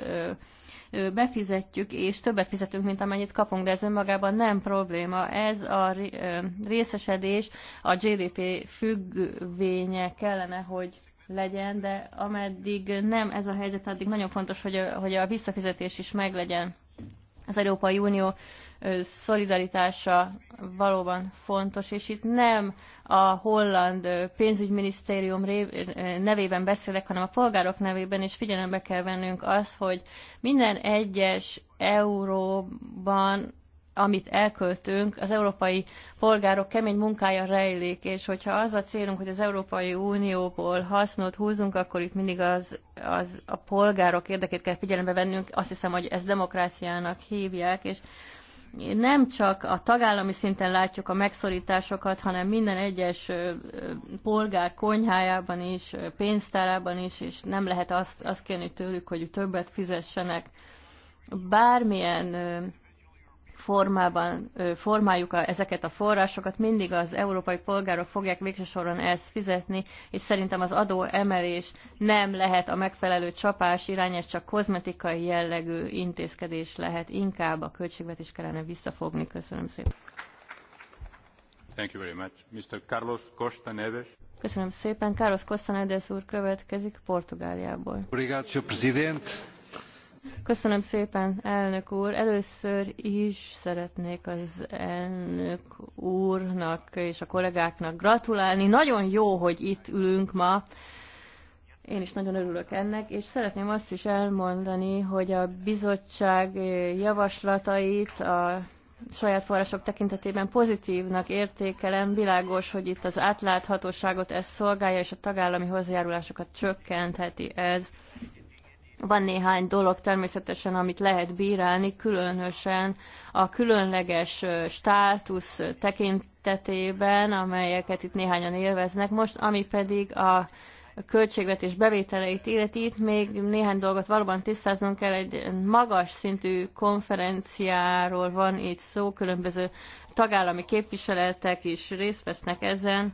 befizetjük, és többet fizetünk, mint amennyit kapunk, de ez önmagában nem probléma. Ez a részesedés a GDP függvénye kellene, hogy legyen, de ameddig nem ez a helyzet, addig nagyon fontos, hogy a, hogy a visszafizetés is meglegyen. Az Európai Unió szolidaritása valóban fontos, és itt nem a holland pénzügyminisztérium nevében beszélek, hanem a polgárok nevében, és figyelembe kell vennünk az, hogy minden egyes euróban amit elköltünk, az európai polgárok kemény munkája rejlik, és hogyha az a célunk, hogy az Európai Unióból hasznot húzunk, akkor itt mindig az, az a polgárok érdekét kell figyelembe vennünk. Azt hiszem, hogy ezt demokráciának hívják, és nem csak a tagállami szinten látjuk a megszorításokat, hanem minden egyes polgár konyhájában is, pénztárában is, és nem lehet azt, azt kérni tőlük, hogy többet fizessenek. Bármilyen formában formáljuk a, ezeket a forrásokat, mindig az európai polgárok fogják végsősoron ezt fizetni, és szerintem az adó emelés nem lehet a megfelelő csapás irány, ez csak kozmetikai jellegű intézkedés lehet, inkább a költségvetés kellene visszafogni. Köszönöm szépen. Thank you very much. Mr. Carlos Costa Neves. Köszönöm szépen. Carlos Costa Neves úr következik Portugáliából. Obrigado, Sr. Presidente. Köszönöm szépen, elnök úr. Először is szeretnék az elnök úrnak és a kollégáknak gratulálni. Nagyon jó, hogy itt ülünk ma. Én is nagyon örülök ennek, és szeretném azt is elmondani, hogy a bizottság javaslatait a saját források tekintetében pozitívnak értékelem. Világos, hogy itt az átláthatóságot ez szolgálja, és a tagállami hozzájárulásokat csökkentheti ez. Van néhány dolog természetesen, amit lehet bírálni, különösen a különleges státusz tekintetében, amelyeket itt néhányan élveznek most, ami pedig a költségvetés bevételeit illeti, itt még néhány dolgot valóban tisztáznunk kell, egy magas szintű konferenciáról van itt szó, különböző tagállami képviseletek is részt vesznek ezen,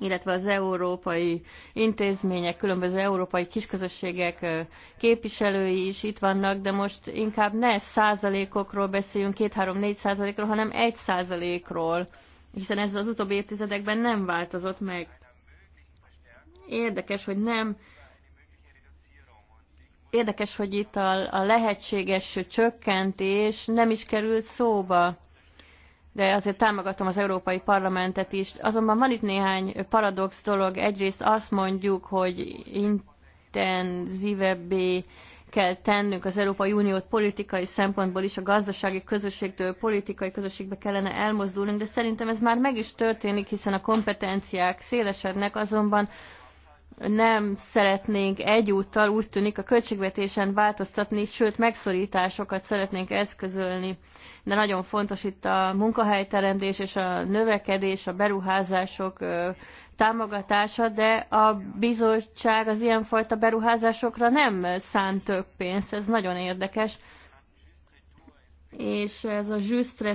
illetve az európai intézmények, különböző európai kisközösségek képviselői is itt vannak, de most inkább ne százalékokról beszéljünk, két-három-négy százalékról, hanem egy százalékról, hiszen ez az utóbbi évtizedekben nem változott meg. Érdekes, hogy nem. Érdekes, hogy itt a, a lehetséges csökkentés nem is került szóba de azért támogatom az Európai Parlamentet is. Azonban van itt néhány paradox dolog. Egyrészt azt mondjuk, hogy intenzívebbé kell tennünk az Európai Uniót politikai szempontból is, a gazdasági közösségtől politikai közösségbe kellene elmozdulnunk, de szerintem ez már meg is történik, hiszen a kompetenciák szélesednek, azonban nem szeretnénk egyúttal úgy tűnik a költségvetésen változtatni, sőt megszorításokat szeretnénk eszközölni. De nagyon fontos itt a munkahelyteremtés és a növekedés, a beruházások támogatása, de a bizottság az ilyenfajta beruházásokra nem szánt több pénzt, ez nagyon érdekes. És ez a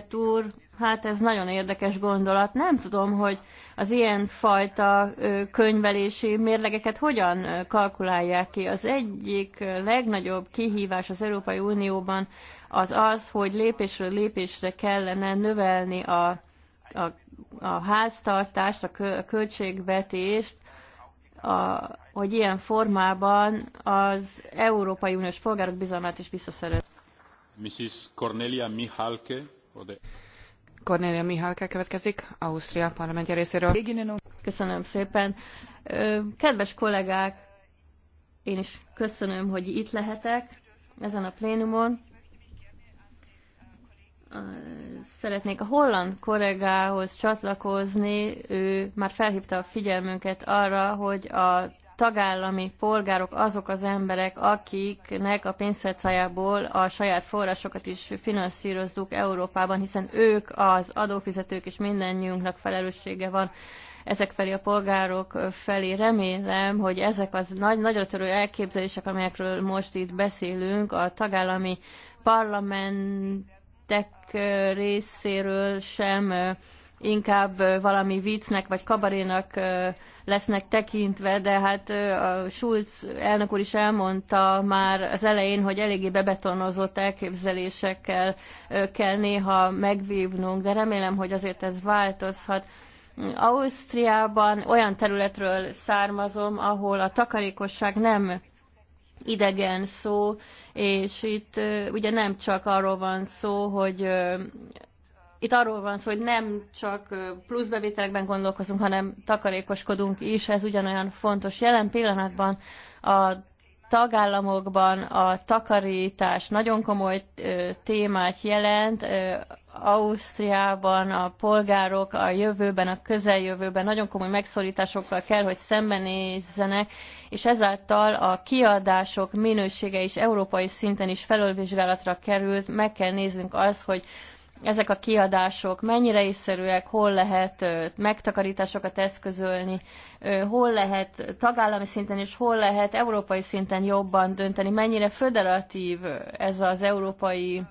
tour. Hát ez nagyon érdekes gondolat. Nem tudom, hogy az ilyen fajta könyvelési mérlegeket hogyan kalkulálják ki. Az egyik legnagyobb kihívás az Európai Unióban az az, hogy lépésről lépésre kellene növelni a, a, a háztartást, a, költségvetést, a, hogy ilyen formában az Európai Uniós polgárok bizalmát is visszaszerez. Mrs. Cornelia Mihalke, következik, Ausztria parlamentje részéről. Köszönöm szépen. Kedves kollégák, én is köszönöm, hogy itt lehetek ezen a plénumon. Szeretnék a holland kollégához csatlakozni, ő már felhívta a figyelmünket arra, hogy a tagállami polgárok azok az emberek, akiknek a pénztárcájából a saját forrásokat is finanszírozzuk Európában, hiszen ők az adófizetők és mindennyiunknak felelőssége van ezek felé a polgárok felé. Remélem, hogy ezek az nagy, nagyra törő elképzelések, amelyekről most itt beszélünk, a tagállami parlamentek részéről sem inkább valami viccnek vagy kabarénak lesznek tekintve, de hát a Schulz elnök úr is elmondta már az elején, hogy eléggé bebetonozott elképzelésekkel kell néha megvívnunk, de remélem, hogy azért ez változhat. Ausztriában olyan területről származom, ahol a takarékosság nem idegen szó, és itt ugye nem csak arról van szó, hogy itt arról van szó, hogy nem csak pluszbevételekben gondolkozunk, hanem takarékoskodunk is, ez ugyanolyan fontos. Jelen pillanatban a tagállamokban a takarítás nagyon komoly témát jelent. Ausztriában a polgárok a jövőben, a közeljövőben nagyon komoly megszorításokkal kell, hogy szembenézzenek, és ezáltal a kiadások minősége is európai szinten is felülvizsgálatra került. Meg kell néznünk az, hogy ezek a kiadások mennyire észszerűek, hol lehet megtakarításokat eszközölni, hol lehet tagállami szinten és hol lehet európai szinten jobban dönteni, mennyire föderatív ez az európai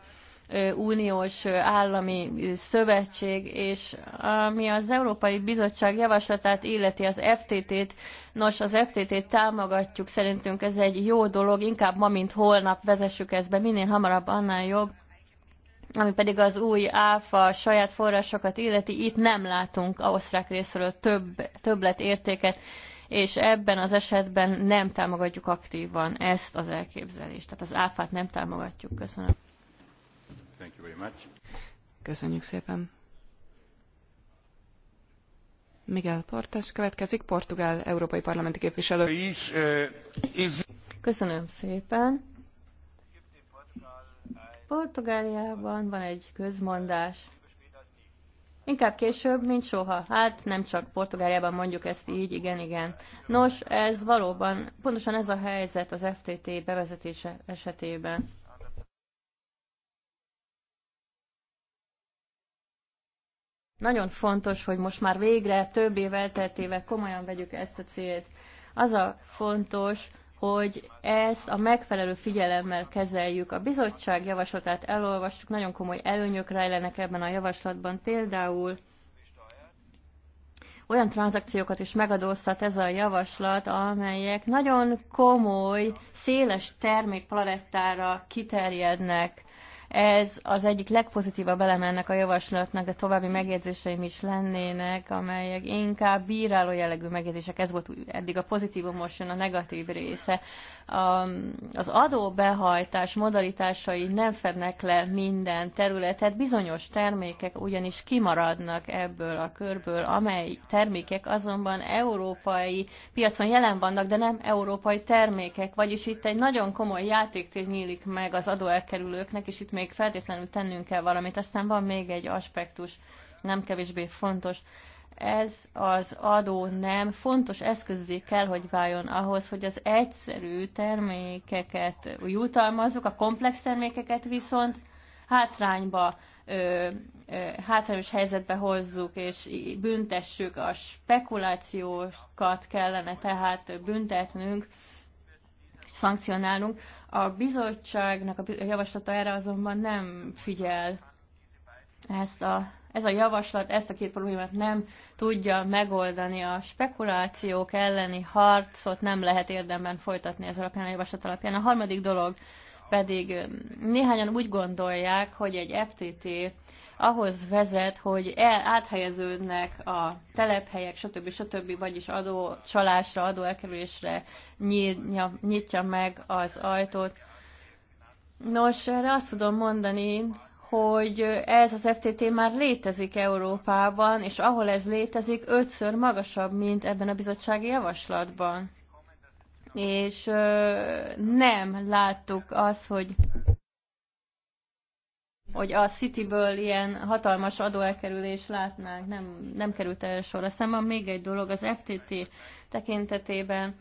uniós állami szövetség, és ami az Európai Bizottság javaslatát illeti az FTT-t, nos, az FTT-t támogatjuk, szerintünk ez egy jó dolog, inkább ma, mint holnap vezessük ezt be, minél hamarabb, annál jobb, ami pedig az új áfa saját forrásokat illeti, itt nem látunk a osztrák részről több, többlet értéket, és ebben az esetben nem támogatjuk aktívan ezt az elképzelést. Tehát az áfát nem támogatjuk. Köszönöm. Thank you very much. Köszönjük szépen. Miguel Portes következik, portugál európai parlamenti képviselő. Eh, Köszönöm szépen. Portugáliában van egy közmondás. Inkább később, mint soha. Hát nem csak Portugáliában mondjuk ezt így, igen, igen. Nos, ez valóban, pontosan ez a helyzet az FTT bevezetése esetében. Nagyon fontos, hogy most már végre több év elteltével komolyan vegyük ezt a célt. Az a fontos, hogy ezt a megfelelő figyelemmel kezeljük. A bizottság javaslatát elolvastuk, nagyon komoly előnyök rejlenek ebben a javaslatban. Például olyan tranzakciókat is megadóztat ez a javaslat, amelyek nagyon komoly, széles termékpalettára kiterjednek. Ez az egyik legpozitívabb eleme ennek a javaslatnak, de további megjegyzéseim is lennének, amelyek inkább bíráló jellegű megjegyzések. Ez volt eddig a pozitívum, most jön a negatív része az adóbehajtás modalitásai nem fednek le minden területet, bizonyos termékek ugyanis kimaradnak ebből a körből, amely termékek azonban európai piacon jelen vannak, de nem európai termékek, vagyis itt egy nagyon komoly játéktér nyílik meg az adóelkerülőknek, és itt még feltétlenül tennünk kell valamit. Aztán van még egy aspektus, nem kevésbé fontos, ez az adó nem fontos eszközé kell, hogy váljon ahhoz, hogy az egyszerű termékeket jutalmazzuk, a komplex termékeket viszont hátrányba, ö, ö, hátrányos helyzetbe hozzuk, és büntessük a spekulációkat kellene tehát büntetnünk, szankcionálunk A bizottságnak a javaslata erre azonban nem figyel ezt a ez a javaslat ezt a két problémát nem tudja megoldani. A spekulációk elleni harcot nem lehet érdemben folytatni ez alapján a javaslat alapján. A harmadik dolog pedig néhányan úgy gondolják, hogy egy FTT ahhoz vezet, hogy el, áthelyeződnek a telephelyek, stb. stb., vagyis adó csalásra, adó elkerülésre nyitja, nyitja meg az ajtót. Nos, erre azt tudom mondani, hogy ez az FTT már létezik Európában, és ahol ez létezik, ötször magasabb, mint ebben a bizottsági javaslatban. És nem láttuk azt, hogy hogy a Cityből ilyen hatalmas adóelkerülés látnánk, nem, nem került el sor. Aztán van még egy dolog az FTT tekintetében.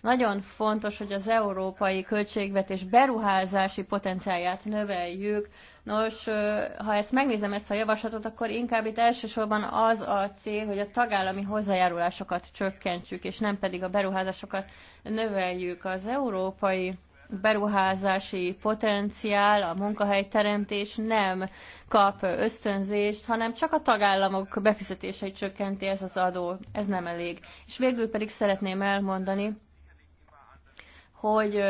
Nagyon fontos, hogy az európai költségvetés beruházási potenciáját növeljük, Nos, ha ezt megnézem, ezt a javaslatot, akkor inkább itt elsősorban az a cél, hogy a tagállami hozzájárulásokat csökkentsük, és nem pedig a beruházásokat növeljük. Az európai beruházási potenciál, a munkahelyteremtés nem kap ösztönzést, hanem csak a tagállamok befizetései csökkenti ez az adó. Ez nem elég. És végül pedig szeretném elmondani, hogy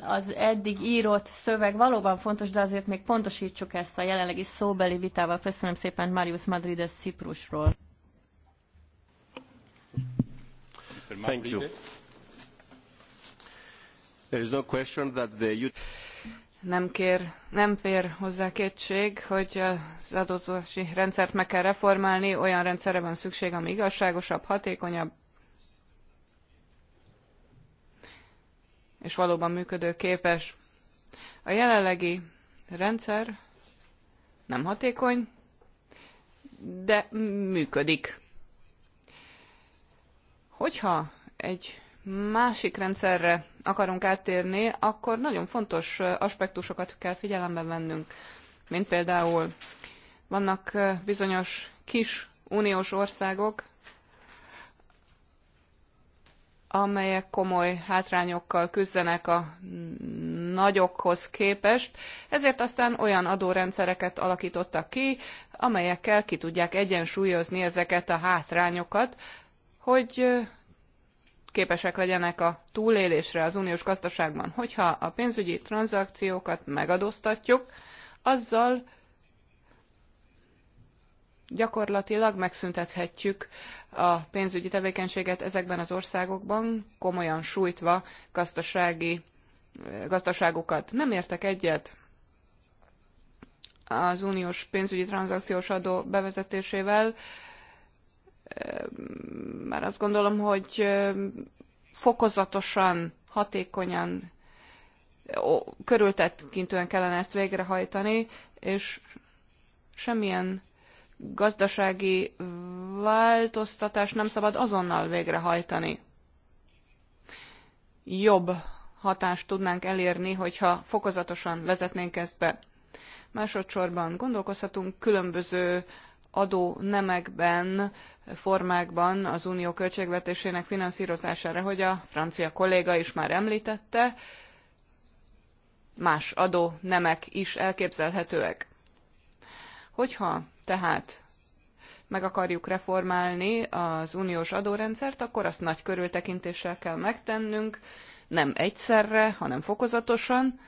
az eddig írott szöveg valóban fontos, de azért még pontosítsuk ezt a jelenlegi szóbeli vitával. Köszönöm szépen Marius Madrides Ciprusról. Thank you. There is no question that the nem kér, nem fér hozzá kétség, hogy az adózási rendszert meg kell reformálni, olyan rendszerre van szükség, ami igazságosabb, hatékonyabb, és valóban működőképes. A jelenlegi rendszer nem hatékony, de működik. Hogyha egy másik rendszerre akarunk áttérni, akkor nagyon fontos aspektusokat kell figyelembe vennünk, mint például vannak bizonyos kis uniós országok, amelyek komoly hátrányokkal küzdenek a nagyokhoz képest, ezért aztán olyan adórendszereket alakítottak ki, amelyekkel ki tudják egyensúlyozni ezeket a hátrányokat, hogy képesek legyenek a túlélésre az uniós gazdaságban. Hogyha a pénzügyi tranzakciókat megadóztatjuk, azzal gyakorlatilag megszüntethetjük a pénzügyi tevékenységet ezekben az országokban, komolyan sújtva gazdasági, gazdaságukat. Nem értek egyet az uniós pénzügyi tranzakciós adó bevezetésével, mert azt gondolom, hogy fokozatosan, hatékonyan, körültetkintően kellene ezt végrehajtani, és semmilyen gazdasági változtatást nem szabad azonnal végrehajtani. Jobb hatást tudnánk elérni, hogyha fokozatosan vezetnénk ezt be. Másodszorban gondolkozhatunk különböző adó nemekben, formákban az unió költségvetésének finanszírozására, hogy a francia kolléga is már említette, más adó nemek is elképzelhetőek. Hogyha tehát meg akarjuk reformálni az uniós adórendszert, akkor azt nagy körültekintéssel kell megtennünk, nem egyszerre, hanem fokozatosan,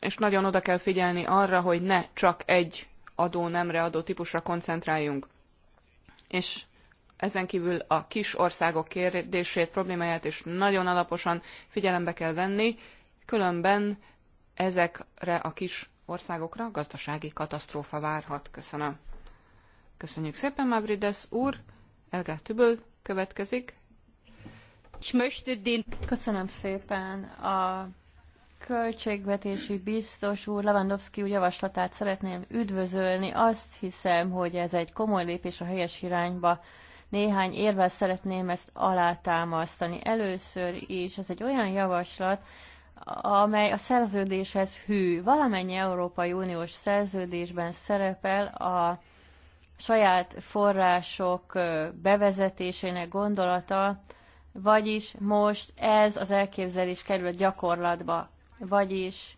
és nagyon oda kell figyelni arra, hogy ne csak egy adó nemre adó típusra koncentráljunk. És ezen kívül a kis országok kérdését, problémáját is nagyon alaposan figyelembe kell venni, különben ezekre a kis országokra gazdasági katasztrófa várhat. Köszönöm. Köszönjük szépen, Mavrides úr. Elgá Tübül következik. Köszönöm szépen. A költségvetési biztos úr Lewandowski úr javaslatát szeretném üdvözölni. Azt hiszem, hogy ez egy komoly lépés a helyes irányba. Néhány érvel szeretném ezt alátámasztani. Először is ez egy olyan javaslat, amely a szerződéshez hű. Valamennyi Európai Uniós szerződésben szerepel a saját források bevezetésének gondolata, vagyis most ez az elképzelés kerül a gyakorlatba, vagyis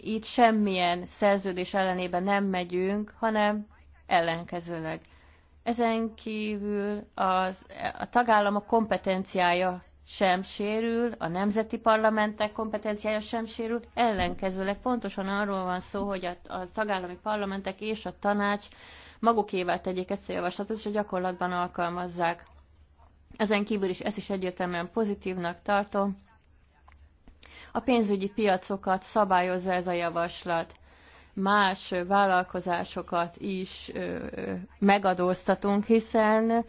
itt semmilyen szerződés ellenében nem megyünk, hanem ellenkezőleg. Ezen kívül az, a tagállamok kompetenciája sem sérül, a nemzeti parlamentek kompetenciája sem sérül, ellenkezőleg pontosan arról van szó, hogy a, a tagállami parlamentek és a tanács magukével tegyék ezt a javaslatot, és a gyakorlatban alkalmazzák. Ezen kívül is ezt is egyértelműen pozitívnak tartom. A pénzügyi piacokat szabályozza ez a javaslat. Más vállalkozásokat is megadóztatunk, hiszen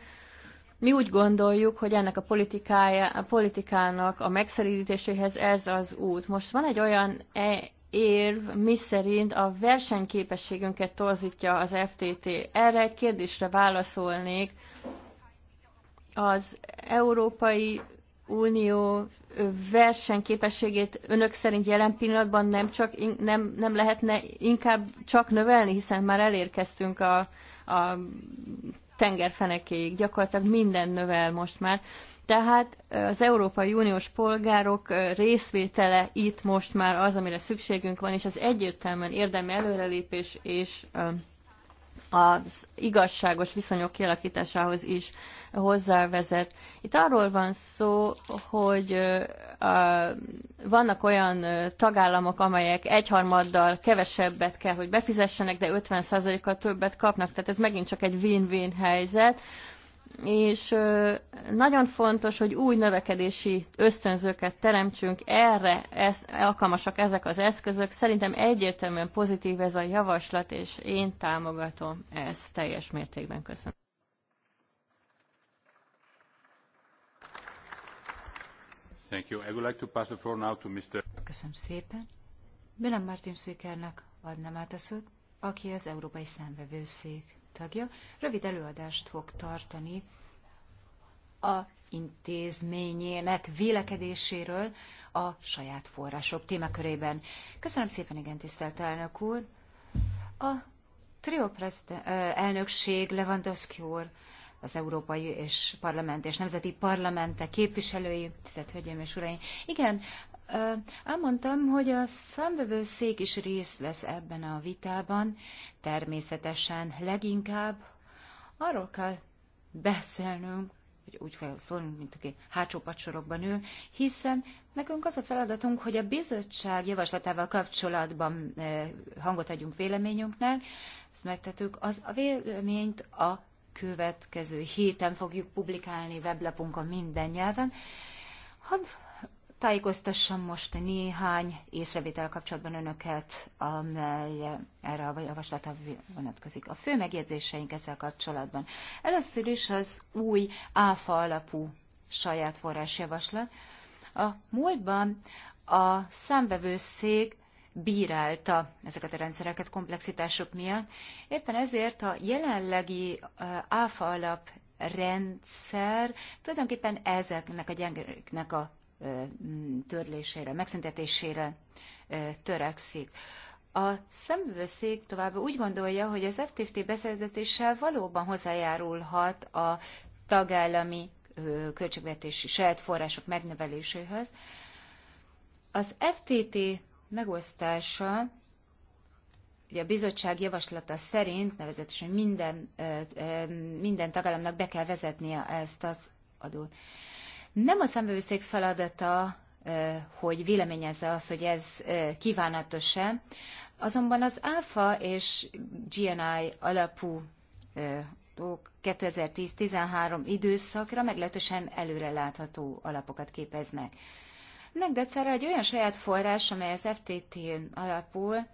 mi úgy gondoljuk, hogy ennek a, politikája, a politikának a megszerítéséhez ez az út. Most van egy olyan e érv, miszerint a versenyképességünket torzítja az FTT. Erre egy kérdésre válaszolnék. Az Európai Unió versenyképességét önök szerint jelen pillanatban nem, csak, nem, nem lehetne inkább csak növelni, hiszen már elérkeztünk a, a tengerfenekéig, gyakorlatilag minden növel most már. Tehát az Európai Uniós polgárok részvétele itt most már az, amire szükségünk van, és az egyértelműen érdemi előrelépés és az igazságos viszonyok kialakításához is hozzávezet. Itt arról van szó, hogy vannak olyan tagállamok, amelyek egyharmaddal kevesebbet kell, hogy befizessenek, de 50%-kal többet kapnak, tehát ez megint csak egy win-win helyzet és nagyon fontos, hogy új növekedési ösztönzőket teremtsünk, erre ez, alkalmasak ezek az eszközök. Szerintem egyértelműen pozitív ez a javaslat, és én támogatom ezt teljes mértékben. Köszönöm. Thank you. I would like to pass the floor now to Mr. Köszönöm szépen. Bilem Martin Székernek adnám át a szót, aki az Európai Számvevőszék tagja, rövid előadást fog tartani a intézményének vélekedéséről a saját források témakörében. Köszönöm szépen, igen, tisztelt elnök úr! A trio elnökség Lewandowski úr, az európai és parlament és nemzeti parlamentek képviselői, tisztelt hölgyeim és uraim. Igen, Elmondtam, hogy a számvevőszék is részt vesz ebben a vitában, természetesen leginkább arról kell beszélnünk, hogy úgy kell szólnunk, mint aki hátsó pacsorokban ül, hiszen nekünk az a feladatunk, hogy a bizottság javaslatával kapcsolatban hangot adjunk véleményünknek, ezt megtettük, az a véleményt a következő héten fogjuk publikálni weblapunkon minden nyelven. Hadd tájékoztassam most néhány észrevétel kapcsolatban önöket, amely erre a javaslata vonatkozik. A fő megjegyzéseink ezzel kapcsolatban. Először is az új áfa alapú saját forrás javaslat. A múltban a számvevőszék bírálta ezeket a rendszereket komplexitások miatt. Éppen ezért a jelenlegi áfa alap rendszer tulajdonképpen ezeknek a gyengeknek a törlésére, megszüntetésére törekszik. A szemvőszék továbbá úgy gondolja, hogy az FTFT beszerzetéssel valóban hozzájárulhat a tagállami költségvetési saját források megnöveléséhez. Az FTT megosztása ugye a bizottság javaslata szerint, nevezetesen minden, minden tagállamnak be kell vezetnie ezt az adót. Nem a szemvevőszék feladata, hogy véleményezze azt, hogy ez kívánatos-e, azonban az ÁFA és GNI alapú 2010-13 időszakra meglehetősen előrelátható alapokat képeznek. Negdecára egy olyan saját forrás, amely az FTT-n alapul,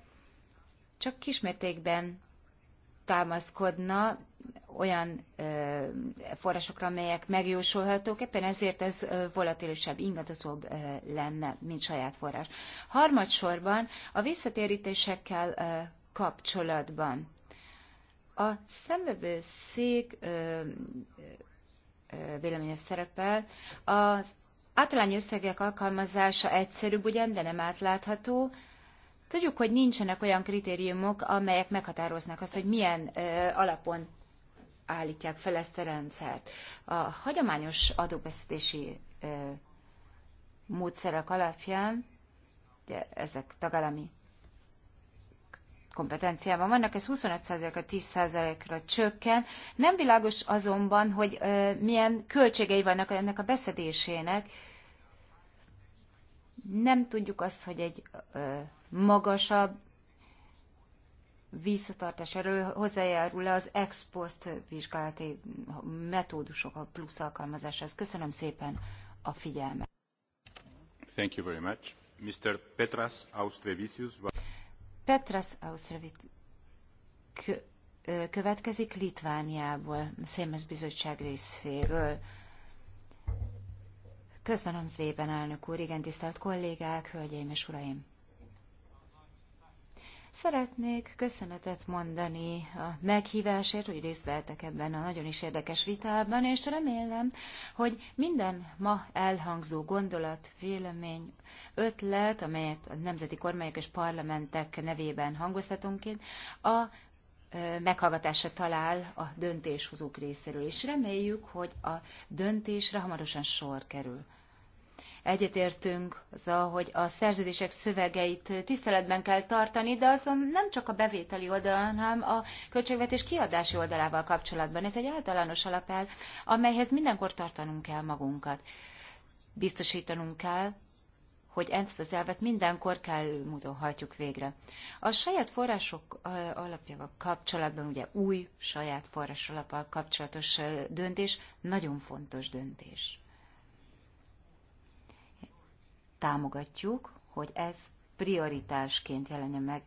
csak kismértékben támaszkodna olyan forrásokra, amelyek megjósolhatók, éppen ezért ez volatilisebb, ingadozóbb lenne, mint saját forrás. Harmadsorban a visszatérítésekkel kapcsolatban. A szemvevő szék véleménye szerepel, az általány összegek alkalmazása egyszerűbb ugyan, de nem átlátható, Tudjuk, hogy nincsenek olyan kritériumok, amelyek meghatároznak azt, hogy milyen ö, alapon állítják fel ezt a rendszert. A hagyományos adóbeszedési módszerek alapján, ugye ezek tagállami kompetenciában vannak, ez 25 10%-ra csökken. Nem világos azonban, hogy ö, milyen költségei vannak ennek a beszedésének. Nem tudjuk azt, hogy egy ö, magasabb visszatartás erről hozzájárul le az ex post vizsgálati metódusok a plusz alkalmazásához. Köszönöm szépen a figyelmet. Thank you very much. Mr. Petras Austrevicius. Petras Austrevicius következik Litvániából, Szémes Bizottság részéről. Köszönöm szépen, elnök úr, igen, tisztelt kollégák, hölgyeim és uraim! Szeretnék köszönetet mondani a meghívásért, hogy részt vettek ebben a nagyon is érdekes vitában, és remélem, hogy minden ma elhangzó gondolat, vélemény, ötlet, amelyet a nemzeti kormányok és parlamentek nevében hangoztatunk itt, a meghallgatásra talál a döntéshozók részéről, és reméljük, hogy a döntésre hamarosan sor kerül egyetértünk azzal, hogy a szerződések szövegeit tiszteletben kell tartani, de azon nem csak a bevételi oldalon, hanem a költségvetés kiadási oldalával kapcsolatban. Ez egy általános alapel, amelyhez mindenkor tartanunk kell magunkat. Biztosítanunk kell, hogy ezt az elvet mindenkor kell módon hajtjuk végre. A saját források alapjával kapcsolatban, ugye új saját forrás alapjával kapcsolatos döntés, nagyon fontos döntés támogatjuk, hogy ez prioritásként jelenjen meg.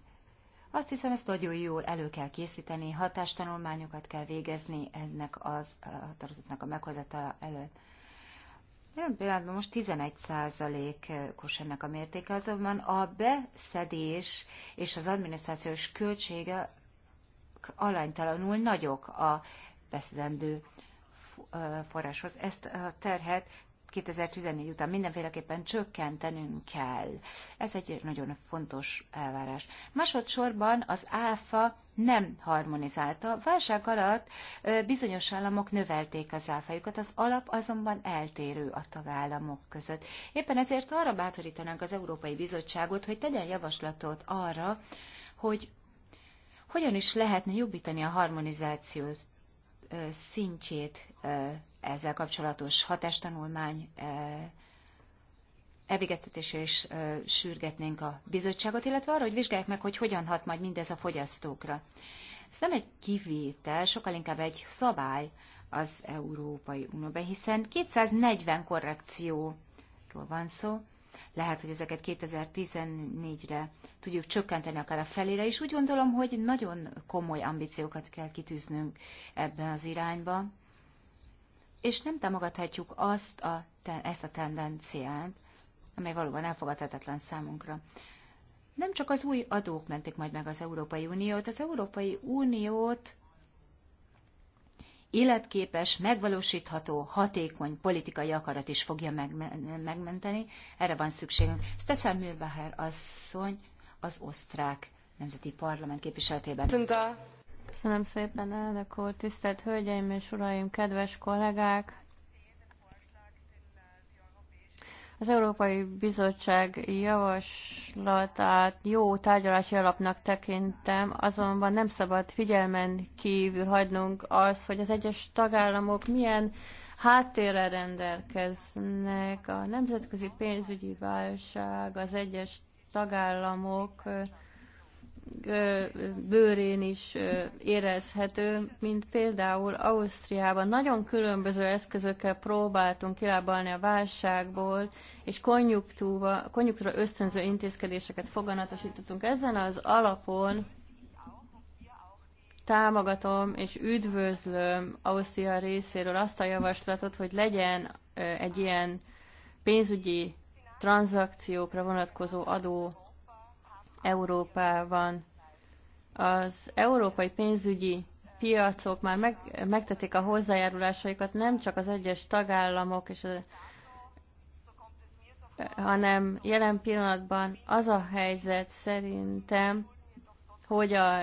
Azt hiszem, ezt nagyon jól elő kell készíteni, hatástanulmányokat kell végezni ennek az határozatnak a meghozatala előtt. Jelen pillanatban most 11 os ennek a mértéke, azonban a beszedés és az adminisztrációs költsége alánytalanul nagyok a beszedendő forráshoz. Ezt a terhet 2014 után mindenféleképpen csökkentenünk kell. Ez egy nagyon fontos elvárás. Másodszorban az áfa nem harmonizálta. Válság alatt bizonyos államok növelték az áfajukat, az alap azonban eltérő a tagállamok között. Éppen ezért arra bátorítanánk az Európai Bizottságot, hogy tegyen javaslatot arra, hogy hogyan is lehetne jobbítani a harmonizációt szintjét ezzel kapcsolatos hatástanulmány elvégeztetésére is sürgetnénk a bizottságot, illetve arra, hogy vizsgálják meg, hogy hogyan hat majd mindez a fogyasztókra. Ez nem egy kivétel, sokkal inkább egy szabály az Európai Unióban, hiszen 240 korrekcióról van szó, lehet, hogy ezeket 2014-re tudjuk csökkenteni akár a felére, és úgy gondolom, hogy nagyon komoly ambíciókat kell kitűznünk ebben az irányba, és nem támogathatjuk azt a, ezt a tendenciát, amely valóban elfogadhatatlan számunkra. Nem csak az új adók mentik majd meg az Európai Uniót, az Európai Uniót életképes, megvalósítható, hatékony politikai akarat is fogja megmenteni. Erre van szükségünk. Stefan Mühlbacher asszony az osztrák nemzeti parlament képviseletében. Köszönöm szépen, elnök úr, tisztelt hölgyeim és uraim, kedves kollégák! Az Európai Bizottság javaslatát jó tárgyalási alapnak tekintem, azonban nem szabad figyelmen kívül hagynunk az, hogy az egyes tagállamok milyen háttérrel rendelkeznek. A nemzetközi pénzügyi válság az egyes tagállamok bőrén is érezhető, mint például Ausztriában. Nagyon különböző eszközökkel próbáltunk kilábalni a válságból, és konjunktúra ösztönző intézkedéseket foganatosítottunk. Ezen az alapon támogatom és üdvözlöm Ausztria részéről azt a javaslatot, hogy legyen egy ilyen pénzügyi tranzakciókra vonatkozó adó Európában. Az európai pénzügyi piacok már meg, megtették a hozzájárulásaikat nem csak az egyes tagállamok, és a, hanem jelen pillanatban az a helyzet szerintem, hogy a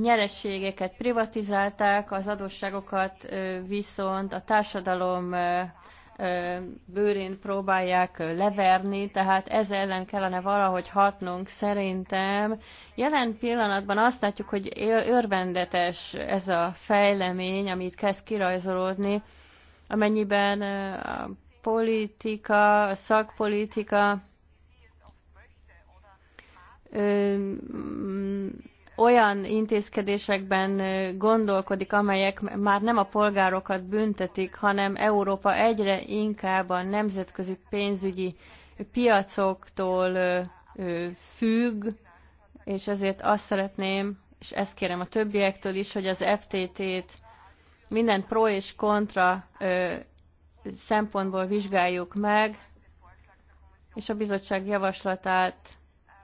nyereségeket privatizálták, az adósságokat viszont a társadalom bőrén próbálják leverni, tehát ez ellen kellene valahogy hatnunk szerintem. Jelen pillanatban azt látjuk, hogy örvendetes ez a fejlemény, amit kezd kirajzolódni, amennyiben a politika, a szakpolitika olyan intézkedésekben gondolkodik, amelyek már nem a polgárokat büntetik, hanem Európa egyre inkább a nemzetközi pénzügyi piacoktól függ, és ezért azt szeretném, és ezt kérem a többiektől is, hogy az FTT-t minden pro és kontra szempontból vizsgáljuk meg, és a bizottság javaslatát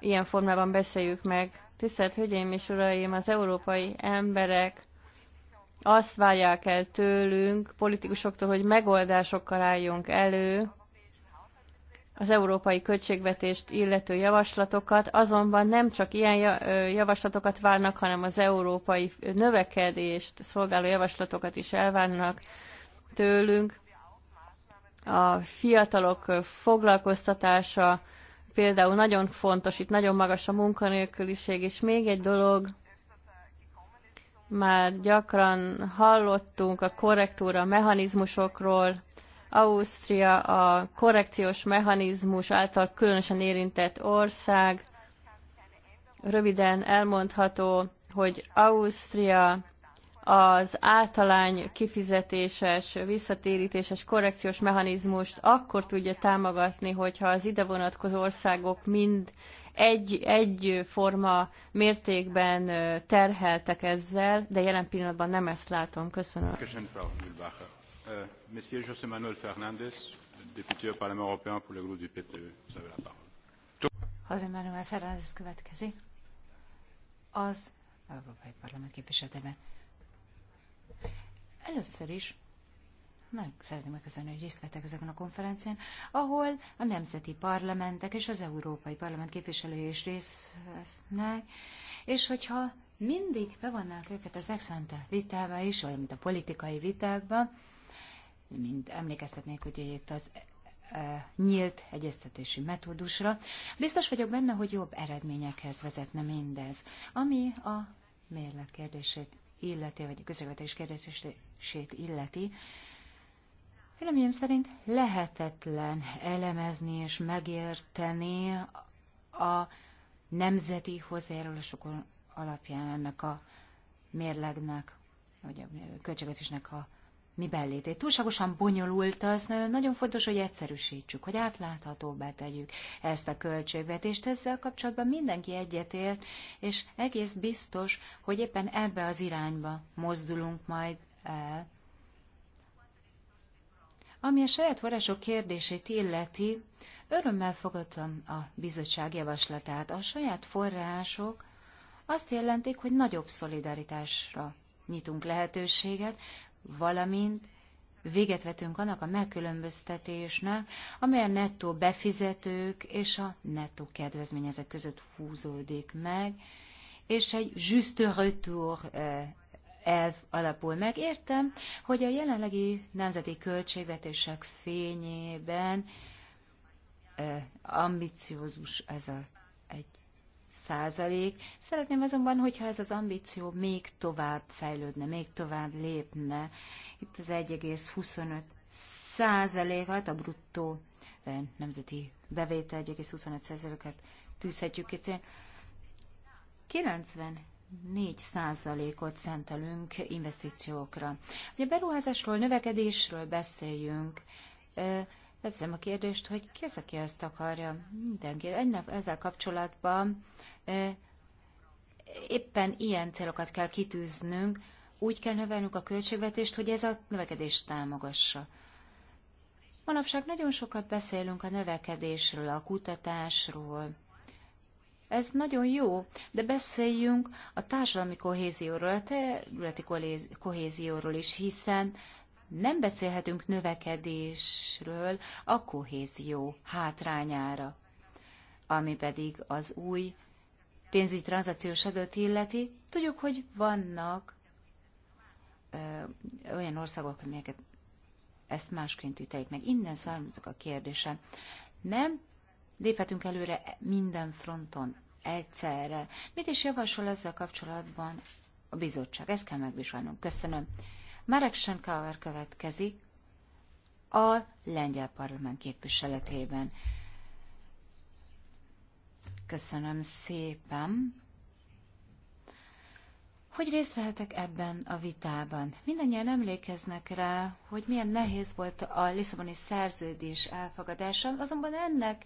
ilyen formában beszéljük meg Tisztelt Hölgyeim és Uraim, az európai emberek azt várják el tőlünk, politikusoktól, hogy megoldásokkal álljunk elő, az európai költségvetést illető javaslatokat, azonban nem csak ilyen javaslatokat várnak, hanem az európai növekedést szolgáló javaslatokat is elvárnak tőlünk. A fiatalok foglalkoztatása, például nagyon fontos, itt nagyon magas a munkanélküliség, és még egy dolog, már gyakran hallottunk a korrektúra mechanizmusokról. Ausztria a korrekciós mechanizmus által különösen érintett ország. Röviden elmondható, hogy Ausztria az általány kifizetéses, visszatérítéses, korrekciós mechanizmust akkor tudja támogatni, hogyha az ide vonatkozó országok mind egy, egy forma mértékben terheltek ezzel, de jelen pillanatban nem ezt látom. Köszönöm. Köszönöm, Frau Mühlbacher. Monsieur José Manuel Fernández, député au Parlement européen pour le groupe du PPE. Vous avez la parole. José Manuel Fernández következik. Az Európai Parlament képviseletében. Először is meg szeretném megköszönni, hogy részt vettek ezeken a konferencián, ahol a nemzeti parlamentek és az Európai Parlament képviselői is részt vesznek, és hogyha mindig bevonnák őket az exante vitába is, valamint a politikai vitákba, mint emlékeztetnék, hogy itt az e, nyílt egyeztetési metódusra. Biztos vagyok benne, hogy jobb eredményekhez vezetne mindez, ami a mérleg kérdését illeti, vagy a közlekedés kérdését illeti, Véleményem szerint lehetetlen elemezni és megérteni a nemzeti hozzájárulásokon alapján ennek a mérlegnek, vagy a költségvetésnek a mi bellétét. Túlságosan bonyolult az, nagyon fontos, hogy egyszerűsítsük, hogy átláthatóbbá tegyük ezt a költségvetést. Ezzel kapcsolatban mindenki egyetért, és egész biztos, hogy éppen ebbe az irányba mozdulunk majd el. Ami a saját források kérdését illeti, örömmel fogadtam a bizottság javaslatát. A saját források azt jelentik, hogy nagyobb szolidaritásra nyitunk lehetőséget, valamint véget vetünk annak a megkülönböztetésnek, amely a nettó befizetők és a nettó kedvezményezek között húzódik meg, és egy juste retour eh, elv alapul meg. Értem, hogy a jelenlegi nemzeti költségvetések fényében eh, ambiciózus ez a, egy százalék. Szeretném azonban, hogyha ez az ambíció még tovább fejlődne, még tovább lépne. Itt az 1,25 százalékat, a bruttó eh, nemzeti bevétel 1,25 százalékat tűzhetjük itt. 90 4%-ot szentelünk investíciókra. Ugye beruházásról, növekedésről beszéljünk, eh, Vezetem a kérdést, hogy ki az, aki ezt akarja? Mindenki. Ennel, ezzel kapcsolatban éppen ilyen célokat kell kitűznünk, úgy kell növelnünk a költségvetést, hogy ez a növekedést támogassa. Manapság nagyon sokat beszélünk a növekedésről, a kutatásról. Ez nagyon jó, de beszéljünk a társadalmi kohézióról, a területi kohézióról is, hiszen nem beszélhetünk növekedésről a kohézió hátrányára, ami pedig az új pénzügyi tranzakciós adót illeti. Tudjuk, hogy vannak ö, olyan országok, amelyeket ezt másként ítelik meg. Innen származik a kérdése. Nem léphetünk előre minden fronton egyszerre. Mit is javasol ezzel kapcsolatban a bizottság? Ezt kell megvizsgálnunk. Köszönöm. Marek Sankaver következik a lengyel parlament képviseletében. Köszönöm szépen, hogy részt vehetek ebben a vitában. Mindannyian emlékeznek rá, hogy milyen nehéz volt a Lisszaboni szerződés elfogadása, azonban ennek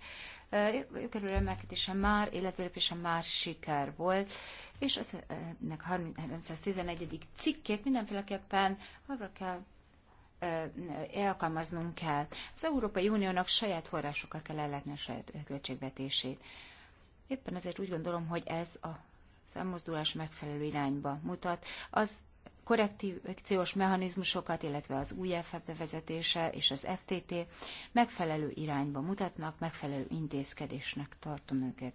ők emelkedése már, életbelépése már siker volt, és az, ennek 311. cikkét mindenféleképpen arra kell alkalmaznunk kell. Az Európai Uniónak saját forrásokkal kell ellátni a saját költségvetését. Éppen azért úgy gondolom, hogy ez a elmozdulás megfelelő irányba mutat. Az korrekciós mechanizmusokat, illetve az új FF bevezetése és az FTT megfelelő irányba mutatnak, megfelelő intézkedésnek tartom őket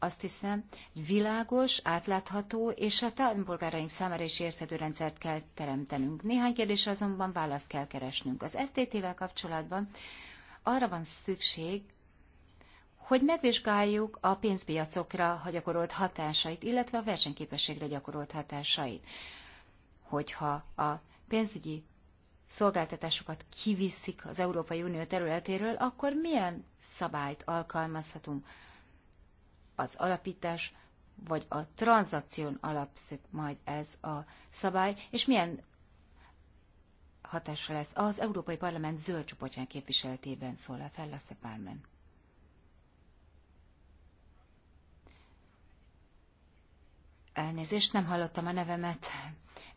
azt hiszem, hogy világos, átlátható és a támpolgáraink számára is érthető rendszert kell teremtenünk. Néhány kérdésre azonban választ kell keresnünk. Az FTT-vel kapcsolatban arra van szükség, hogy megvizsgáljuk a pénzpiacokra gyakorolt hatásait, illetve a versenyképességre gyakorolt hatásait hogyha a pénzügyi szolgáltatásokat kiviszik az Európai Unió területéről, akkor milyen szabályt alkalmazhatunk? Az alapítás vagy a tranzakción alapszik majd ez a szabály, és milyen hatásra lesz az Európai Parlament zöld csoportján képviseletében szólal fel Lasse Pálmen. Elnézést, nem hallottam a nevemet.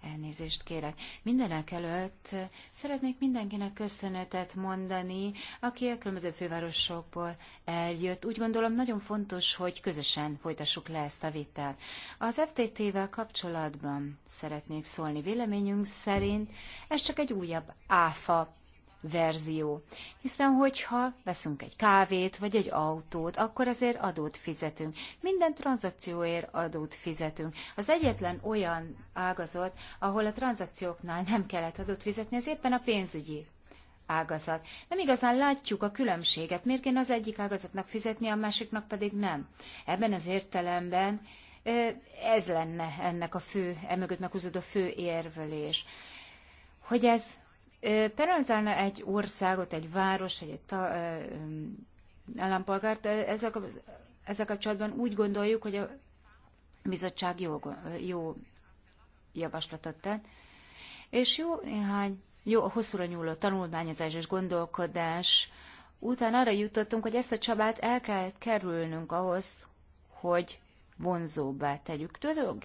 Elnézést kérek. Mindenek előtt szeretnék mindenkinek köszönetet mondani, aki a különböző fővárosokból eljött. Úgy gondolom nagyon fontos, hogy közösen folytassuk le ezt a vitát. Az FTT-vel kapcsolatban szeretnék szólni véleményünk szerint. Ez csak egy újabb áfa verzió. Hiszen, hogyha veszünk egy kávét vagy egy autót, akkor azért adót fizetünk. Minden tranzakcióért adót fizetünk. Az egyetlen olyan ágazat, ahol a tranzakcióknál nem kellett adót fizetni, ez éppen a pénzügyi ágazat. Nem igazán látjuk a különbséget, miért kéne az egyik ágazatnak fizetni, a másiknak pedig nem. Ebben az értelemben ez lenne ennek a fő, emögött meghúzódó fő érvelés. Hogy ez penalizálna egy országot, egy város, egy ta, állampolgárt, ezzel, ezzel kapcsolatban úgy gondoljuk, hogy a bizottság jó, jó javaslatot tett, és jó néhány jó, a hosszúra nyúló tanulmányozás és gondolkodás után arra jutottunk, hogy ezt a csabát el kell kerülnünk ahhoz, hogy vonzóbbá tegyük.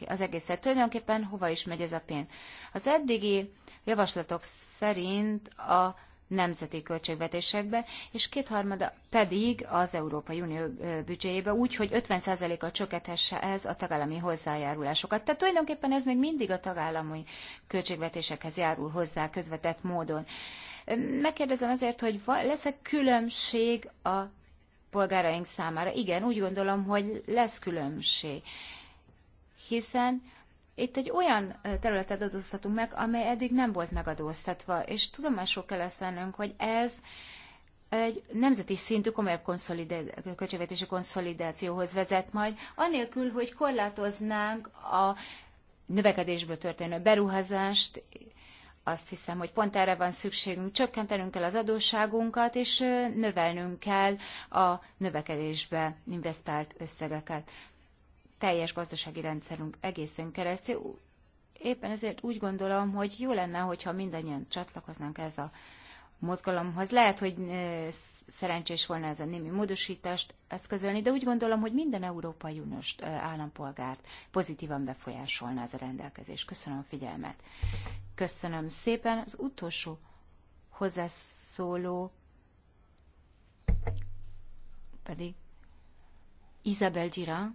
Az egészet tulajdonképpen hova is megy ez a pénz. Az eddigi javaslatok szerint a nemzeti költségvetésekbe, és kétharmada pedig az Európai Unió büdzséjébe, úgy, hogy 50%-kal csökkentesse ez a tagállami hozzájárulásokat. Tehát tulajdonképpen ez még mindig a tagállami költségvetésekhez járul hozzá közvetett módon. Megkérdezem azért, hogy lesz-e különbség a polgáraink számára. Igen, úgy gondolom, hogy lesz különbség, hiszen itt egy olyan területet adóztatunk meg, amely eddig nem volt megadóztatva, és tudomásul kell ezt vennünk, hogy ez egy nemzeti szintű komolyabb költségvetési konszolidációhoz vezet majd, anélkül, hogy korlátoznánk a növekedésből történő beruházást, azt hiszem, hogy pont erre van szükségünk. Csökkentenünk kell az adósságunkat, és növelnünk kell a növekedésbe investált összegeket. Teljes gazdasági rendszerünk egészen keresztül. Éppen ezért úgy gondolom, hogy jó lenne, hogyha mindannyian csatlakoznánk ez a mozgalomhoz. Lehet, hogy szerencsés volna ez a némi módosítást eszközölni, de úgy gondolom, hogy minden Európai Uniós állampolgárt pozitívan befolyásolna ez a rendelkezés. Köszönöm a figyelmet. Köszönöm szépen. Az utolsó hozzászóló pedig Isabel Gira,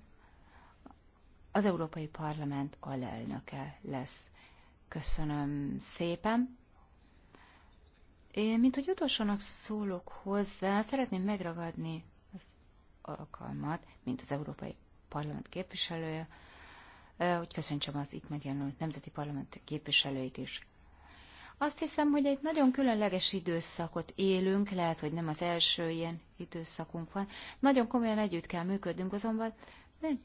az Európai Parlament alelnöke lesz. Köszönöm szépen. Én, mint hogy utolsónak szólok hozzá, szeretném megragadni az alkalmat, mint az Európai Parlament képviselője, hogy köszöntsem az itt megjelenő nemzeti parlament képviselőit is. Azt hiszem, hogy egy nagyon különleges időszakot élünk, lehet, hogy nem az első ilyen időszakunk van. Nagyon komolyan együtt kell működnünk, azonban nem,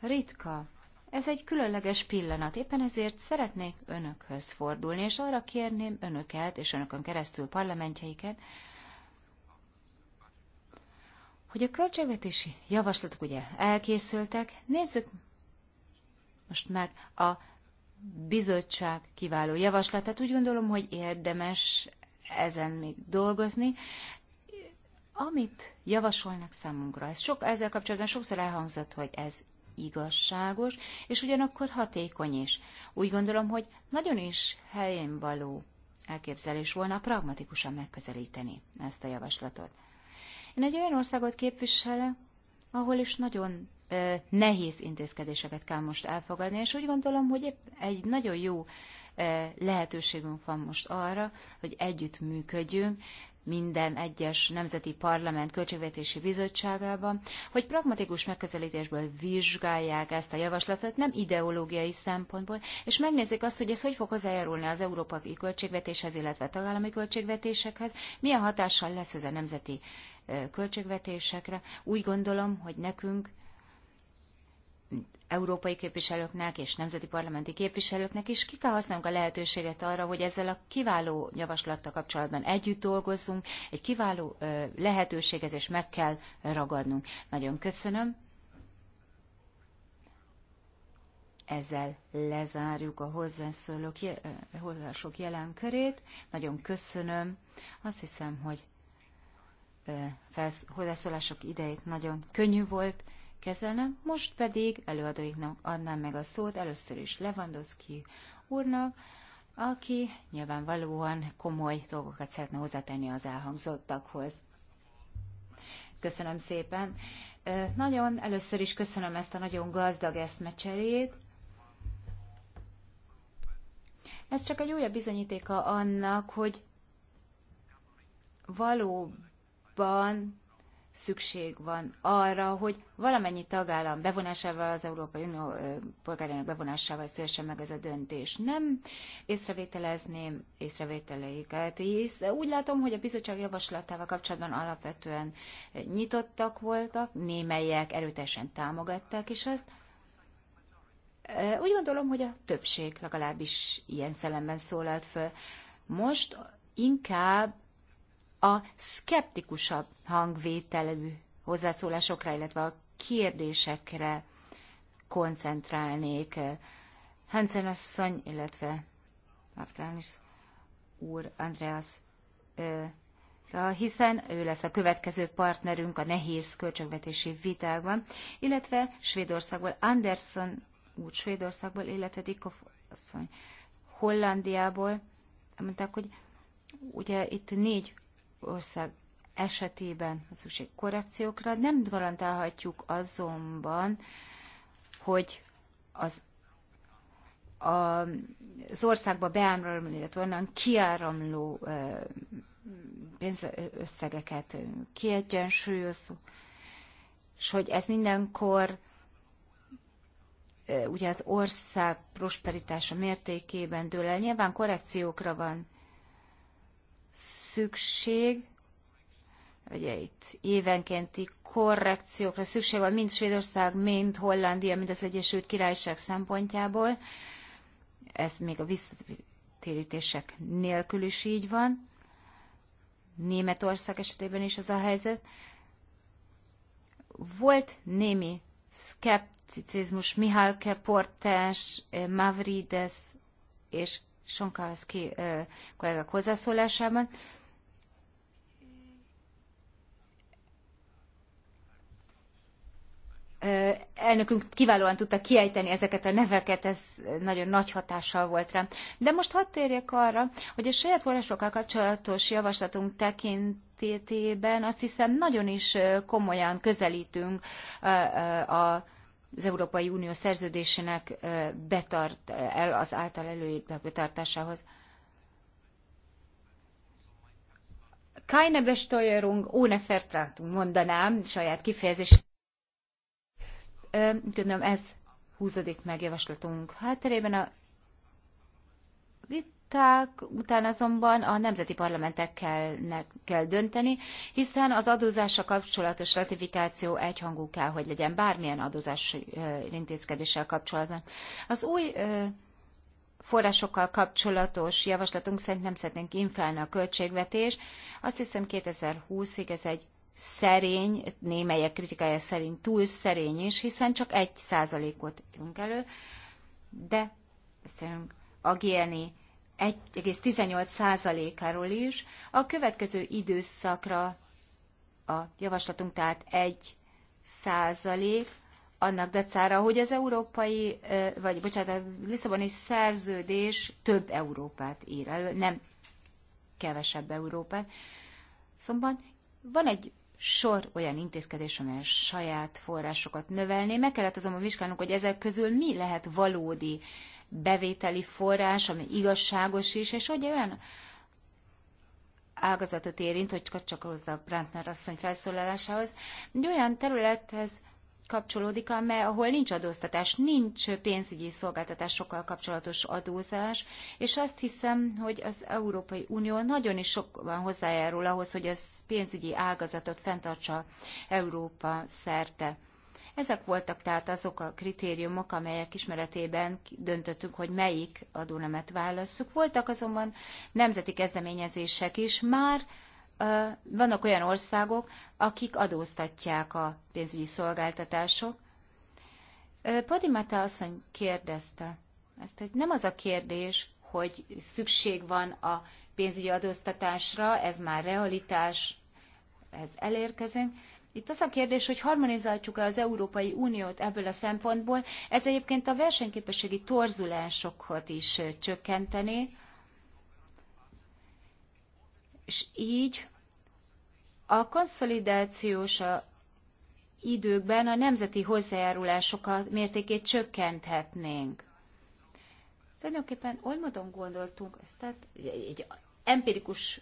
ritka ez egy különleges pillanat, éppen ezért szeretnék önökhöz fordulni, és arra kérném önöket, és önökön keresztül parlamentjeiket, hogy a költségvetési javaslatok ugye elkészültek, nézzük most meg a bizottság kiváló javaslatát. Úgy gondolom, hogy érdemes ezen még dolgozni. Amit javasolnak számunkra, ez sok, ezzel kapcsolatban sokszor elhangzott, hogy ez igazságos, és ugyanakkor hatékony is. Úgy gondolom, hogy nagyon is helyén való elképzelés volna pragmatikusan megközelíteni ezt a javaslatot. Én egy olyan országot képviselek, ahol is nagyon eh, nehéz intézkedéseket kell most elfogadni, és úgy gondolom, hogy épp egy nagyon jó eh, lehetőségünk van most arra, hogy együtt működjünk, minden egyes nemzeti parlament költségvetési bizottságában, hogy pragmatikus megközelítésből vizsgálják ezt a javaslatot, nem ideológiai szempontból, és megnézzék azt, hogy ez hogy fog hozzájárulni az európai költségvetéshez, illetve a tagállami költségvetésekhez, milyen hatással lesz ez a nemzeti költségvetésekre. Úgy gondolom, hogy nekünk európai képviselőknek és nemzeti parlamenti képviselőknek is ki kell használnunk a lehetőséget arra, hogy ezzel a kiváló javaslattal kapcsolatban együtt dolgozzunk, egy kiváló lehetőség ez, és meg kell ragadnunk. Nagyon köszönöm. Ezzel lezárjuk a hozzászólók, hozzások jelen körét. Nagyon köszönöm. Azt hiszem, hogy hozzászólások idejét nagyon könnyű volt kezelne, most pedig előadóiknak adnám meg a szót először is Lewandowski úrnak, aki nyilvánvalóan komoly dolgokat szeretne hozzátenni az elhangzottakhoz. Köszönöm szépen. Nagyon először is köszönöm ezt a nagyon gazdag eszmecserét. Ez csak egy újabb bizonyítéka annak, hogy valóban szükség van arra, hogy valamennyi tagállam bevonásával, az Európai Unió polgárának bevonásával szülessen meg ez a döntés. Nem észrevételezném észrevételeiket, hisz úgy látom, hogy a bizottság javaslatával kapcsolatban alapvetően nyitottak voltak, némelyek erőteljesen támogatták is azt, úgy gondolom, hogy a többség legalábbis ilyen szellemben szólalt föl. Most inkább a szkeptikusabb hangvételű hozzászólásokra, illetve a kérdésekre koncentrálnék. Hansen asszony, illetve Afranis úr, Andreas hiszen ő lesz a következő partnerünk a nehéz költségvetési vitákban, illetve Svédországból Anderson úgy Svédországból, illetve Dikov asszony Hollandiából. Mondták, hogy ugye itt négy ország esetében a szükség korrekciókra. Nem garantálhatjuk azonban, hogy az a, az országba beáramló, illetve onnan kiáramló pénzösszegeket kiegyensúlyozó, és hogy ez mindenkor ugye az ország prosperitása mértékében dől el. Nyilván korrekciókra van szükség, ugye itt évenkénti korrekciókra szükség van, mind Svédország, mind Hollandia, mind az Egyesült Királyság szempontjából. Ez még a visszatérítések nélkül is így van. Németország esetében is az a helyzet. Volt némi szkepticizmus Mihály Portás, Mavrides és Sonkalszki kollégák hozzászólásában. elnökünk kiválóan tudta kiejteni ezeket a neveket, ez nagyon nagy hatással volt rám. De most hadd térjek arra, hogy a saját forrásokkal kapcsolatos javaslatunk tekintetében azt hiszem nagyon is komolyan közelítünk a, a, a az Európai Unió szerződésének betart, el az által előírtak betartásához. Keine Besteuerung ohne Vertratung, mondanám, saját kifejezés. Gondolom ez húzódik meg javaslatunk hátterében. A megvitatták, utána azonban a nemzeti parlamentekkel kell dönteni, hiszen az adózással kapcsolatos ratifikáció egyhangú kell, hogy legyen bármilyen adózási intézkedéssel kapcsolatban. Az új forrásokkal kapcsolatos javaslatunk szerint nem szeretnénk inflálni a költségvetés. Azt hiszem 2020-ig ez egy szerény, némelyek kritikája szerint túl szerény is, hiszen csak egy százalékot adjunk elő, de beszélünk a GNI 1,18%-áról is a következő időszakra a javaslatunk, tehát 1 százalék, annak dacára, hogy az európai, vagy bocsánat, a Lisszaboni szerződés több Európát ír elő, nem kevesebb Európát. Szóval van egy sor olyan intézkedés, amely saját forrásokat növelné. Meg kellett azonban vizsgálnunk, hogy ezek közül mi lehet valódi bevételi forrás, ami igazságos is, és ugye olyan ágazatot érint, hogy csak hozzá a Brandner asszony felszólalásához, egy olyan területhez kapcsolódik, amely, ahol nincs adóztatás, nincs pénzügyi szolgáltatásokkal kapcsolatos adózás, és azt hiszem, hogy az Európai Unió nagyon is sokban hozzájárul ahhoz, hogy az pénzügyi ágazatot fenntartsa Európa szerte. Ezek voltak tehát azok a kritériumok, amelyek ismeretében döntöttünk, hogy melyik adónemet válasszuk. Voltak azonban nemzeti kezdeményezések is, már vannak olyan országok, akik adóztatják a pénzügyi szolgáltatások. Padimata asszony kérdezte ezt, hogy nem az a kérdés, hogy szükség van a pénzügyi adóztatásra, ez már realitás, ez elérkezünk, itt az a kérdés, hogy harmonizáljuk-e az Európai Uniót ebből a szempontból. Ez egyébként a versenyképességi torzulásokat is csökkenteni, és így a konszolidációs időkben a nemzeti hozzájárulásokat mértékét csökkenthetnénk. Tulajdonképpen oly módon gondoltunk, tehát egy empirikus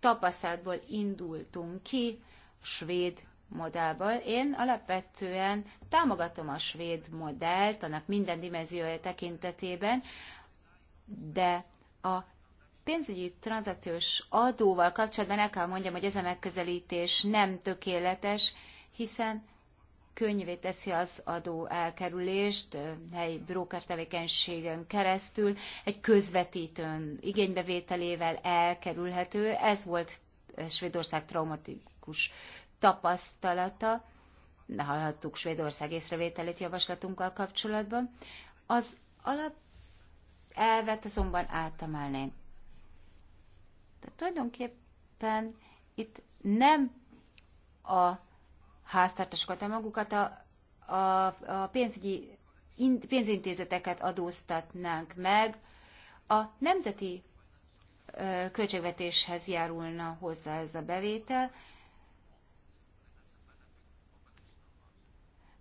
tapasztalatból indultunk ki, a svéd modellből. Én alapvetően támogatom a svéd modellt, annak minden dimenziója tekintetében, de a pénzügyi tranzakciós adóval kapcsolatban el kell mondjam, hogy ez a megközelítés nem tökéletes, hiszen könnyvé teszi az adó elkerülést helyi broker tevékenységen keresztül, egy közvetítőn igénybevételével elkerülhető. Ez volt Svédország traumatikus tapasztalata, ne hallhattuk Svédország észrevételét javaslatunkkal kapcsolatban, az alap elvet azonban átemelném. Tehát tulajdonképpen itt nem a háztartásokat, hanem magukat a, a, a pénzügyi in, pénzintézeteket adóztatnánk meg, a nemzeti ö, költségvetéshez járulna hozzá ez a bevétel,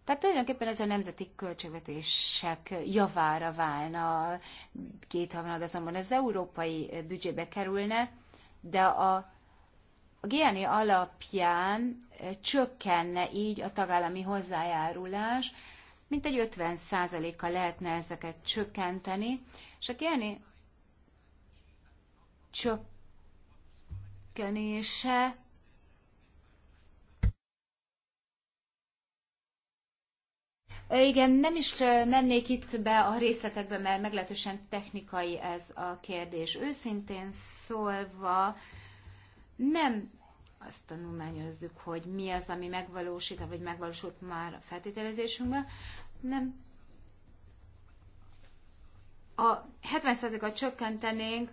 Tehát tulajdonképpen ez a nemzeti költségvetések javára válna, két havonad azonban az európai büdzsébe kerülne, de a, a GNI alapján eh, csökkenne így a tagállami hozzájárulás, mint egy 50%-a lehetne ezeket csökkenteni, és a GNI csökkenése Igen, nem is mennék itt be a részletekbe, mert meglehetősen technikai ez a kérdés. Őszintén szólva, nem azt tanulmányozzuk, hogy mi az, ami megvalósít, vagy megvalósult már a feltételezésünkben, nem. A 70%-a csökkentenénk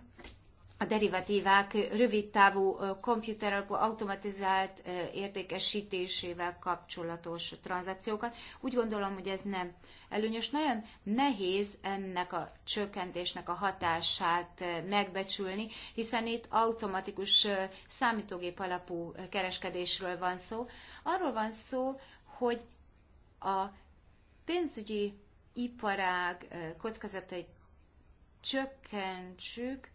a derivatívák rövidtávú, távú komputer automatizált értékesítésével kapcsolatos tranzakciókat. Úgy gondolom, hogy ez nem előnyös. Nagyon nehéz ennek a csökkentésnek a hatását megbecsülni, hiszen itt automatikus számítógép alapú kereskedésről van szó. Arról van szó, hogy a pénzügyi iparág kockázatait csökkentsük,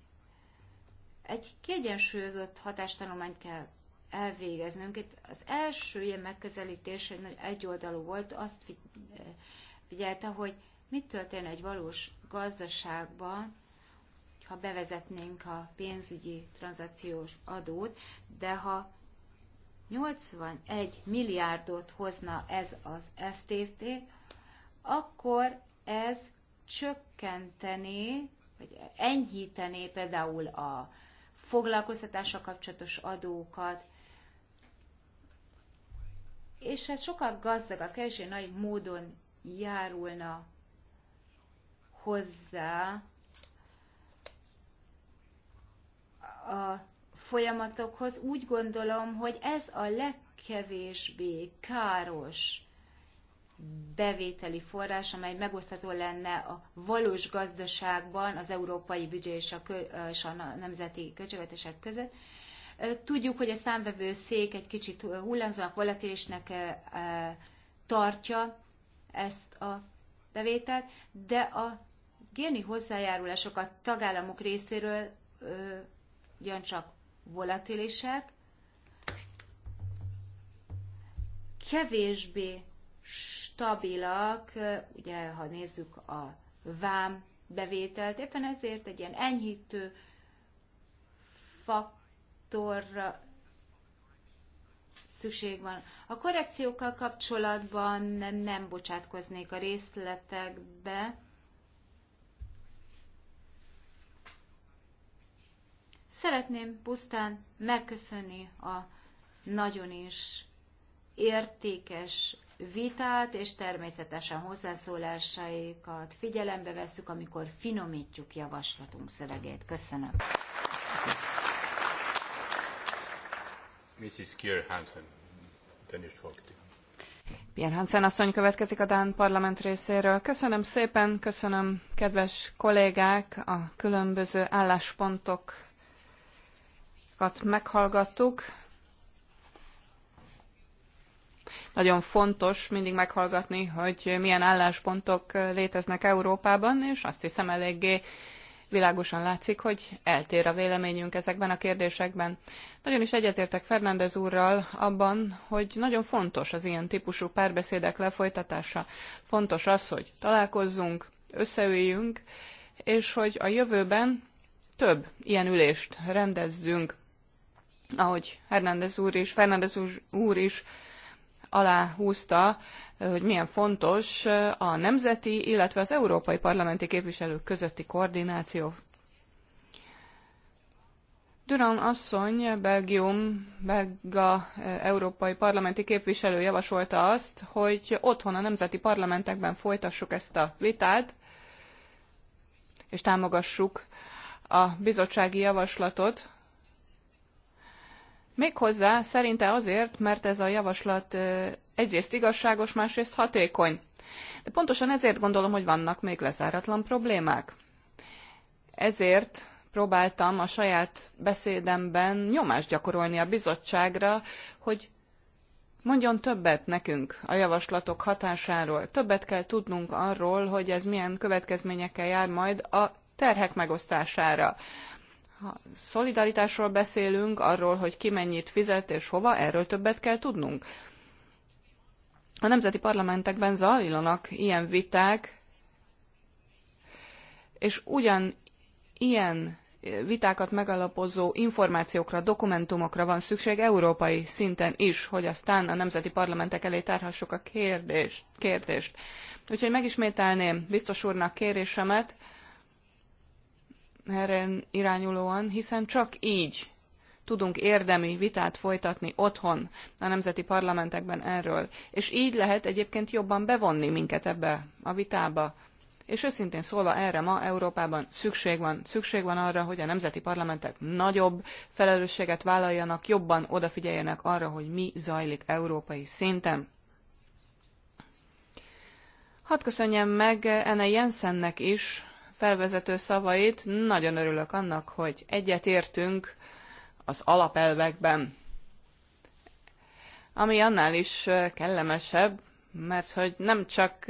egy kiegyensúlyozott hatástanulmányt kell elvégeznünk. Itt az első ilyen megközelítés egy nagy egyoldalú volt, azt figyelte, hogy mit történne egy valós gazdaságban, ha bevezetnénk a pénzügyi tranzakciós adót, de ha 81 milliárdot hozna ez az FTT, akkor ez csökkenteni, vagy enyhíteni például a foglalkoztatással kapcsolatos adókat, és ez sokkal gazdagabb, kevésbé nagy módon járulna hozzá a folyamatokhoz. Úgy gondolom, hogy ez a legkevésbé káros bevételi forrás, amely megosztható lenne a valós gazdaságban az európai büdzsé és a, és a nemzeti költségvetések között. Tudjuk, hogy a szék egy kicsit hullámzóak volatilisnek tartja ezt a bevételt, de a géni hozzájárulások a tagállamok részéről ugyancsak volatilisek, kevésbé stabilak, ugye ha nézzük a vám bevételt, éppen ezért egy ilyen enyhítő faktorra szükség van. A korrekciókkal kapcsolatban nem nem bocsátkoznék a részletekbe. Szeretném pusztán megköszönni a nagyon is értékes vitát, és természetesen hozzászólásaikat figyelembe vesszük, amikor finomítjuk javaslatunk szövegét. Köszönöm. Mrs. Kier Hansen, Danish Volkti. Pierre Hansen asszony következik a Dán parlament részéről. Köszönöm szépen, köszönöm kedves kollégák, a különböző álláspontokat meghallgattuk. Nagyon fontos mindig meghallgatni, hogy milyen álláspontok léteznek Európában, és azt hiszem eléggé világosan látszik, hogy eltér a véleményünk ezekben a kérdésekben. Nagyon is egyetértek Fernández úrral abban, hogy nagyon fontos az ilyen típusú párbeszédek lefolytatása. Fontos az, hogy találkozzunk, összeüljünk, és hogy a jövőben több ilyen ülést rendezzünk, ahogy Fernández úr is, Fernández úr is aláhúzta, hogy milyen fontos a nemzeti, illetve az európai parlamenti képviselők közötti koordináció. Duran asszony, Belgium, belga európai parlamenti képviselő javasolta azt, hogy otthon a nemzeti parlamentekben folytassuk ezt a vitát, és támogassuk a bizottsági javaslatot, Méghozzá szerinte azért, mert ez a javaslat egyrészt igazságos, másrészt hatékony. De pontosan ezért gondolom, hogy vannak még lezáratlan problémák. Ezért próbáltam a saját beszédemben nyomást gyakorolni a bizottságra, hogy mondjon többet nekünk a javaslatok hatásáról. Többet kell tudnunk arról, hogy ez milyen következményekkel jár majd a terhek megosztására, ha szolidaritásról beszélünk, arról, hogy ki mennyit fizet és hova, erről többet kell tudnunk. A nemzeti parlamentekben zajlanak ilyen viták, és ugyan ilyen vitákat megalapozó információkra, dokumentumokra van szükség európai szinten is, hogy aztán a nemzeti parlamentek elé tárhassuk a kérdést. kérdést. Úgyhogy megismételném biztos úrnak kérésemet, erre irányulóan, hiszen csak így tudunk érdemi vitát folytatni otthon, a nemzeti parlamentekben erről. És így lehet egyébként jobban bevonni minket ebbe a vitába. És őszintén szólva erre ma Európában szükség van. Szükség van arra, hogy a nemzeti parlamentek nagyobb felelősséget vállaljanak, jobban odafigyeljenek arra, hogy mi zajlik európai szinten. Hadd köszönjem meg Ene Jensennek is felvezető szavait. Nagyon örülök annak, hogy egyetértünk az alapelvekben. Ami annál is kellemesebb, mert hogy nem csak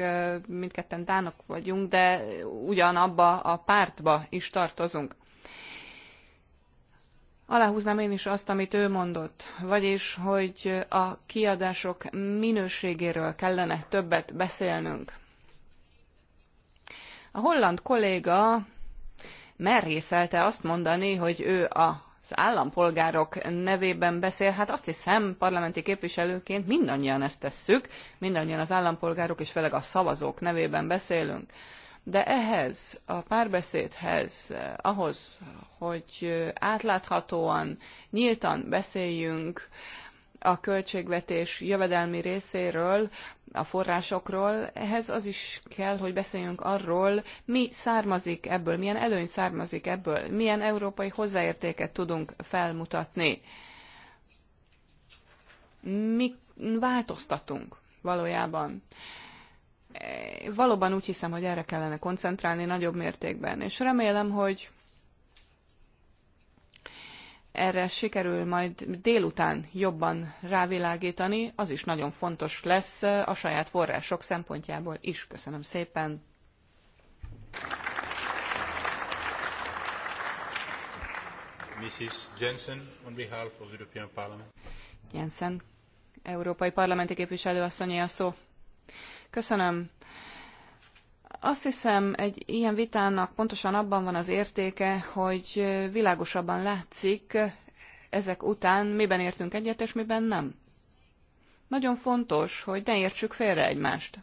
mindketten dánok vagyunk, de ugyanabba a pártba is tartozunk. Aláhúznám én is azt, amit ő mondott, vagyis, hogy a kiadások minőségéről kellene többet beszélnünk. A holland kolléga merészelte azt mondani, hogy ő a az állampolgárok nevében beszél, hát azt hiszem parlamenti képviselőként mindannyian ezt tesszük, mindannyian az állampolgárok és főleg a szavazók nevében beszélünk. De ehhez, a párbeszédhez, ahhoz, hogy átláthatóan, nyíltan beszéljünk, a költségvetés jövedelmi részéről, a forrásokról, ehhez az is kell, hogy beszéljünk arról, mi származik ebből, milyen előny származik ebből, milyen európai hozzáértéket tudunk felmutatni. Mi változtatunk valójában valóban úgy hiszem, hogy erre kellene koncentrálni nagyobb mértékben, és remélem, hogy erre sikerül majd délután jobban rávilágítani, az is nagyon fontos lesz a saját források szempontjából is. Köszönöm szépen! Mrs. Jensen, on behalf of the European Parliament. Jensen, Európai Parlamenti Képviselő asszonyé a szó. Köszönöm, azt hiszem, egy ilyen vitának pontosan abban van az értéke, hogy világosabban látszik ezek után, miben értünk egyet, és miben nem. Nagyon fontos, hogy ne értsük félre egymást.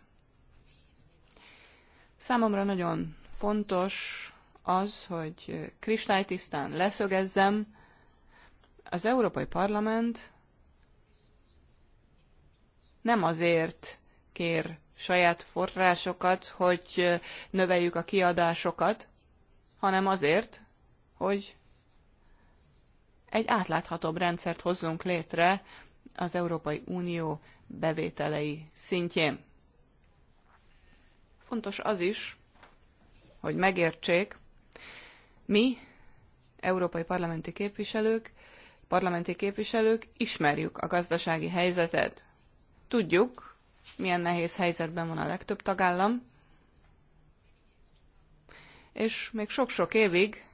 Számomra nagyon fontos az, hogy kristálytisztán leszögezzem, az Európai Parlament nem azért kér saját forrásokat, hogy növeljük a kiadásokat, hanem azért, hogy egy átláthatóbb rendszert hozzunk létre az Európai Unió bevételei szintjén. Fontos az is, hogy megértsék, mi, európai parlamenti képviselők, parlamenti képviselők ismerjük a gazdasági helyzetet. Tudjuk, milyen nehéz helyzetben van a legtöbb tagállam, és még sok-sok évig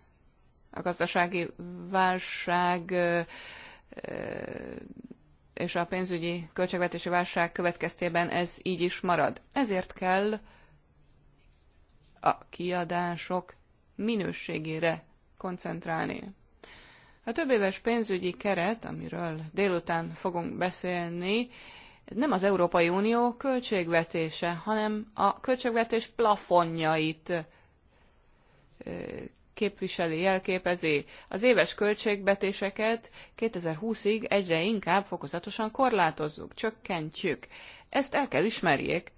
a gazdasági válság és a pénzügyi költségvetési válság következtében ez így is marad. Ezért kell a kiadások minőségére koncentrálni. A több éves pénzügyi keret, amiről délután fogunk beszélni, nem az Európai Unió költségvetése, hanem a költségvetés plafonjait képviseli, jelképezi. Az éves költségvetéseket 2020-ig egyre inkább fokozatosan korlátozzuk, csökkentjük. Ezt el kell ismerjék,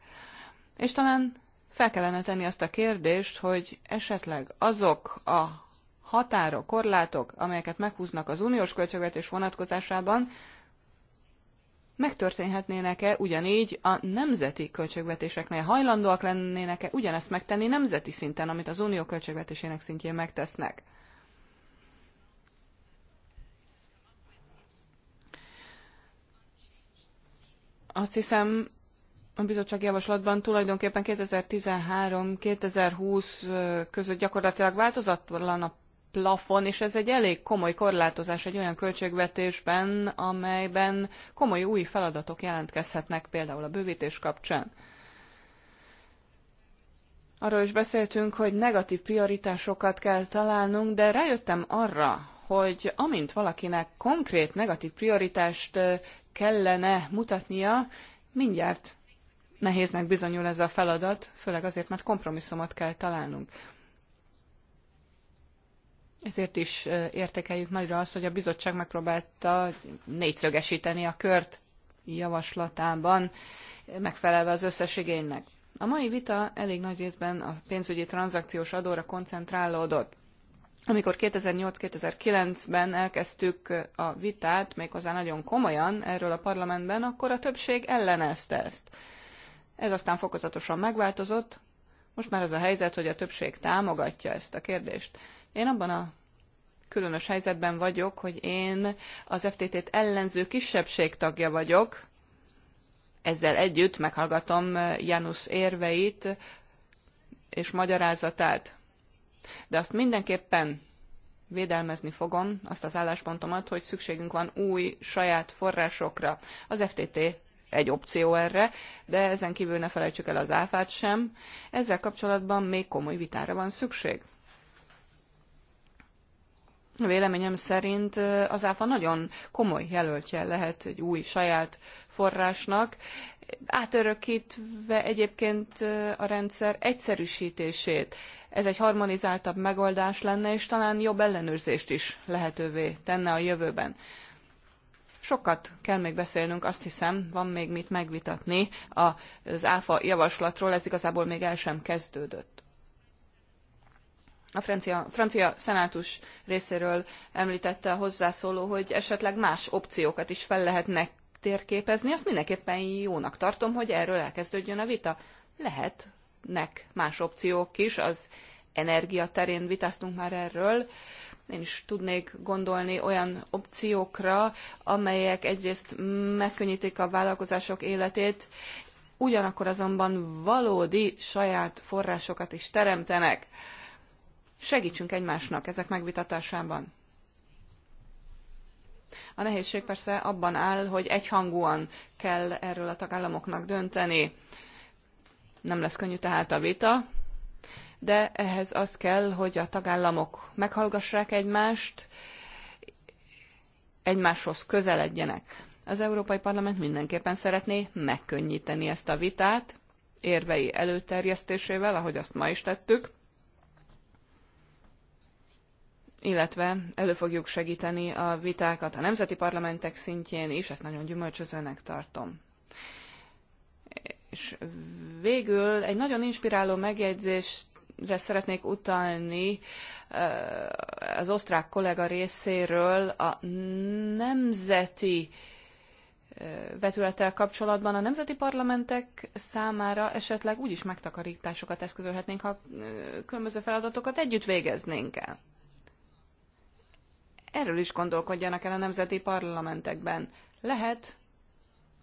és talán fel kellene tenni azt a kérdést, hogy esetleg azok a határok, korlátok, amelyeket meghúznak az uniós költségvetés vonatkozásában, megtörténhetnének-e ugyanígy a nemzeti költségvetéseknél, hajlandóak lennének-e ugyanezt megtenni nemzeti szinten, amit az unió költségvetésének szintjén megtesznek. Azt hiszem, a bizottság javaslatban tulajdonképpen 2013-2020 között gyakorlatilag változatlan a plafon, és ez egy elég komoly korlátozás egy olyan költségvetésben, amelyben komoly új feladatok jelentkezhetnek, például a bővítés kapcsán. Arról is beszéltünk, hogy negatív prioritásokat kell találnunk, de rájöttem arra, hogy amint valakinek konkrét negatív prioritást kellene mutatnia, mindjárt nehéznek bizonyul ez a feladat, főleg azért, mert kompromisszumot kell találnunk. Ezért is értékeljük nagyra azt, hogy a bizottság megpróbálta négyszögesíteni a kört javaslatában, megfelelve az összes igénynek. A mai vita elég nagy részben a pénzügyi tranzakciós adóra koncentrálódott. Amikor 2008-2009-ben elkezdtük a vitát, méghozzá nagyon komolyan erről a parlamentben, akkor a többség ellenezte ezt. Ez aztán fokozatosan megváltozott, most már az a helyzet, hogy a többség támogatja ezt a kérdést. Én abban a különös helyzetben vagyok, hogy én az FTT-t ellenző kisebbség tagja vagyok, ezzel együtt meghallgatom eh, Janusz érveit és magyarázatát. De azt mindenképpen védelmezni fogom, azt az álláspontomat, hogy szükségünk van új, saját forrásokra. Az FTT egy opció erre, de ezen kívül ne felejtsük el az áfát sem. Ezzel kapcsolatban még komoly vitára van szükség. Véleményem szerint az ÁFA nagyon komoly jelöltje lehet egy új saját forrásnak, átörökítve egyébként a rendszer egyszerűsítését. Ez egy harmonizáltabb megoldás lenne, és talán jobb ellenőrzést is lehetővé tenne a jövőben. Sokat kell még beszélnünk, azt hiszem, van még mit megvitatni az ÁFA javaslatról, ez igazából még el sem kezdődött a francia, francia szenátus részéről említette a hozzászóló, hogy esetleg más opciókat is fel lehetne térképezni. Azt mindenképpen jónak tartom, hogy erről elkezdődjön a vita. Lehetnek más opciók is, az energia terén vitáztunk már erről. Én is tudnék gondolni olyan opciókra, amelyek egyrészt megkönnyítik a vállalkozások életét, ugyanakkor azonban valódi saját forrásokat is teremtenek Segítsünk egymásnak ezek megvitatásában. A nehézség persze abban áll, hogy egyhangúan kell erről a tagállamoknak dönteni. Nem lesz könnyű tehát a vita, de ehhez az kell, hogy a tagállamok meghallgassák egymást, egymáshoz közeledjenek. Az Európai Parlament mindenképpen szeretné megkönnyíteni ezt a vitát, érvei előterjesztésével, ahogy azt ma is tettük, illetve elő fogjuk segíteni a vitákat a nemzeti parlamentek szintjén is, ezt nagyon gyümölcsözőnek tartom. És végül egy nagyon inspiráló megjegyzésre szeretnék utalni az osztrák kollega részéről a nemzeti vetülettel kapcsolatban a nemzeti parlamentek számára esetleg úgyis megtakarításokat eszközölhetnénk, ha különböző feladatokat együtt végeznénk el erről is gondolkodjanak el a nemzeti parlamentekben. Lehet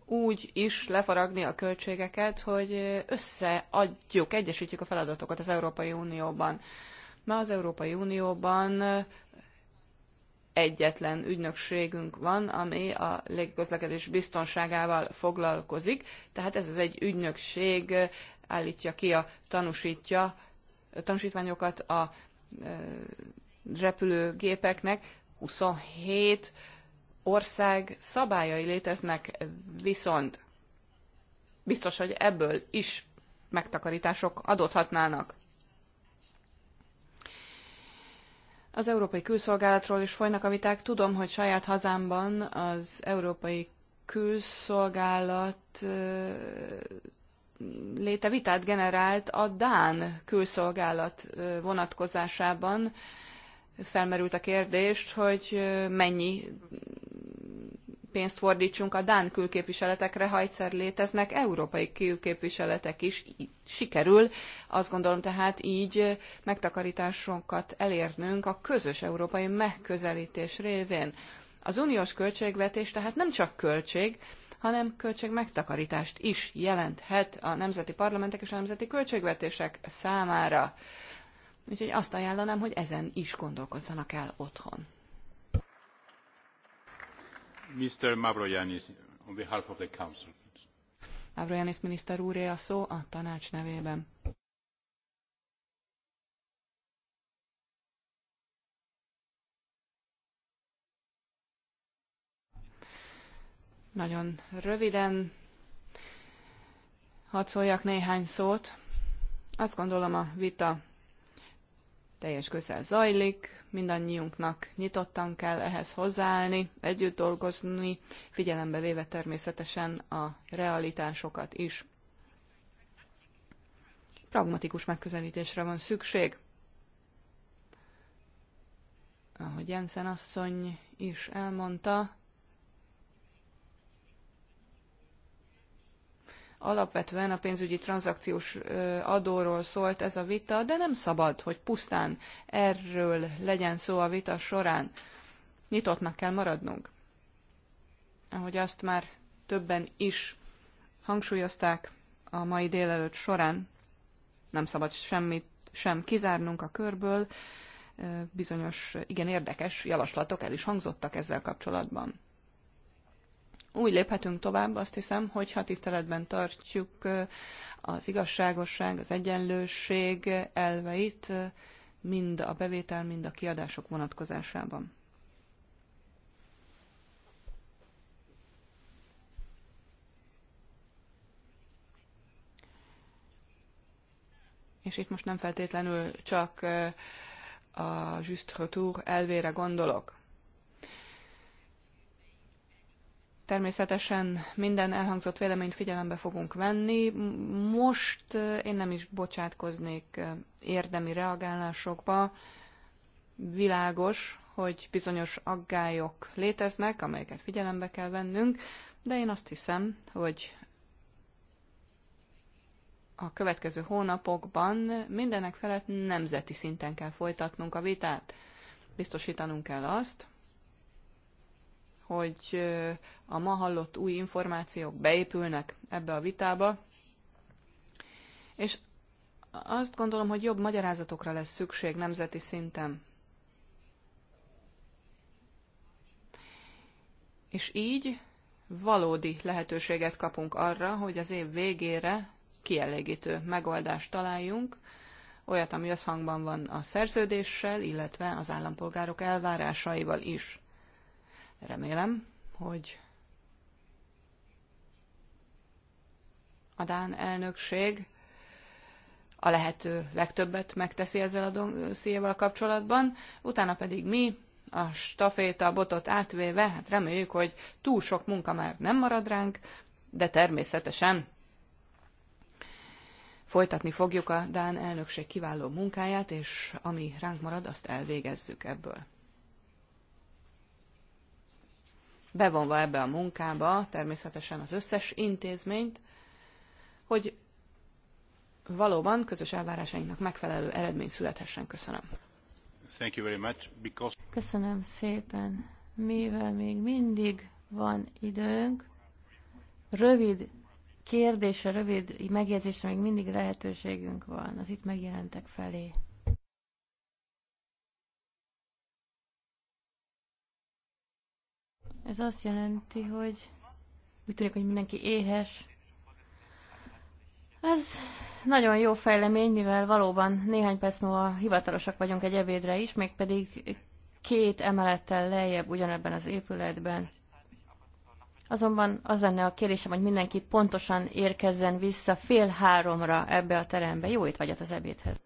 úgy is lefaragni a költségeket, hogy összeadjuk, egyesítjük a feladatokat az Európai Unióban. Ma az Európai Unióban egyetlen ügynökségünk van, ami a légközlekedés biztonságával foglalkozik, tehát ez az egy ügynökség állítja ki a tanúsítja, tanúsítványokat a repülőgépeknek, 27 ország szabályai léteznek, viszont biztos, hogy ebből is megtakarítások adódhatnának. Az Európai Külszolgálatról is folynak a viták. Tudom, hogy saját hazámban az Európai Külszolgálat léte vitát generált a Dán külszolgálat vonatkozásában, felmerült a kérdést, hogy mennyi pénzt fordítsunk a Dán külképviseletekre, ha egyszer léteznek európai külképviseletek is. Sikerül, azt gondolom tehát így megtakarításunkat elérnünk a közös európai megközelítés révén. Az uniós költségvetés tehát nem csak költség, hanem költség megtakarítást is jelenthet a nemzeti parlamentek és a nemzeti költségvetések számára. Úgyhogy azt ajánlanám, hogy ezen is gondolkozzanak el otthon. Mr. Mavroyanis, on behalf of the council. Mavroyanis miniszter úré a szó a tanács nevében. Nagyon röviden hadd szóljak néhány szót. Azt gondolom a vita teljes közel zajlik, mindannyiunknak nyitottan kell ehhez hozzáállni, együtt dolgozni, figyelembe véve természetesen a realitásokat is. Pragmatikus megközelítésre van szükség. Ahogy Jensen asszony is elmondta, alapvetően a pénzügyi tranzakciós adóról szólt ez a vita, de nem szabad, hogy pusztán erről legyen szó a vita során. Nyitottnak kell maradnunk. Ahogy azt már többen is hangsúlyozták a mai délelőtt során, nem szabad semmit sem kizárnunk a körből, bizonyos igen érdekes javaslatok el is hangzottak ezzel kapcsolatban úgy léphetünk tovább, azt hiszem, hogyha tiszteletben tartjuk az igazságosság, az egyenlőség elveit mind a bevétel, mind a kiadások vonatkozásában. És itt most nem feltétlenül csak a just retour elvére gondolok. Természetesen minden elhangzott véleményt figyelembe fogunk venni. Most eh, én nem is bocsátkoznék eh, érdemi reagálásokba. Világos, hogy bizonyos aggályok léteznek, amelyeket figyelembe kell vennünk, de én azt hiszem, hogy a következő hónapokban mindenek felett nemzeti szinten kell folytatnunk a vitát. Biztosítanunk kell azt, hogy a ma hallott új információk beépülnek ebbe a vitába, és azt gondolom, hogy jobb magyarázatokra lesz szükség nemzeti szinten. És így valódi lehetőséget kapunk arra, hogy az év végére kielégítő megoldást találjunk, olyat, ami összhangban van a szerződéssel, illetve az állampolgárok elvárásaival is. Remélem, hogy a Dán elnökség a lehető legtöbbet megteszi ezzel a dossziéval kapcsolatban, utána pedig mi a staféta botot átvéve, hát reméljük, hogy túl sok munka már nem marad ránk, de természetesen folytatni fogjuk a Dán elnökség kiváló munkáját, és ami ránk marad, azt elvégezzük ebből. bevonva ebbe a munkába természetesen az összes intézményt, hogy valóban közös elvárásainknak megfelelő eredmény születhessen. Köszönöm. Thank you very much, because... Köszönöm szépen. Mivel még mindig van időnk, rövid kérdésre, rövid megjegyzésre még mindig lehetőségünk van az itt megjelentek felé. Ez azt jelenti, hogy úgy tűnik, hogy mindenki éhes. Ez nagyon jó fejlemény, mivel valóban néhány perc múlva hivatalosak vagyunk egy ebédre is, mégpedig két emelettel lejjebb ugyanebben az épületben. Azonban az lenne a kérésem, hogy mindenki pontosan érkezzen vissza fél háromra ebbe a terembe. Jó étvágyat az ebédhez!